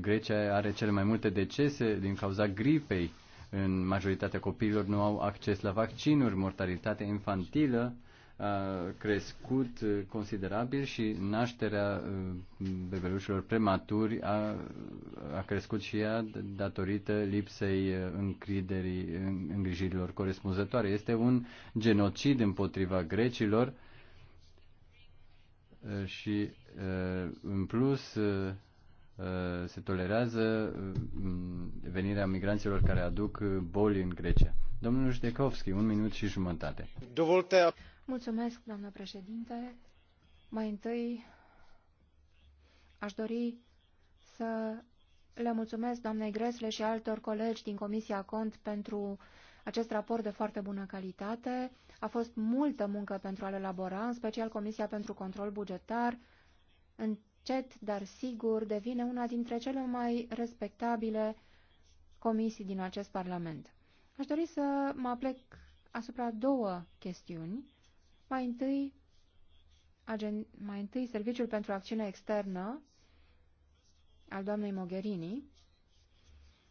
Grecia are cele mai multe decese din cauza gripei în majoritatea copiilor nu au acces la vaccinuri, mortalitatea infantilă a crescut uh, considerabil și nașterea uh, bebelușilor prematuri a, a crescut și ea datorită lipsei uh, încriderii, îngrijirilor corespunzătoare. Este un genocid împotriva grecilor și în plus Uh, se tolerează uh, venirea migranților care aduc uh, boli în Grecia. Domnul Ștecovski, un minut și jumătate. Mulțumesc, doamnă președinte. Mai întâi aș dori să le mulțumesc doamnei Gresle și altor colegi din Comisia Cont pentru acest raport de foarte bună calitate. A fost multă muncă pentru a-l elabora, în special Comisia pentru Control Bugetar, în încet, dar sigur, devine una dintre cele mai respectabile comisii din acest Parlament. Aș dori să mă aplec asupra două chestiuni. Mai întâi, agen, mai întâi Serviciul pentru Acțiune Externă al doamnei Mogherini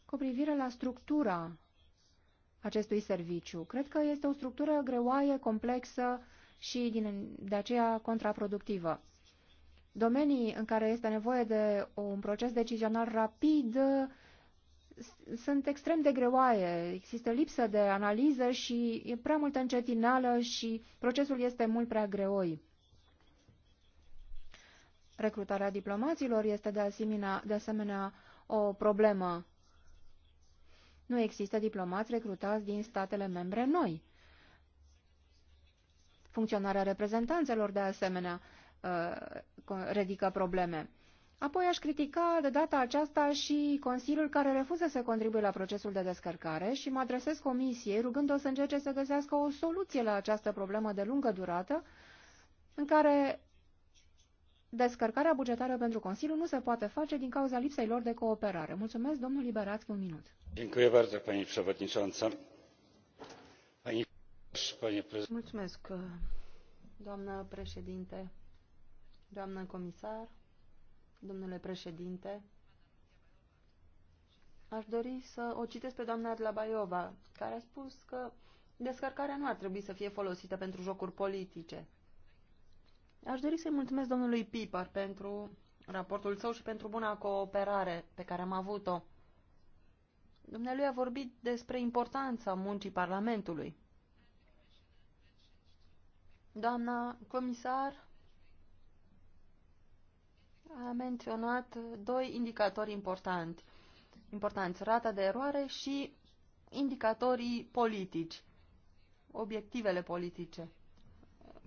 cu privire la structura acestui serviciu. Cred că este o structură greoaie, complexă și din, de aceea contraproductivă. Domenii în care este nevoie de un proces decizional rapid sunt extrem de greoaie, există lipsă de analiză și e prea multă încetinală și procesul este mult prea greoi. Recrutarea diplomaților este de asemenea, de asemenea o problemă. Nu există diplomați recrutați din statele membre noi. Funcționarea reprezentanțelor, de asemenea, Uh, ridică probleme. Apoi aș critica de data aceasta și Consiliul care refuză să contribuie la procesul de descărcare și mă adresez Comisiei rugând-o să încerce să găsească o soluție la această problemă de lungă durată în care descărcarea bugetară pentru Consiliu nu se poate face din cauza lipsei lor de cooperare. Mulțumesc, domnul Liberațchi, un minut. Mulțumesc, doamnă președinte doamnă comisar, domnule președinte, aș dori să o citesc pe doamna Adlabaiova, care a spus că descărcarea nu ar trebui să fie folosită pentru jocuri politice. Aș dori să-i mulțumesc domnului Piper pentru raportul său și pentru buna cooperare pe care am avut-o. Dumnealui a vorbit despre importanța muncii Parlamentului. Doamna comisar a menționat doi indicatori importanti, importanți, rata de eroare și indicatorii politici, obiectivele politice.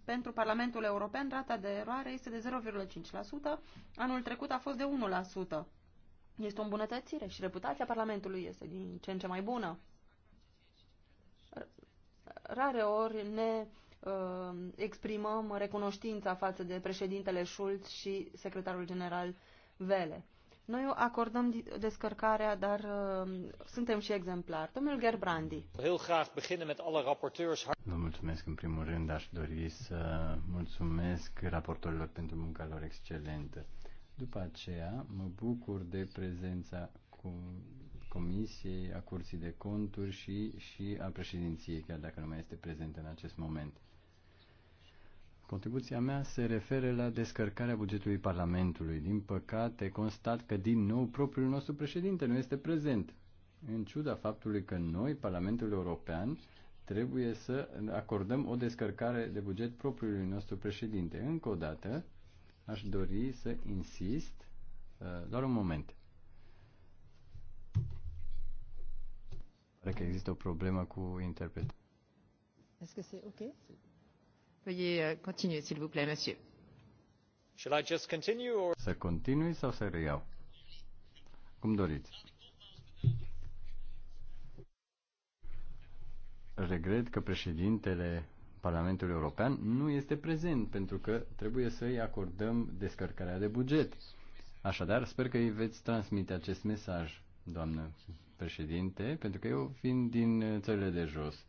Pentru Parlamentul European, rata de eroare este de 0,5%, anul trecut a fost de 1%. Este o îmbunătățire și reputația Parlamentului este din ce în ce mai bună. Rare ori ne Uh, exprimăm recunoștința față de președintele Schulz și secretarul general Vele. Noi acordăm descărcarea, dar uh, suntem și exemplar. Domnul Gerbrandi. Vă mulțumesc în primul rând, aș dori să mulțumesc raportorilor pentru munca lor excelentă. După aceea, mă bucur de prezența cu Comisiei, a Curții de Conturi și, și a președinției, chiar dacă nu mai este prezentă în acest moment. Contribuția mea se referă la descărcarea bugetului Parlamentului. Din păcate, constat că din nou propriul nostru președinte nu este prezent. În ciuda faptului că noi, Parlamentul European, trebuie să acordăm o descărcare de buget propriului nostru președinte. Încă o dată, aș dori să insist, uh, doar un moment. Pare că există o problemă cu interpret. Este ce que OK? Veuillez euh, continuer, s'il vous plaît, monsieur. Shall I just continue or... Să continui sau să reiau? Cum doriți. Regret că președintele Parlamentului European nu este prezent pentru că trebuie să îi acordăm descărcarea de buget. Așadar, sper că îi veți transmite acest mesaj, doamnă președinte, pentru că eu vin din uh, țările de jos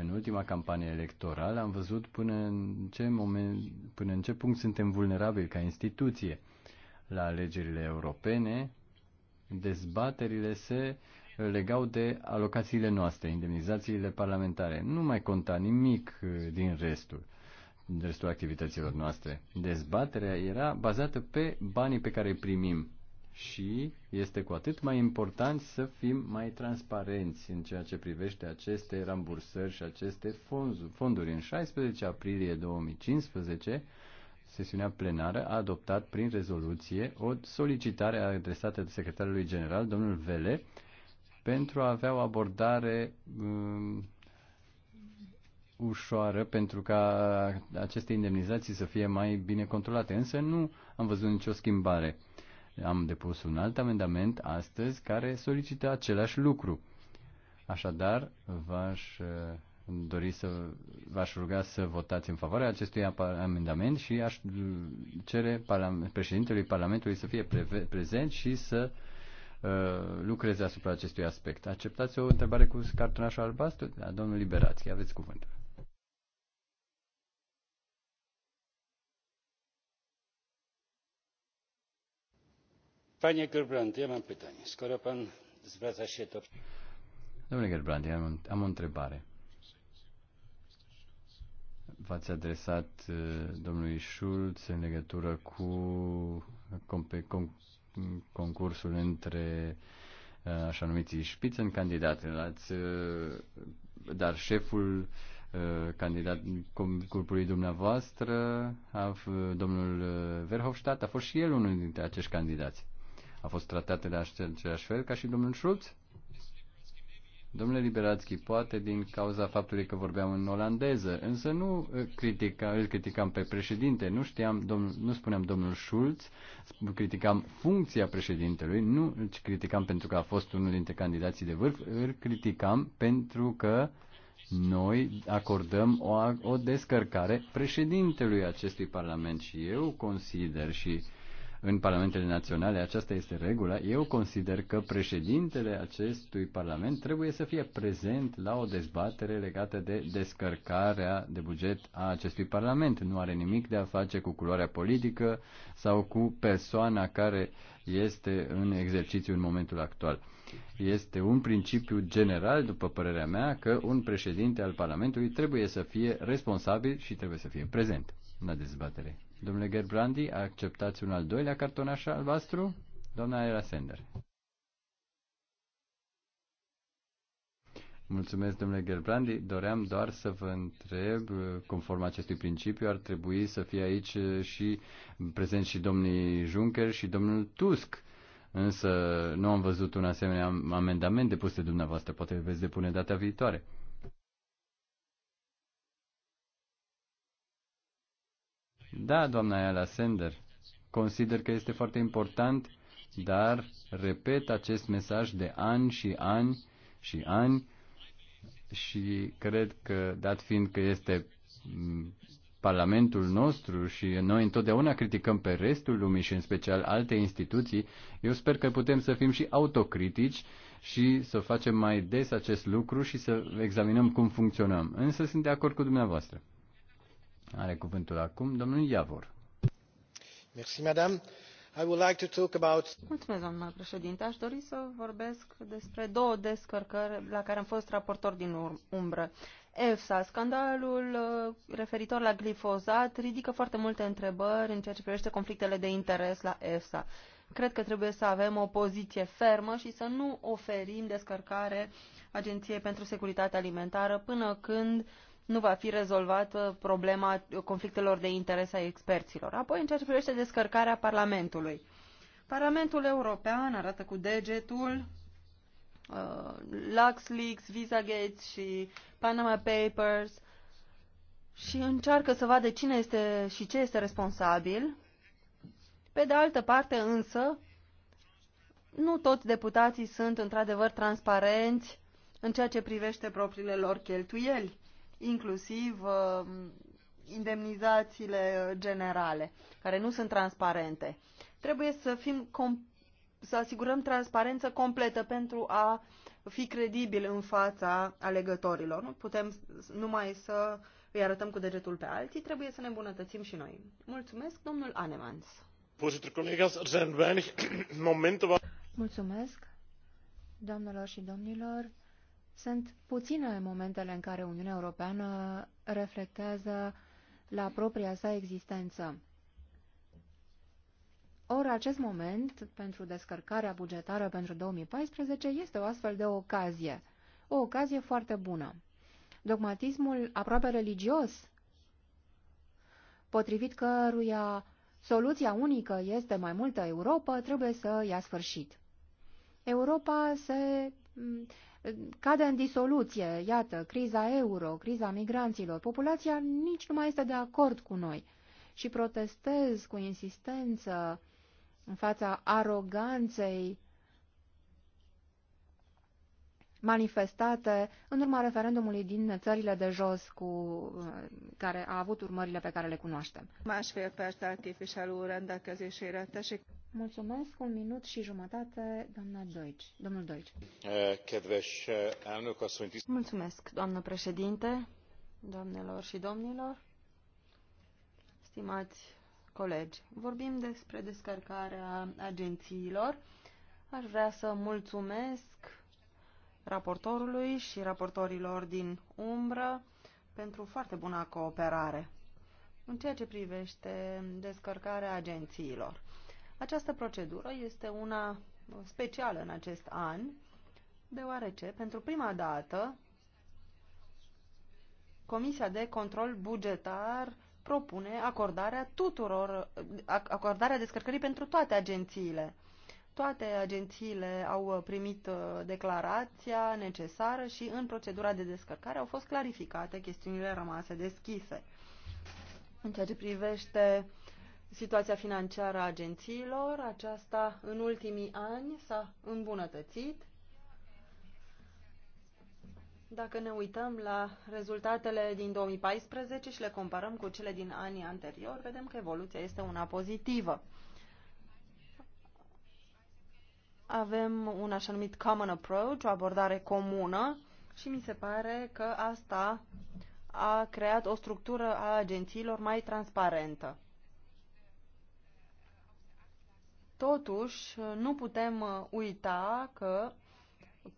în ultima campanie electorală am văzut până în ce, moment, până în ce punct suntem vulnerabili ca instituție. La alegerile europene, dezbaterile se legau de alocațiile noastre, indemnizațiile parlamentare. Nu mai conta nimic uh, din restul din restul activităților noastre. Dezbaterea era bazată pe banii pe care îi primim și este cu atât mai important să fim mai transparenți în ceea ce privește aceste rambursări și aceste fonduri. În 16 aprilie 2015, sesiunea plenară a adoptat prin rezoluție o solicitare adresată de secretarului general, domnul Vele, pentru a avea o abordare um, ușoară pentru ca aceste indemnizații să fie mai bine controlate. Însă nu am văzut nicio schimbare am depus un alt amendament astăzi care solicită același lucru. Așadar, v-aș uh, dori să v-aș ruga să votați în favoarea acestui amendament și aș uh, cere președintelui Parlamentului să fie pre- prezent și să uh, lucreze asupra acestui aspect. Acceptați o întrebare cu cartonașul albastru? Da, domnul Liberați, aveți cuvântul. Panie Gerbrand, ja mam pytanie. Skoro pan zwraca się do... Domnule Gerbrand, am, am o întrebare. V-ați adresat domnului Schulz în legătură cu concursul între așa numiții șpițen candidat. dar șeful candidat grupului dumneavoastră, domnul Verhofstadt, a fost și el unul dintre acești candidați a fost tratate de același fel ca și domnul Schulz? Domnule Liberațchi, poate din cauza faptului că vorbeam în olandeză, însă nu uh, critica, îl criticam pe președinte, nu știam, domnul, nu spuneam domnul Schulz, criticam funcția președintelui, nu îl criticam pentru că a fost unul dintre candidații de vârf, îl criticam pentru că noi acordăm o, o descărcare președintelui acestui parlament și eu consider și uh, în parlamentele naționale, aceasta este regula, eu consider că președintele acestui parlament trebuie să fie prezent la o dezbatere legată de descărcarea de buget a acestui parlament. Nu are nimic de a face cu culoarea politică sau cu persoana care este în exercițiu în momentul actual. Este un principiu general, după părerea mea, că un președinte al Parlamentului trebuie să fie responsabil și trebuie să fie prezent la dezbatere. Domnule Gerbrandi, acceptați un al doilea cartonaș albastru? Doamna Era Sender. Mulțumesc, domnule Gerbrandi. Doream doar să vă întreb, conform acestui principiu, ar trebui să fie aici și prezent și domnii Juncker și domnul Tusk. Însă nu am văzut un asemenea amendament depus de dumneavoastră. Poate veți depune data viitoare. Da, doamna Ayala Sender, consider că este foarte important, dar repet acest mesaj de ani și ani și ani și cred că, dat fiind că este mm, Parlamentul nostru și noi întotdeauna criticăm pe restul lumii și în special alte instituții, eu sper că putem să fim și autocritici și să facem mai des acest lucru și să examinăm cum funcționăm. Însă sunt de acord cu dumneavoastră. Are cuvântul acum domnul Iavor. Merci, madame. I would like to talk about... Mulțumesc, doamnă președinte. Aș dori să vorbesc despre două descărcări la care am fost raportor din umbră. EFSA, scandalul uh, referitor la glifozat, ridică foarte multe întrebări în ceea ce privește conflictele de interes la EFSA. Cred că trebuie să avem o poziție fermă și să nu oferim descărcare Agenției pentru Securitate Alimentară până când nu va fi rezolvată problema conflictelor de interes a experților. Apoi, în ceea ce privește descărcarea Parlamentului. Parlamentul European arată cu degetul uh, LuxLeaks, VisaGate și Panama Papers și încearcă să vadă cine este și ce este responsabil. Pe de altă parte, însă, nu toți deputații sunt într-adevăr transparenți în ceea ce privește propriile lor cheltuieli inclusiv um, indemnizațiile generale, care nu sunt transparente. Trebuie să, fim să asigurăm transparență completă pentru a fi credibil în fața alegătorilor. Nu putem numai să îi arătăm cu degetul pe alții, trebuie să ne îmbunătățim și noi. Mulțumesc, domnul Anemans. Er Mulțumesc, doamnelor și domnilor. Sunt puține momentele în care Uniunea Europeană reflectează la propria sa existență. Ori acest moment, pentru descărcarea bugetară pentru 2014, este o astfel de ocazie. O ocazie foarte bună. Dogmatismul aproape religios, potrivit căruia soluția unică este mai multă Europa, trebuie să ia sfârșit. Europa se cade în disoluție, iată, criza euro, criza migranților, populația nici nu mai este de acord cu noi și protestez cu insistență în fața aroganței manifestate în urma referendumului din țările de jos cu, care a avut urmările pe care le cunoaștem. Mulțumesc, un minut și jumătate, doamna Deutsch. Domnul Deutsch. Kedves eh, Mulțumesc, doamnă președinte, doamnelor și domnilor, stimați colegi. Vorbim despre descărcarea agențiilor. Aș vrea să mulțumesc raportorului și raportorilor din umbră pentru foarte bună cooperare în ceea ce privește descărcarea agențiilor. Această procedură este una specială în acest an, deoarece pentru prima dată Comisia de Control Bugetar propune acordarea tuturor, acordarea descărcării pentru toate agențiile. Toate agențiile au uh, primit uh, declarația necesară și în procedura de descărcare au fost clarificate chestiunile rămase deschise. În ceea ce privește situația financiară a agențiilor, aceasta în ultimii ani s-a îmbunătățit. Dacă ne uităm la rezultatele din 2014 și le comparăm cu cele din anii anterior, vedem că evoluția este una pozitivă avem un așa numit common approach, o abordare comună și mi se pare că asta a creat o structură a agențiilor mai transparentă. Totuși, nu putem uh, uita că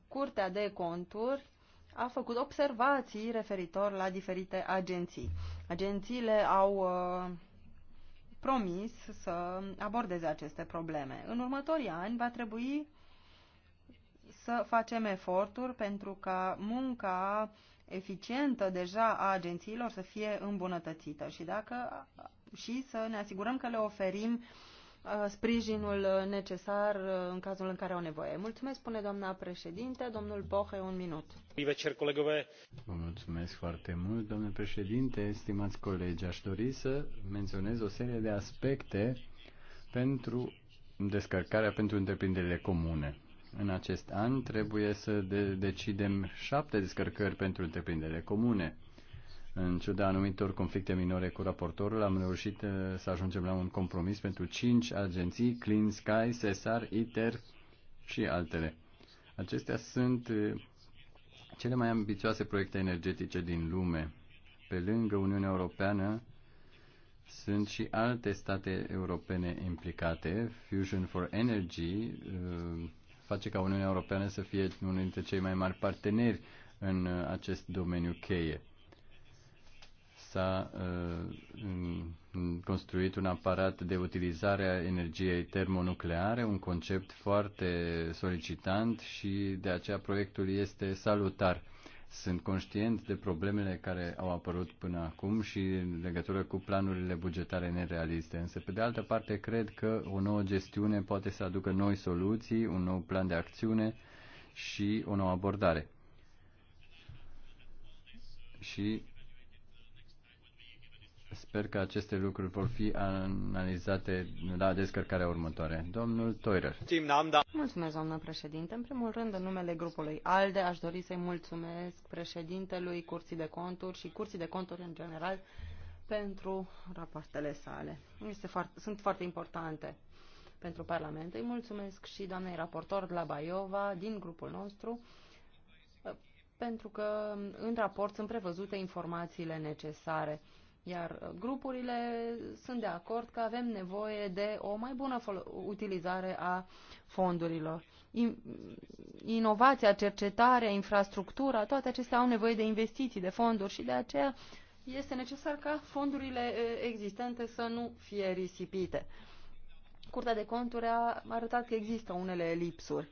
Curtea de Conturi a făcut observații referitor la diferite agenții. Agențiile au uh, promis să abordeze aceste probleme. În următorii ani va trebui să facem eforturi pentru ca munca eficientă deja a agențiilor să fie îmbunătățită și, dacă, și să ne asigurăm că le oferim uh, Uh, sprijinul necesar uh, în cazul în care au nevoie. Mulțumesc, spune doamna președinte. Domnul Pohe, un minut. Vă mulțumesc foarte mult, domnule președinte, stimați colegi. Aș dori să menționez o serie de aspecte pentru descărcarea pentru întreprinderile comune. În acest an trebuie să de- decidem șapte descărcări pentru întreprinderile comune în ciuda anumitor conflicte minore cu raportorul, am reușit uh, să ajungem la un compromis pentru 5 agenții, Clean Sky, Cesar, ITER și altele. Acestea sunt uh, cele mai ambițioase proiecte energetice din lume. Pe lângă Uniunea Europeană, sunt și alte state europene implicate. Fusion for Energy uh, face ca Uniunea Europeană să fie unul dintre cei mai mari parteneri în acest domeniu cheie s-a uh, construit un aparat de utilizare a energiei termonucleare, un concept foarte solicitant și de aceea proiectul este salutar. Sunt conștient de problemele care au apărut până acum și în legătură cu planurile bugetare nerealiste, însă pe de altă parte cred că o nouă gestiune poate să aducă noi soluții, un nou plan de acțiune și o nouă abordare. Și Sper că aceste lucruri vor fi analizate la descărcarea următoare. Domnul Toirer. Mulțumesc, doamnă președinte. În primul rând, în numele grupului ALDE, aș dori să-i mulțumesc președintelui Curții de Conturi și Curții de Conturi în general pentru rapoartele sale. Este foarte, sunt foarte importante pentru Parlament. Îi mulțumesc și doamnei raportor de la Baiova din grupul nostru pentru că în raport sunt prevăzute informațiile necesare iar uh, grupurile sunt de acord că avem nevoie de o mai bună utilizare a fondurilor. In inovația, cercetarea, infrastructura, toate acestea au nevoie de investiții, de fonduri și de aceea este necesar ca fondurile uh, existente să nu fie risipite. Curtea de conturi a arătat că există unele lipsuri.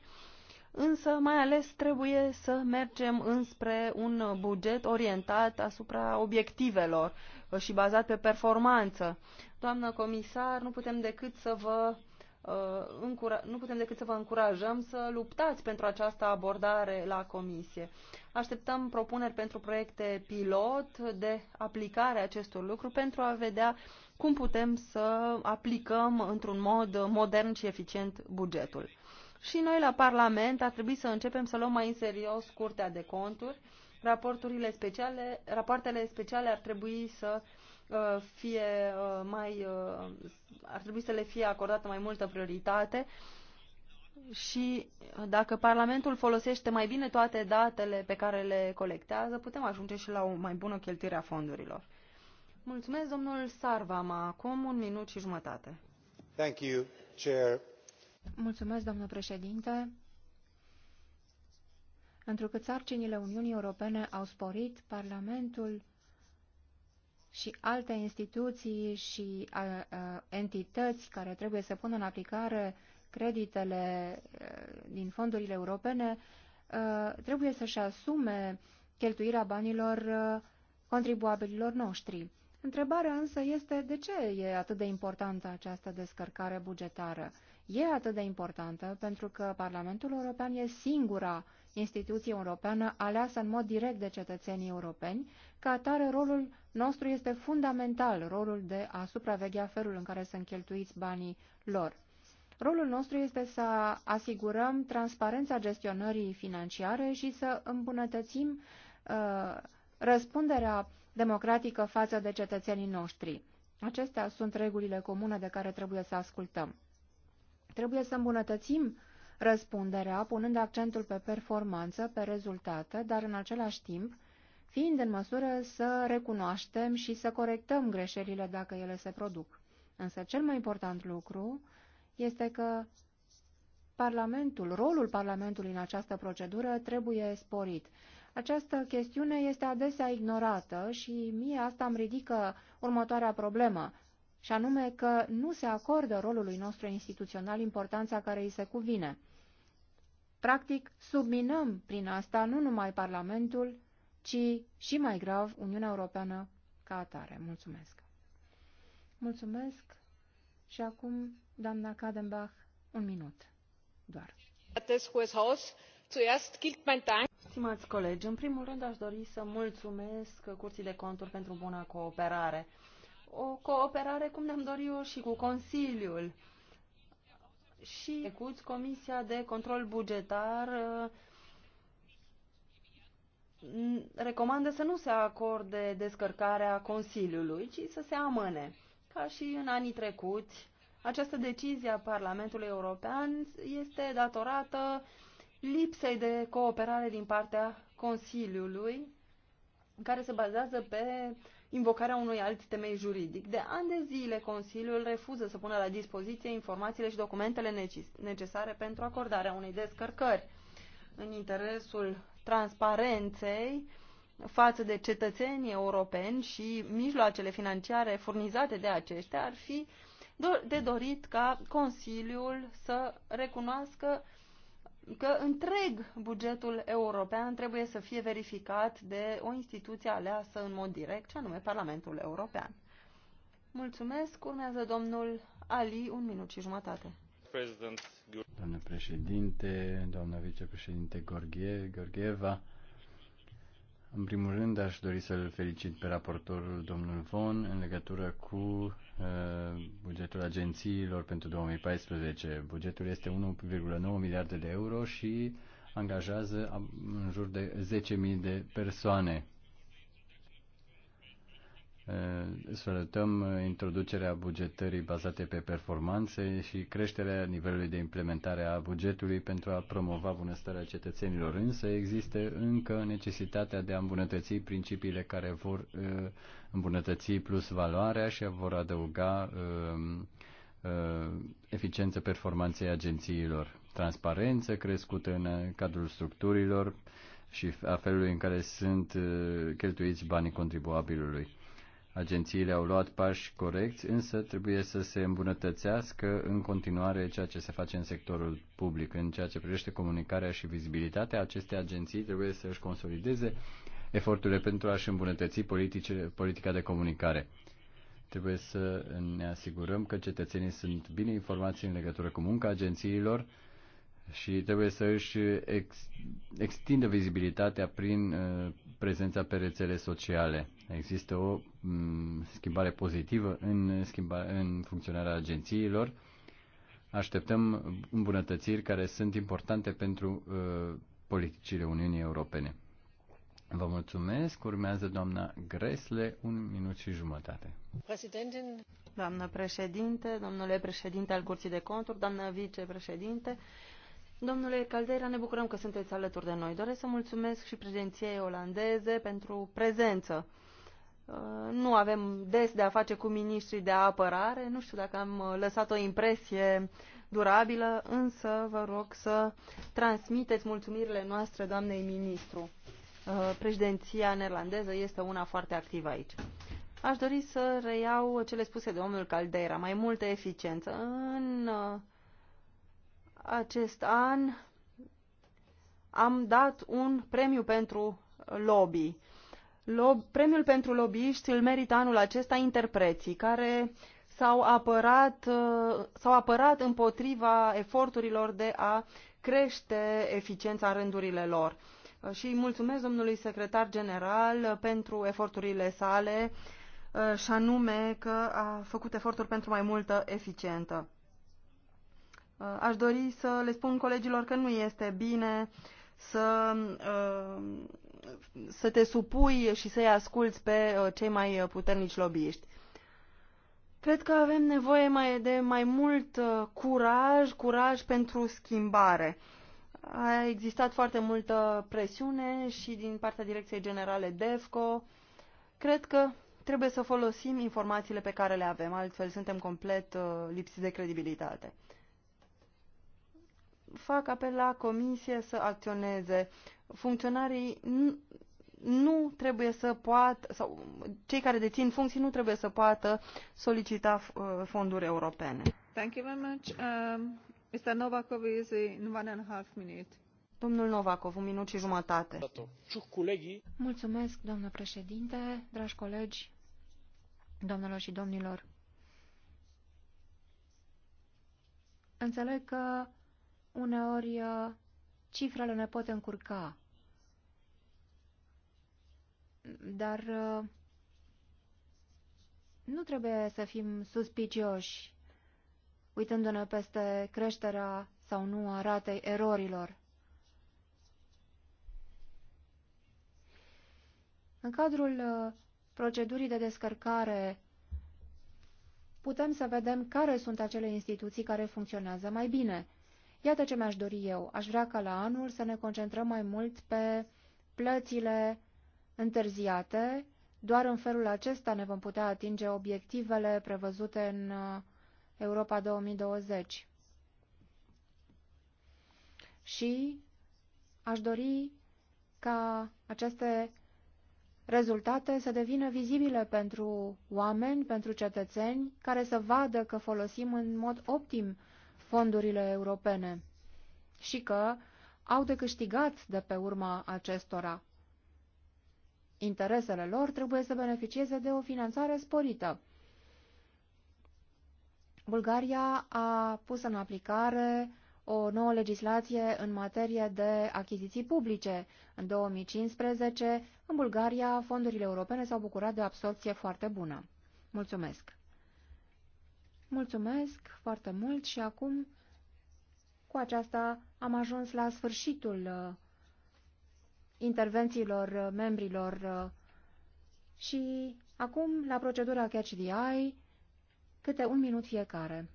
Însă, mai ales, trebuie să mergem înspre un buget orientat asupra obiectivelor Uh, și bazat pe performanță. Doamnă comisar, nu putem decât să vă uh, nu putem decât să vă încurajăm să luptați pentru această abordare la comisie. Așteptăm propuneri pentru proiecte pilot de aplicare a acestor lucruri pentru a vedea cum putem să aplicăm într-un mod modern și eficient bugetul. Și noi la Parlament ar trebui să începem să luăm mai în serios Curtea de Conturi raporturile speciale, rapoartele speciale ar trebui să uh, fie uh, mai uh, ar trebui să le fie acordată mai multă prioritate și dacă Parlamentul folosește mai bine toate datele pe care le colectează, putem ajunge și la o mai bună cheltuire a fondurilor. Mulțumesc, domnul Sarvama. Acum un minut și jumătate. Thank you, Chair. Mulțumesc, domnul președinte. Întrucât sarcinile Uniunii Europene au sporit, Parlamentul și alte instituții și a, a, entități care trebuie să pună în aplicare creditele a, din fondurile europene a, trebuie să-și asume cheltuirea banilor a, contribuabililor noștri. Întrebarea însă este de ce e atât de importantă această descărcare bugetară? E atât de importantă pentru că Parlamentul European e singura instituție europeană aleasă în mod direct de cetățenii europeni, ca atare rolul nostru este fundamental, rolul de a supraveghea felul în care sunt cheltuiți banii lor. Rolul nostru este să asigurăm transparența gestionării financiare și să îmbunătățim uh, răspunderea democratică față de cetățenii noștri. Acestea sunt regulile comune de care trebuie să ascultăm. Trebuie să îmbunătățim răspunderea, punând accentul pe performanță, pe rezultate, dar în același timp fiind în măsură să recunoaștem și să corectăm greșelile dacă ele se produc. Însă cel mai important lucru este că Parlamentul, rolul Parlamentului în această procedură trebuie sporit. Această chestiune este adesea ignorată și mie asta îmi ridică următoarea problemă, și anume că nu se acordă rolului nostru instituțional importanța care îi se cuvine. Practic, subminăm prin asta nu numai Parlamentul, ci și mai grav Uniunea Europeană ca atare. Mulțumesc! Mulțumesc și acum, doamna Kadenbach, un minut doar. Stimați colegi, în primul rând aș dori să mulțumesc Curții de Conturi pentru buna cooperare. O cooperare cum ne-am dorit eu și cu Consiliul și trecuți Comisia de Control Bugetar uh, recomandă să nu se acorde descărcarea Consiliului, ci să se amâne. Ca și în anii trecuți, această decizie a Parlamentului European este datorată lipsei de cooperare din partea Consiliului, care se bazează pe invocarea unui alt temei juridic. De ani de zile, Consiliul refuză să pună la dispoziție informațiile și documentele necesare pentru acordarea unei descărcări. În interesul transparenței față de cetățenii europeni și mijloacele financiare furnizate de aceștia ar fi de dorit ca Consiliul să recunoască că întreg bugetul european trebuie să fie verificat de o instituție aleasă în mod direct, ce anume Parlamentul European. Mulțumesc. Urmează domnul Ali, un minut și jumătate. Doamnă președinte, doamna vicepreședinte Gorghe, Gorgheva, în primul rând aș dori să-l felicit pe raportorul domnul Von în legătură cu Uh, bugetul agențiilor pentru 2014. Bugetul este 1,9 miliarde de euro și angajează în jur de 10.000 de persoane. Uh, Sfărătăm introducerea bugetării bazate pe performanțe și creșterea nivelului de implementare a bugetului pentru a promova bunăstarea cetățenilor, însă există încă necesitatea de a îmbunătăți principiile care vor uh, îmbunătăți plus valoarea și vor adăuga um, um, eficiență performanței agențiilor, transparență crescută în cadrul structurilor și a felului în care sunt uh, cheltuiți banii contribuabilului. Agențiile au luat pași corecți, însă trebuie să se îmbunătățească în continuare ceea ce se face în sectorul public. În ceea ce privește comunicarea și vizibilitatea, aceste agenții trebuie să își consolideze eforturile pentru a-și îmbunătăți politice, politica de comunicare. Trebuie să ne asigurăm că cetățenii sunt bine informați în legătură cu munca agențiilor și trebuie să își ex, extindă vizibilitatea prin uh, prezența pe rețele sociale. Există o um, schimbare pozitivă în, schimba, în funcționarea agențiilor. Așteptăm îmbunătățiri care sunt importante pentru uh, politicile Uniunii Europene. Vă mulțumesc. Urmează doamna Gresle, un minut și jumătate. Presidenten... Doamnă președinte, domnule președinte al Curții de Conturi, doamnă vicepreședinte, domnule Caldera, ne bucurăm că sunteți alături de noi. Doresc să mulțumesc și președinției olandeze pentru prezență. Uh, nu avem des de a face cu ministrii de apărare, nu știu dacă am uh, lăsat o impresie durabilă, însă vă rog să transmiteți mulțumirile noastre doamnei ministru. Uh, președinția neerlandeză este una foarte activă aici. Aș dori să reiau cele spuse de omul Caldera, mai multă eficiență. În uh, acest an am dat un premiu pentru lobby. Lob, premiul pentru lobbyiști îl merită anul acesta interpreții, care s-au apărat, uh, s-au apărat împotriva eforturilor de a crește eficiența rândurile lor Uh, și îi mulțumesc domnului secretar general uh, pentru eforturile sale uh, și anume că a făcut eforturi pentru mai multă eficientă. Aș dori să le spun colegilor că nu este bine să, să te supui și să-i asculți pe cei mai puternici lobbyiști. Cred că avem nevoie mai de mai mult curaj, curaj pentru schimbare a existat foarte multă presiune și din partea Direcției Generale DEFCO. Cred că trebuie să folosim informațiile pe care le avem, altfel suntem complet uh, lipsiți de credibilitate. Fac apel la comisie să acționeze. Funcționarii nu trebuie să poată, sau cei care dețin funcții nu trebuie să poată solicita uh, fonduri europene. Thank you very much. Um, Novakov, Domnul Novakov, un minut și jumătate. Mulțumesc, domnule președinte, dragi colegi, domnilor și domnilor. Înțeleg că uneori uh, cifrele ne pot încurca, dar uh, nu trebuie să fim suspicioși uitându-ne peste creșterea sau nu a ratei erorilor. În cadrul uh, procedurii de descărcare putem să vedem care sunt acele instituții care funcționează mai bine. Iată ce mi-aș dori eu. Aș vrea ca la anul să ne concentrăm mai mult pe plățile întârziate. Doar în felul acesta ne vom putea atinge obiectivele prevăzute în uh, Europa 2020. Și aș dori ca aceste rezultate să devină vizibile pentru oameni, pentru cetățeni, care să vadă că folosim în mod optim fondurile europene și că au de câștigat de pe urma acestora. Interesele lor trebuie să beneficieze de o finanțare sporită. Bulgaria a pus în aplicare o nouă legislație în materie de achiziții publice. În 2015, în Bulgaria, fondurile europene s-au bucurat de o absorpție foarte bună. Mulțumesc! Mulțumesc foarte mult și acum, cu aceasta, am ajuns la sfârșitul uh, intervențiilor uh, membrilor uh, și acum la procedura Catch the Eye Câte un minut fiecare.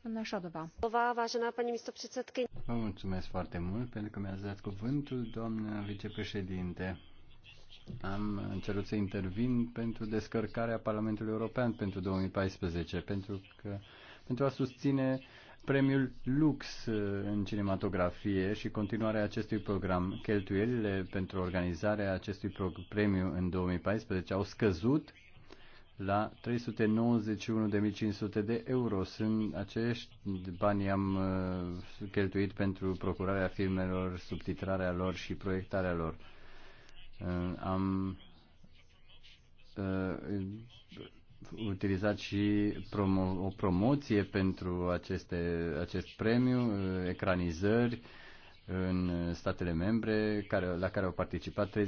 Doamna Șodova. Vă mulțumesc foarte mult pentru că mi-ați dat cuvântul, doamnă vicepreședinte. Am încercat să intervin pentru descărcarea Parlamentului European pentru 2014, pentru, că, pentru a susține premiul Lux în cinematografie și continuarea acestui program. Cheltuielile pentru organizarea acestui premiu în 2014 au scăzut la 391.500 de euro. Sunt acești bani am uh, cheltuit pentru procurarea filmelor, subtitrarea lor și proiectarea lor. Uh, am uh, utilizat și promo- o promoție pentru aceste, acest premiu, uh, ecranizări, uh, în statele membre care, la care au participat 35.000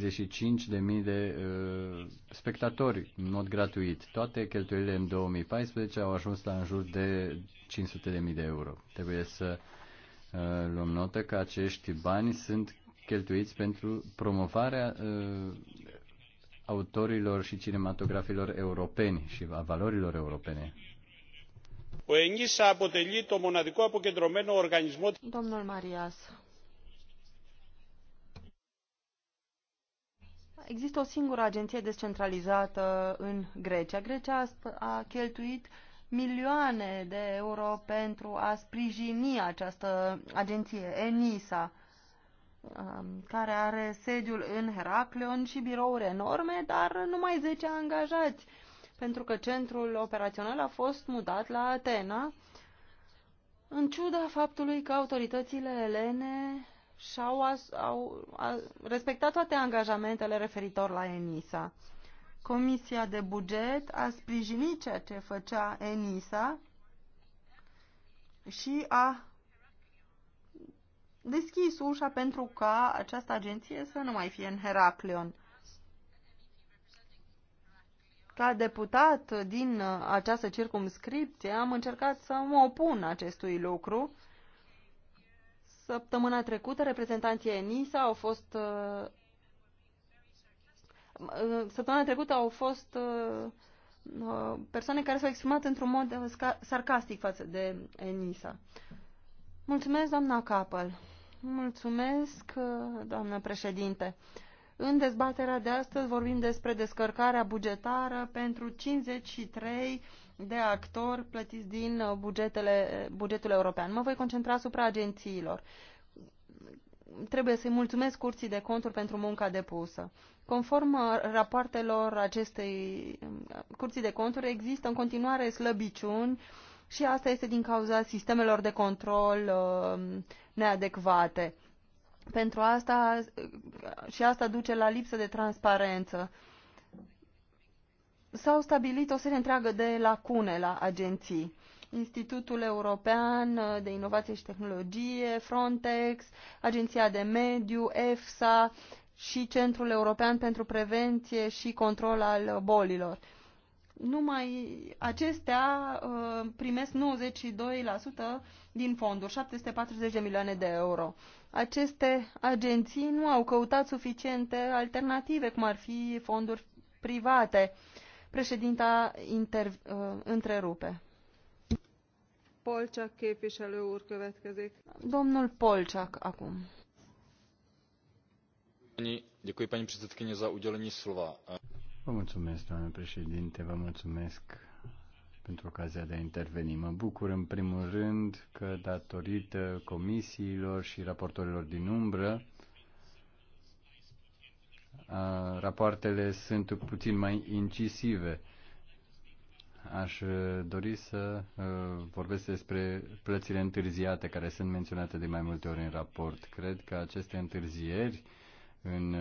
de uh, spectatori în mod gratuit. Toate cheltuielile în 2014 au ajuns la în jur de 500.000 de euro. Trebuie să uh, luăm notă că acești bani sunt cheltuiți pentru promovarea uh, autorilor și cinematografilor europeni și a valorilor europene. Domnul Marias, Există o singură agenție descentralizată în Grecia. Grecia a cheltuit milioane de euro pentru a sprijini această agenție, ENISA, um, care are sediul în Heracleon și birouri enorme, dar numai 10 angajați, pentru că centrul operațional a fost mutat la Atena, în ciuda faptului că autoritățile elene și-au au, a respectat toate angajamentele referitor la ENISA. Comisia de buget a sprijinit ceea ce făcea ENISA și a deschis ușa pentru ca această agenție să nu mai fie în Heraclion. Ca deputat din această circumscripție am încercat să mă opun acestui lucru Săptămâna trecută, reprezentanții ENISA au fost. Uh, uh, săptămâna trecută au fost uh, persoane care s-au exprimat într-un mod sarcastic față de ENISA. Mulțumesc, doamna Capăl. Mulțumesc, doamnă președinte. În dezbaterea de astăzi vorbim despre descărcarea bugetară pentru 53 de actori plătiți din uh, bugetele, bugetul european. Mă voi concentra asupra agențiilor. Trebuie să-i mulțumesc curții de conturi pentru munca depusă. Conform uh, rapoartelor acestei um, curții de conturi, există în continuare slăbiciuni și asta este din cauza sistemelor de control um, neadecvate. Pentru asta uh, și asta duce la lipsă de transparență s-au stabilit o serie întreagă de lacune la agenții. Institutul European de Inovație și Tehnologie, Frontex, Agenția de Mediu, EFSA și Centrul European pentru Prevenție și Control al Bolilor. Numai acestea uh, primesc 92% din fonduri, 740 de milioane de euro. Aceste agenții nu au căutat suficiente alternative, cum ar fi fonduri private. Președinta inter, uh, întrerupe. Polciac képviselő úr következik. Domnul Polciac acum. Děkuji paní předsedkyně za udělení slova. Vă mulțumesc, doamnă președinte, vă mulțumesc pentru ocazia de a interveni. Mă bucur în primul rând că datorită comisiilor și raportorilor din umbră rapoartele sunt puțin mai incisive. Aș dori să vorbesc despre plățile întârziate care sunt menționate de mai multe ori în raport. Cred că aceste întârzieri în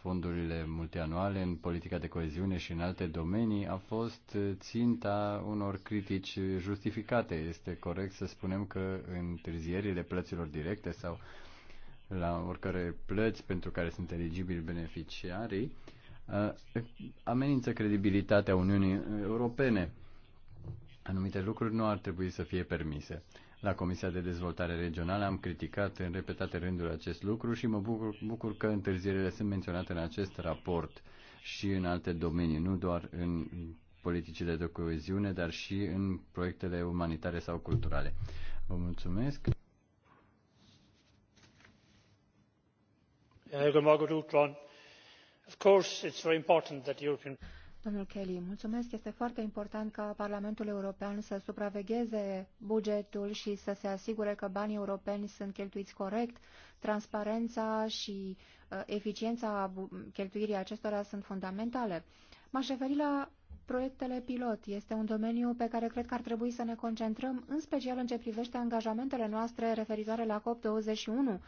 fondurile multianuale, în politica de coeziune și în alte domenii a fost ținta unor critici justificate. Este corect să spunem că întârzierile plăților directe sau la oricare plăți pentru care sunt eligibili beneficiarii, uh, amenință credibilitatea Uniunii Europene. Anumite lucruri nu ar trebui să fie permise. La Comisia de Dezvoltare Regională am criticat în repetate rânduri acest lucru și mă bucur, bucur că întârzierile sunt menționate în acest raport și în alte domenii, nu doar în politicile de coeziune, dar și în proiectele umanitare sau culturale. Vă mulțumesc! Eh, domnule kelly mulțumesc. este foarte important ca parlamentul european să supravegheze bugetul și să se asigure că banii europeni sunt cheltuiți corect. transparența și eh, eficiența cheltuirii acestora sunt fundamentale. m aș referi la Proiectele pilot este un domeniu pe care cred că ar trebui să ne concentrăm, în special în ce privește angajamentele noastre referitoare la COP21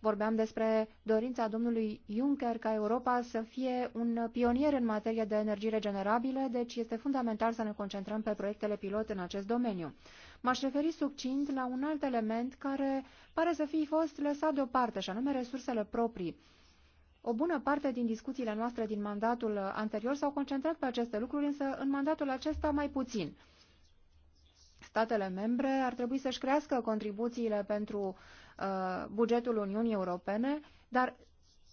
Vorbeam despre dorința domnului Juncker ca Europa să fie un pionier în materie de energii regenerabile, deci este fundamental să ne concentrăm pe proiectele pilot în acest domeniu. M-aș referi succint la un alt element care pare să fi fost lăsat deoparte, și anume resursele proprii. O bună parte din discuțiile noastre din mandatul anterior s-au concentrat pe aceste lucruri, însă în mandatul acesta mai puțin. Statele membre ar trebui să-și crească contribuțiile pentru Uh, bugetul Uniunii Europene, dar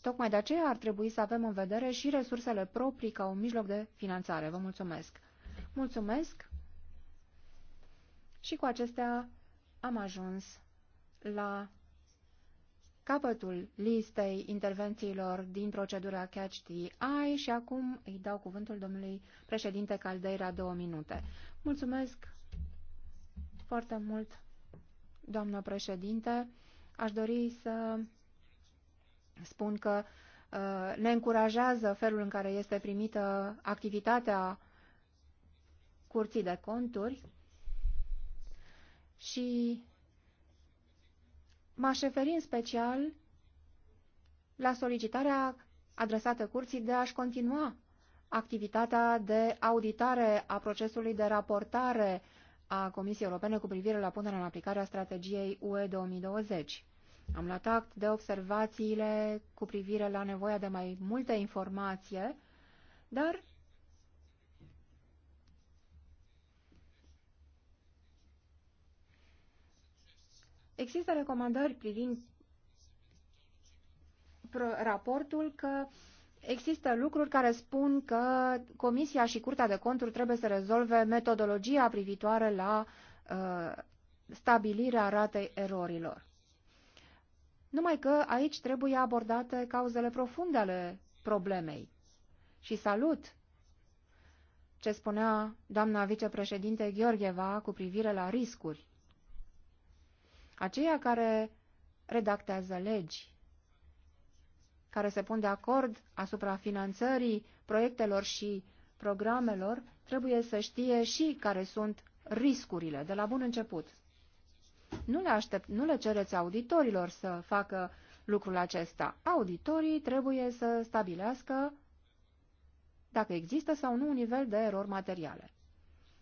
tocmai de aceea ar trebui să avem în vedere și resursele proprii ca un mijloc de finanțare. Vă mulțumesc! Mulțumesc! Și cu acestea am ajuns la capătul listei intervențiilor din procedura Catch the Eye și acum îi dau cuvântul domnului președinte Caldeira două minute. Mulțumesc foarte mult, doamnă președinte. Aș dori să spun că uh, ne încurajează felul în care este primită activitatea curții de conturi și m-aș referi în special la solicitarea adresată curții de a-și continua activitatea de auditare a procesului de raportare a Comisiei Europene cu privire la punerea în aplicare a strategiei UE 2020. Am luat act de observațiile cu privire la nevoia de mai multă informație, dar există recomandări privind raportul că uh, Există lucruri care spun că Comisia și Curtea de Conturi trebuie să rezolve metodologia privitoare la uh, stabilirea ratei erorilor. Numai că aici trebuie abordate cauzele profunde ale problemei. Și salut ce spunea doamna vicepreședinte Gheorgheva cu privire la riscuri. Aceia care redactează legi care se pun de acord asupra finanțării proiectelor și programelor, trebuie să știe și care sunt riscurile de la bun început. Nu le, aștept, nu le cereți auditorilor să facă lucrul acesta. Auditorii trebuie să stabilească dacă există sau nu un nivel de erori materiale.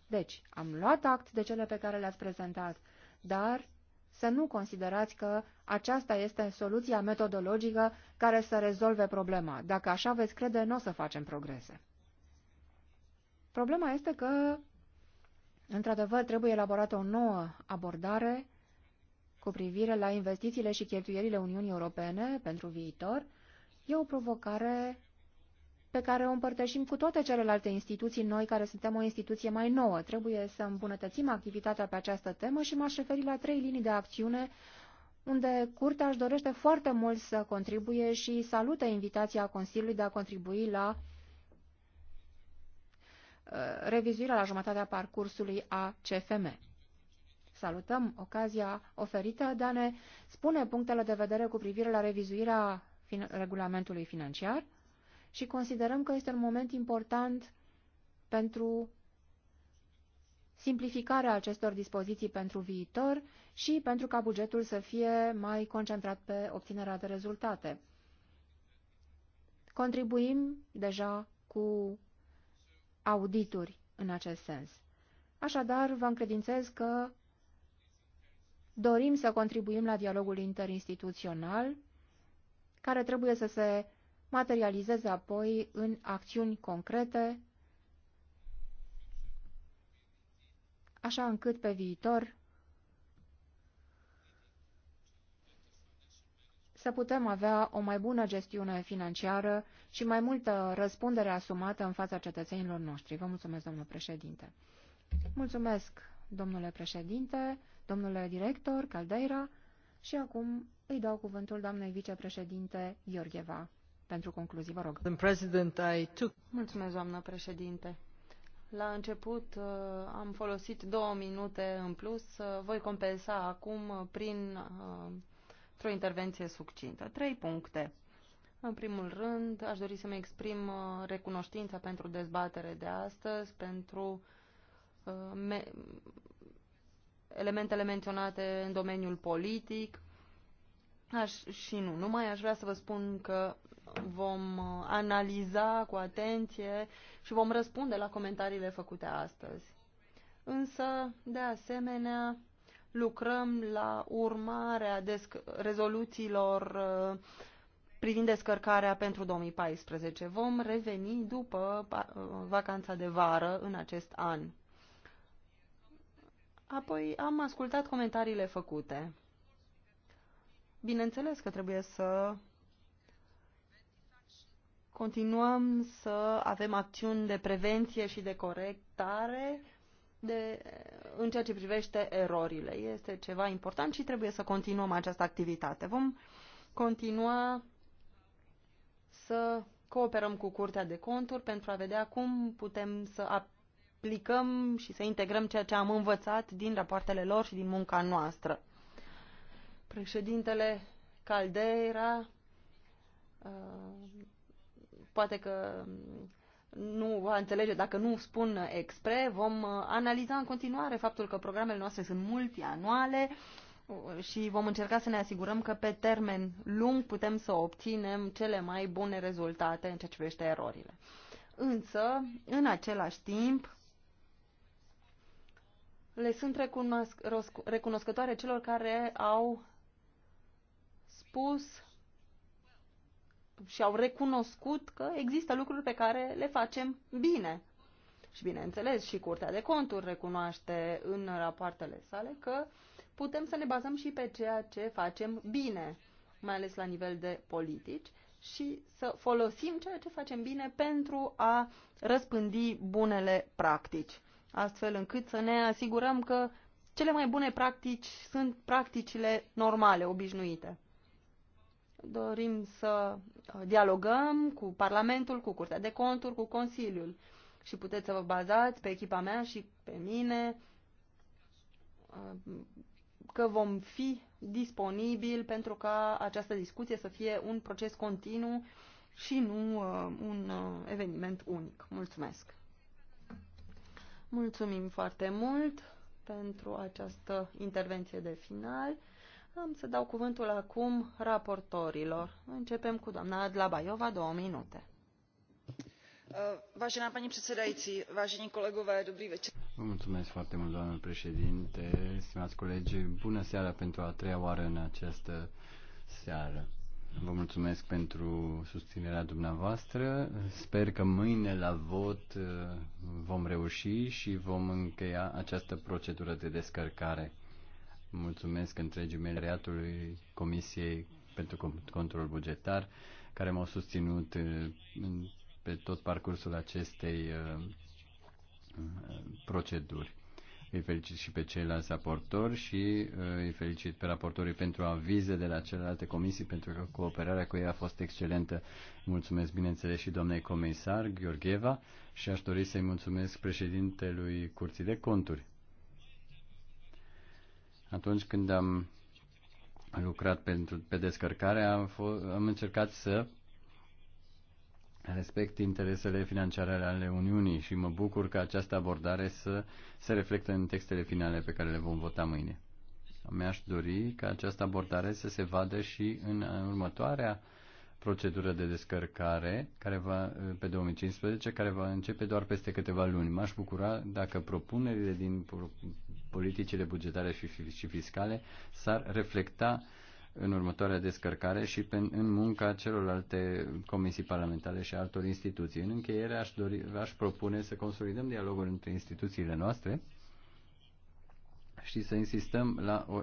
Deci, am luat act de cele pe care le-ați prezentat, dar să nu considerați că aceasta este soluția metodologică care să rezolve problema. Dacă așa veți crede, nu o să facem progrese. Problema este că, într-adevăr, trebuie elaborată o nouă abordare cu privire la investițiile și cheltuielile Uniunii Europene pentru viitor. E o provocare pe care o împărtășim cu toate celelalte instituții noi care suntem o instituție mai nouă. Trebuie să îmbunătățim activitatea pe această temă și m-aș referi la trei linii de acțiune unde Curtea își dorește foarte mult să contribuie și salută invitația Consiliului de a contribui la uh, revizuirea la jumătatea parcursului a CFM. Salutăm ocazia oferită de a ne spune punctele de vedere cu privire la revizuirea regulamentului financiar, și considerăm că este un moment important pentru simplificarea acestor dispoziții pentru viitor și pentru ca bugetul să fie mai concentrat pe obținerea de rezultate. Contribuim deja cu audituri în acest sens. Așadar, vă încredințez că dorim să contribuim la dialogul interinstituțional, care trebuie să se materializeze apoi în acțiuni concrete, așa încât pe viitor să putem avea o mai bună gestiune financiară și mai multă răspundere asumată în fața cetățenilor noștri. Vă mulțumesc, domnule președinte. Mulțumesc, domnule președinte, domnule director Caldeira și acum îi dau cuvântul doamnei vicepreședinte Iorgheva pentru concluzii. Vă rog. Mulțumesc, doamnă președinte. La început uh, am folosit două minute în plus. Uh, voi compensa acum prin uh, o intervenție succintă. Trei puncte. În primul rând, aș dori să-mi exprim recunoștința pentru dezbatere de astăzi, pentru me elementele menționate în domeniul politic. Aș, și nu numai, aș vrea să vă spun că vom uh, analiza cu atenție și vom răspunde la comentariile făcute astăzi. Însă, de asemenea, lucrăm la urmarea rezoluțiilor uh, privind descărcarea pentru 2014. Vom reveni după uh, vacanța de vară în acest an. Apoi am ascultat comentariile făcute. Bineînțeles că trebuie să continuăm să avem acțiuni de prevenție și de corectare de, în ceea ce privește erorile. Este ceva important și trebuie să continuăm această activitate. Vom continua să cooperăm cu Curtea de Conturi pentru a vedea cum putem să aplicăm și să integrăm ceea ce am învățat din rapoartele lor și din munca noastră. Președintele Caldeira uh, Poate că nu va înțelege dacă nu spun expre, vom uh, analiza în continuare faptul că programele noastre sunt multianuale uh, și vom încerca să ne asigurăm că pe termen lung putem să obținem cele mai bune rezultate în ceea ce privește erorile. Însă, în același timp, le sunt recunosc recunoscătoare celor care au spus și au recunoscut că există lucruri pe care le facem bine. Și bineînțeles, și Curtea de Conturi recunoaște în rapoartele sale că putem să ne bazăm și pe ceea ce facem bine, mai ales la nivel de politici, și să folosim ceea ce facem bine pentru a răspândi bunele practici, astfel încât să ne asigurăm că cele mai bune practici sunt practicile normale, obișnuite dorim să uh, dialogăm cu Parlamentul, cu Curtea de Conturi, cu Consiliul. Și puteți să vă bazați pe echipa mea și pe mine uh, că vom fi disponibili pentru ca această discuție să fie un proces continuu și nu uh, un eveniment unic. Mulțumesc! Mulțumim foarte mult pentru această intervenție de final. Am să dau cuvântul acum raportorilor. Începem cu doamna Adlabaiova, două minute. Uh, vážená paní předsedající, vážení kolegové, dobrý večer. Vă mulțumesc foarte mult, doamnă președinte, stimați colegi, bună seara pentru a treia oară în această seară. Vă mulțumesc pentru susținerea dumneavoastră. Sper că mâine la vot uh, vom reuși și vom încheia această procedură de descărcare mulțumesc întregii mele reatului Comisiei pentru controlul Bugetar, care m-au susținut uh, pe tot parcursul acestei uh, uh, proceduri. Îi felicit și pe ceilalți raportori și îi felicit pe raportorii pentru avize de la celelalte comisii, pentru că cooperarea cu ei a fost excelentă. Mulțumesc, bineînțeles, și doamnei comisar Gheorgheva și aș dori să-i mulțumesc președintelui Curții de Conturi. Atunci când am lucrat pentru, pe descărcare, am, am încercat să respect interesele financiare ale Uniunii și mă bucur că această abordare să se reflectă în textele finale pe care le vom vota mâine. Mi-aș dori ca această abordare să se vadă și în următoarea procedură de descărcare care va, pe 2015, care va începe doar peste câteva luni. M-aș bucura dacă propunerile din politicile bugetare și fiscale s-ar reflecta în următoarea descărcare și pe, în munca celorlalte comisii parlamentare și altor instituții. În încheiere aș, dori, aș propune să consolidăm dialogul între instituțiile noastre și să insistăm la o,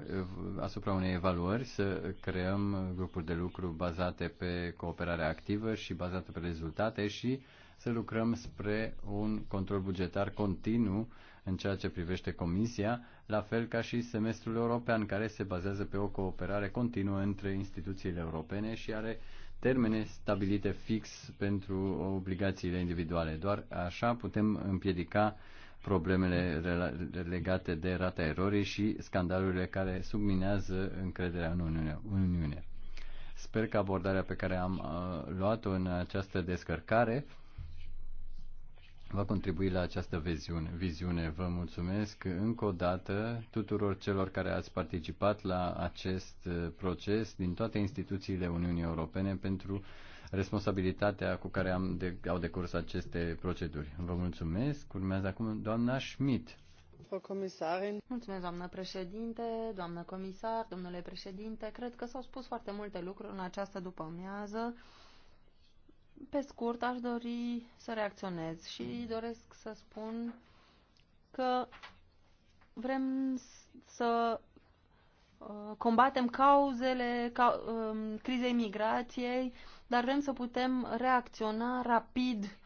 asupra unei evaluări, să creăm grupuri de lucru bazate pe cooperare activă și bazate pe rezultate și să lucrăm spre un control bugetar continuu în ceea ce privește Comisia, la fel ca și semestrul european, care se bazează pe o cooperare continuă între instituțiile europene și are termene stabilite fix pentru obligațiile individuale. Doar așa putem împiedica problemele legate de rata erorii și scandalurile care subminează încrederea în Uniune. Sper că abordarea pe care am uh, luat-o în această descărcare va contribui la această viziune. viziune. Vă mulțumesc încă o dată tuturor celor care ați participat la acest uh, proces din toate instituțiile Uniunii Europene pentru responsabilitatea cu care am de, au decurs aceste proceduri. Vă mulțumesc. Urmează acum doamna Schmidt. Mulțumesc, doamnă președinte, doamnă comisar, domnule președinte. Cred că s-au spus foarte multe lucruri în această după-amiază. Pe scurt, aș dori să reacționez și doresc să spun că vrem să uh, combatem cauzele ca, um, crizei migrației, dar vrem să putem reacționa rapid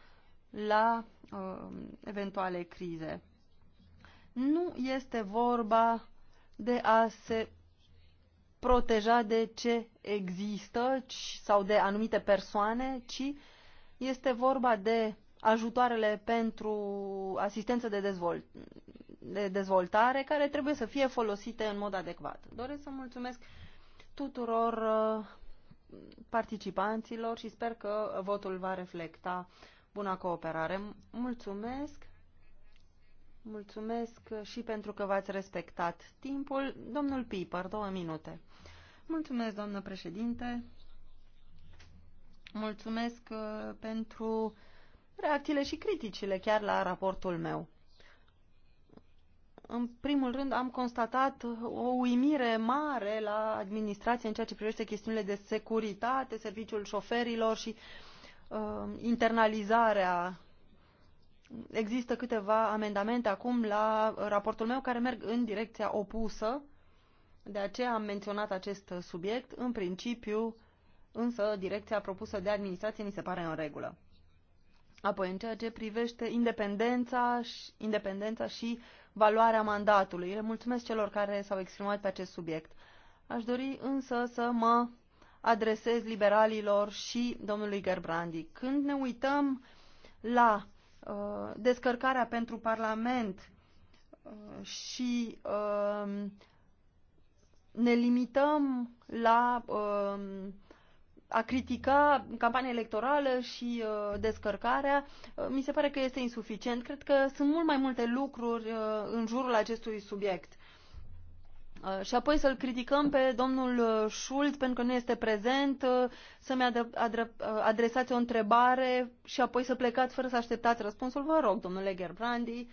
la um, eventuale crize. Nu este vorba de a se proteja de ce există sau de anumite persoane, ci este vorba de ajutoarele pentru asistență de, dezvolt de dezvoltare care trebuie să fie folosite în mod adecvat. Doresc să mulțumesc tuturor uh, participanților și sper că votul va reflecta buna cooperare. Mulțumesc! Mulțumesc și pentru că v-ați respectat timpul. Domnul Piper, două minute. Mulțumesc, doamnă președinte. Mulțumesc uh, pentru reacțiile și criticile chiar la raportul meu. În primul rând, am constatat o uimire mare la administrație în ceea ce privește chestiunile de securitate, serviciul șoferilor și uh, internalizarea există câteva amendamente acum la raportul meu care merg în direcția opusă de aceea am menționat acest subiect. În principiu, însă, direcția propusă de administrație mi se pare în regulă. Apoi, în ceea ce privește independența și, independența și valoarea mandatului, le mulțumesc celor care s-au exprimat pe acest subiect. Aș dori însă să mă adresez liberalilor și domnului Gerbrandi. Când ne uităm la uh, descărcarea pentru Parlament uh, și uh, ne limităm la um, a critica campania electorală și uh, descărcarea, uh, mi se pare că este insuficient. Cred că sunt mult mai multe lucruri uh, în jurul acestui subiect. Și apoi să-l criticăm pe domnul Schulz pentru că nu este prezent, să-mi adresați o întrebare și apoi să plecați fără să așteptați răspunsul. Vă rog, domnule Gerbrandi,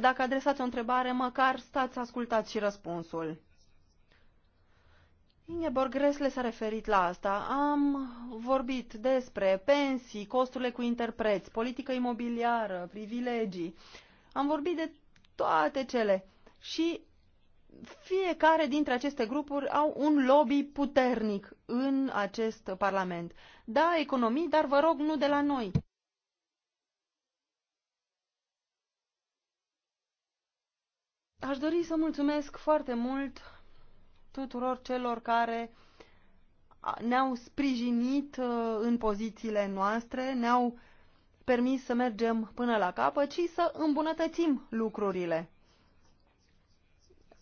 dacă adresați o întrebare, măcar stați să ascultați și răspunsul. Ingeborg Gresle s-a referit la asta. Am vorbit despre pensii, costurile cu interpreți, politică imobiliară, privilegii. Am vorbit de toate cele. Și fiecare dintre aceste grupuri au un lobby puternic în acest Parlament. Da, economii, dar vă rog, nu de la noi. Aș dori să mulțumesc foarte mult tuturor celor care ne-au sprijinit uh, în pozițiile noastre, ne-au permis să mergem până la capăt și să îmbunătățim lucrurile.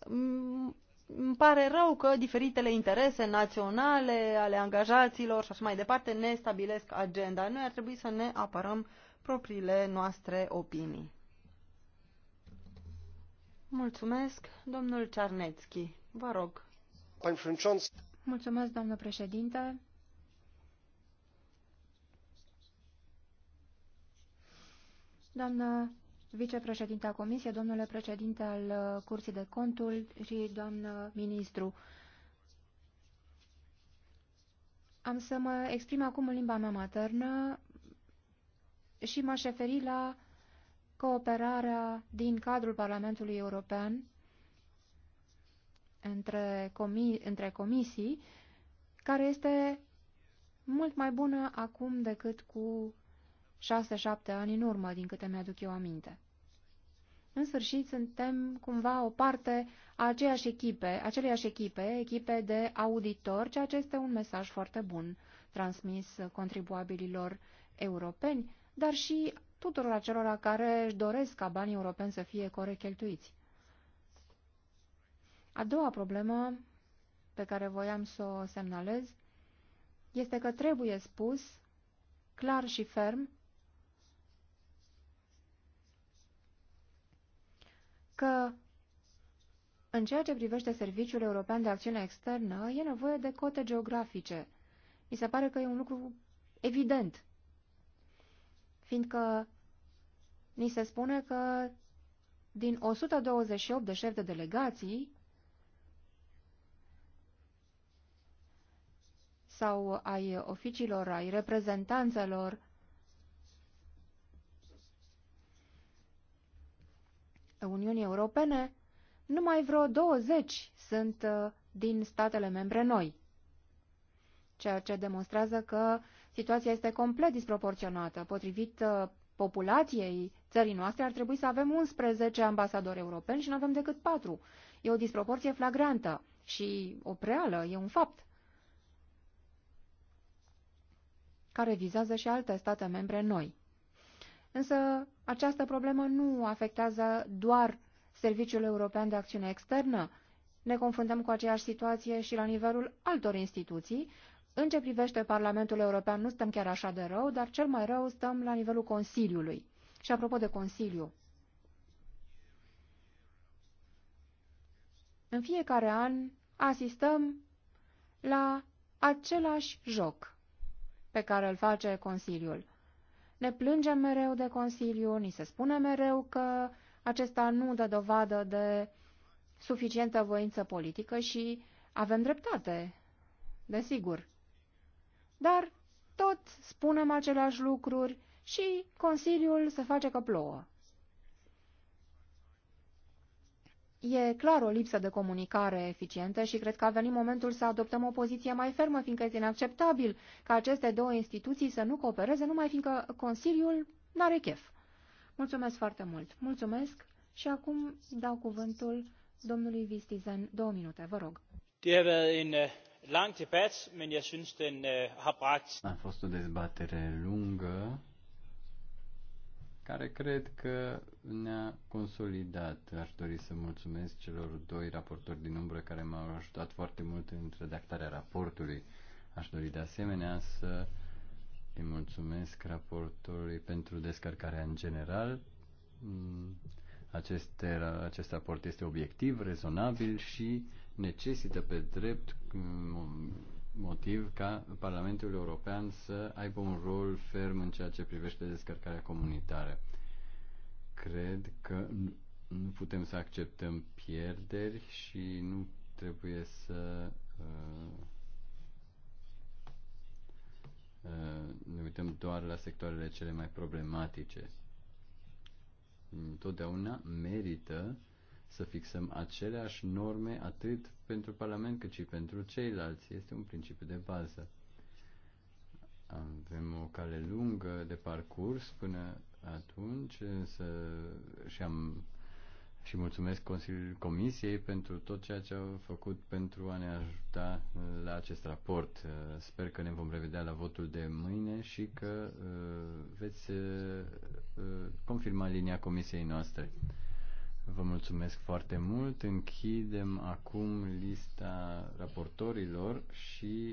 Mm, îmi pare rău că diferitele interese naționale ale angajaților și așa mai departe ne stabilesc agenda. Noi ar trebui să ne apărăm propriile noastre opinii. Mulțumesc, domnul Cernețchi. Vă rog. Mulțumesc, doamnă președinte. Doamnă vicepreședinte a Comisiei, domnule președinte al Curții de Conturi și doamnă ministru, am să mă exprim acum în limba mea maternă și m-aș referi la cooperarea din cadrul Parlamentului European între, comi între comisii, care este mult mai bună acum decât cu 6-7 ani în urmă, din câte mi-aduc eu aminte. În sfârșit, suntem cumva o parte a aceeași echipe, aceleiași echipe, echipe de auditori, ceea ce este un mesaj foarte bun transmis contribuabililor europeni, dar și tuturor acelora care își doresc ca banii europeni să fie corect cheltuiți. A doua problemă pe care voiam să o semnalez este că trebuie spus, clar și ferm, că în ceea ce privește Serviciul European de Acțiune Externă, e nevoie de cote geografice. Mi se pare că e un lucru evident, fiindcă ni se spune că din 128 de șefi de delegații, sau ai oficiilor, ai reprezentanțelor. Uniunii Europene, numai vreo 20 sunt uh, din statele membre noi, ceea ce demonstrează că situația este complet disproporționată. Potrivit uh, populației țării noastre ar trebui să avem 11 ambasadori europeni și nu avem decât 4. E o disproporție flagrantă și o preală, e un fapt. care vizează și alte state membre noi. Însă această problemă nu afectează doar Serviciul European de Acțiune Externă. Ne confruntăm cu aceeași situație și la nivelul altor instituții. În ce privește Parlamentul European nu stăm chiar așa de rău, dar cel mai rău stăm la nivelul Consiliului. Și apropo de Consiliu, în fiecare an asistăm la același joc pe care îl face Consiliul. Ne plângem mereu de Consiliu, ni se spune mereu că acesta nu dă dovadă de suficientă voință politică și avem dreptate, desigur. Dar tot spunem aceleași lucruri și Consiliul se face că plouă. E clar o lipsă de comunicare eficientă și cred că a venit momentul să adoptăm o poziție mai fermă, fiindcă este inacceptabil ca aceste două instituții să nu coopereze, numai fiindcă Consiliul n-are chef. Mulțumesc foarte mult. Mulțumesc și acum dau cuvântul domnului Vistizen. Două minute, vă rog. Øh, øh, a fost o dezbatere lungă care cred că ne-a consolidat. Aș dori să mulțumesc celor doi raportori din umbră care m-au ajutat foarte mult în redactarea raportului. Aș dori de asemenea să îi mulțumesc raportului pentru descărcarea în general. Mm, acest, acest raport este obiectiv, rezonabil și necesită pe drept mm, motiv ca Parlamentul European să aibă un rol ferm în ceea ce privește descărcarea comunitară. Cred că nu putem să acceptăm pierderi și nu trebuie să uh, uh, ne uităm doar la sectoarele cele mai problematice. Totdeauna merită uh, să fixăm aceleași norme atât pentru Parlament cât și pentru ceilalți. Este un principiu de bază. Avem o cale lungă de parcurs până atunci însă, și am și mulțumesc Consiliul Comisiei pentru tot ceea ce au făcut pentru a ne ajuta uh, la acest raport. Uh, sper că ne vom revedea la votul de mâine și că uh, veți confirma linia Comisiei noastre. Vă mulțumesc foarte mult. Închidem acum lista raportorilor și